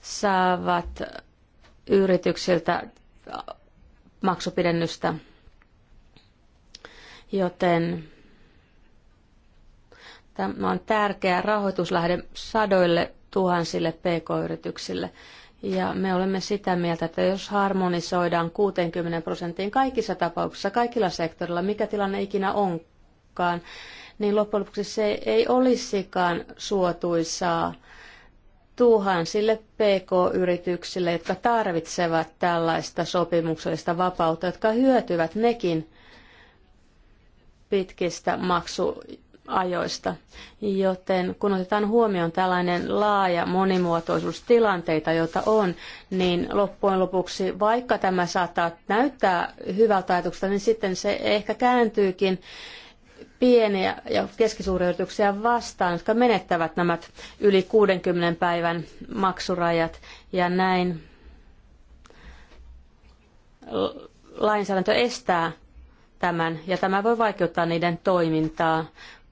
saavat yrityksiltä maksupidennystä, joten Tämä on tärkeä rahoituslähde sadoille tuhansille pk-yrityksille. Ja me olemme sitä mieltä, että jos harmonisoidaan 60 prosenttiin kaikissa tapauksissa, kaikilla sektorilla, mikä tilanne ikinä onkaan, niin loppujen lopuksi se ei olisikaan suotuisaa tuhansille pk-yrityksille, jotka tarvitsevat tällaista sopimuksellista vapautta, jotka hyötyvät nekin pitkistä maksu- ajoista. Joten kun otetaan huomioon tällainen laaja monimuotoisuus tilanteita, joita on, niin loppujen lopuksi, vaikka tämä saattaa näyttää hyvältä ajatukselta, niin sitten se ehkä kääntyykin pieniä ja keskisuuria yrityksiä vastaan, jotka menettävät nämä yli 60 päivän maksurajat ja näin lainsäädäntö estää tämän ja tämä voi vaikeuttaa niiden toimintaa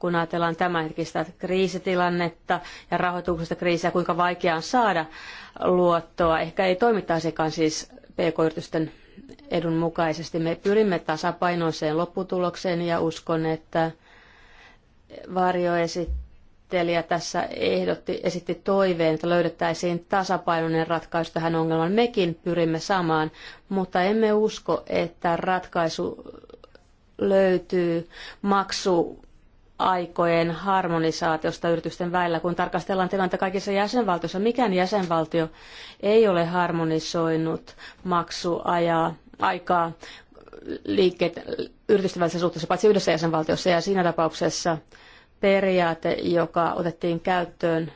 kun ajatellaan tämänhetkistä kriisitilannetta ja rahoituksesta kriisiä, kuinka vaikeaa on saada luottoa. Ehkä ei toimittaisikaan siis pk-yritysten edun mukaisesti. Me pyrimme tasapainoiseen lopputulokseen ja uskon, että varjoesittelijä tässä ehdotti, esitti toiveen, että löydettäisiin tasapainoinen ratkaisu tähän ongelmaan. Mekin pyrimme samaan, mutta emme usko, että ratkaisu löytyy maksu aikojen harmonisaatiosta yritysten välillä, kun tarkastellaan tilannetta kaikissa jäsenvaltioissa. Mikään jäsenvaltio ei ole harmonisoinut maksuajaa aikaa liikkeet yritysten välisessä suhteessa, paitsi yhdessä jäsenvaltiossa. Ja siinä tapauksessa periaate, joka otettiin käyttöön,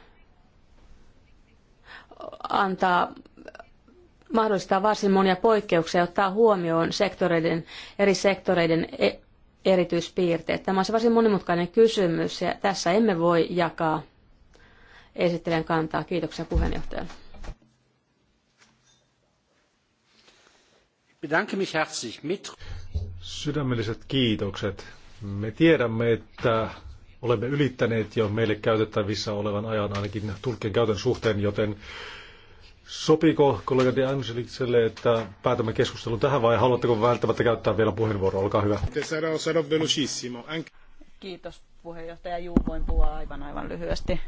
antaa mahdollistaa varsin monia poikkeuksia ja ottaa huomioon sektoreiden, eri sektoreiden e- erityispiirteet. Tämä on se varsin monimutkainen kysymys ja tässä emme voi jakaa esittelijän kantaa. Kiitoksia puheenjohtaja. Bedanke mich herzlich mit. Sydämelliset kiitokset. Me tiedämme, että olemme ylittäneet jo meille käytettävissä olevan ajan ainakin tulkien käytön suhteen, joten Sopiiko kollega De Angelicelle, että päätämme keskustelun tähän vai haluatteko välttämättä käyttää vielä puheenvuoroa? Olkaa hyvä. Kiitos puheenjohtaja. Juu, voin puhua aivan aivan lyhyesti.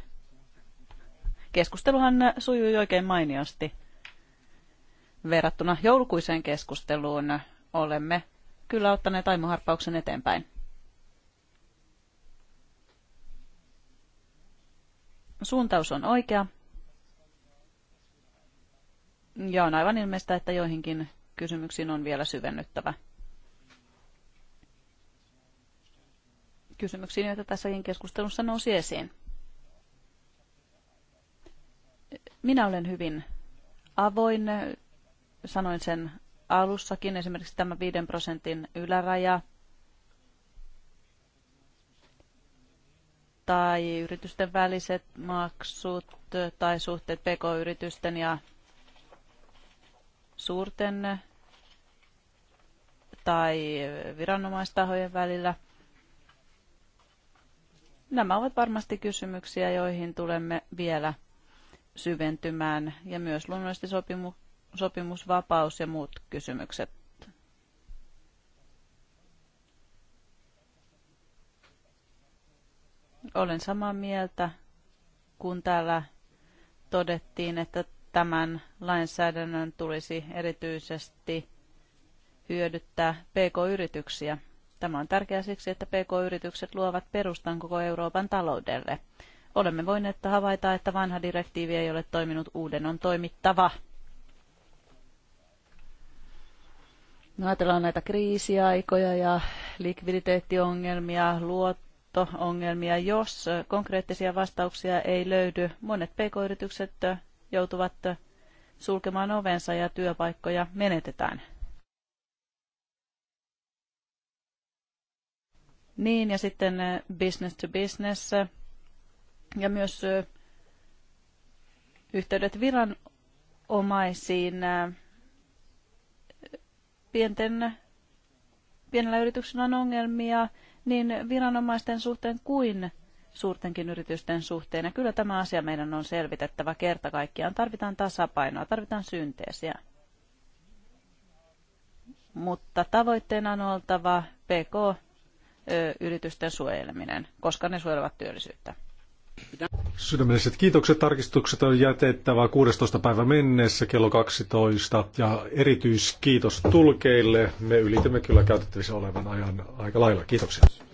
Keskusteluhan sujui oikein mainiosti. Verrattuna joulukuiseen keskusteluun olemme kyllä ottaneet aimoharppauksen eteenpäin. Suuntaus on oikea, ja on aivan ilmeistä, että joihinkin kysymyksiin on vielä syvennyttävä. Kysymyksiin, joita tässäkin keskustelussa nousi esiin. Minä olen hyvin avoin. Sanoin sen alussakin, esimerkiksi tämä 5 prosentin yläraja tai yritysten väliset maksut tai suhteet pk-yritysten ja suurten tai viranomaistahojen välillä. Nämä ovat varmasti kysymyksiä, joihin tulemme vielä syventymään ja myös luonnollisesti sopimu- sopimusvapaus ja muut kysymykset. Olen samaa mieltä, kun täällä todettiin, että tämän lainsäädännön tulisi erityisesti hyödyttää PK-yrityksiä. Tämä on tärkeää siksi, että PK-yritykset luovat perustan koko Euroopan taloudelle. Olemme voineet havaita, että vanha direktiivi ei ole toiminut, uuden on toimittava. No ajatellaan näitä kriisiaikoja ja likviditeettiongelmia, luottoongelmia. Jos konkreettisia vastauksia ei löydy, monet pk-yritykset joutuvat sulkemaan ovensa ja työpaikkoja menetetään. Niin, ja sitten eh, business to business eh, ja myös eh, yhteydet viranomaisiin pienten, pienellä yrityksellä on ongelmia niin viranomaisten suhteen kuin suurtenkin yritysten suhteen. Ja kyllä tämä asia meidän on selvitettävä kerta kaikkiaan. Tarvitaan tasapainoa, tarvitaan synteesiä. Mutta tavoitteena on oltava PK-yritysten suojeleminen, koska ne suojelevat työllisyyttä. Sydämelliset kiitokset. Tarkistukset on jätettävä 16. päivä mennessä kello 12. Ja erityiskiitos tulkeille. Me ylitämme kyllä käytettävissä olevan ajan aika lailla. Kiitoksia.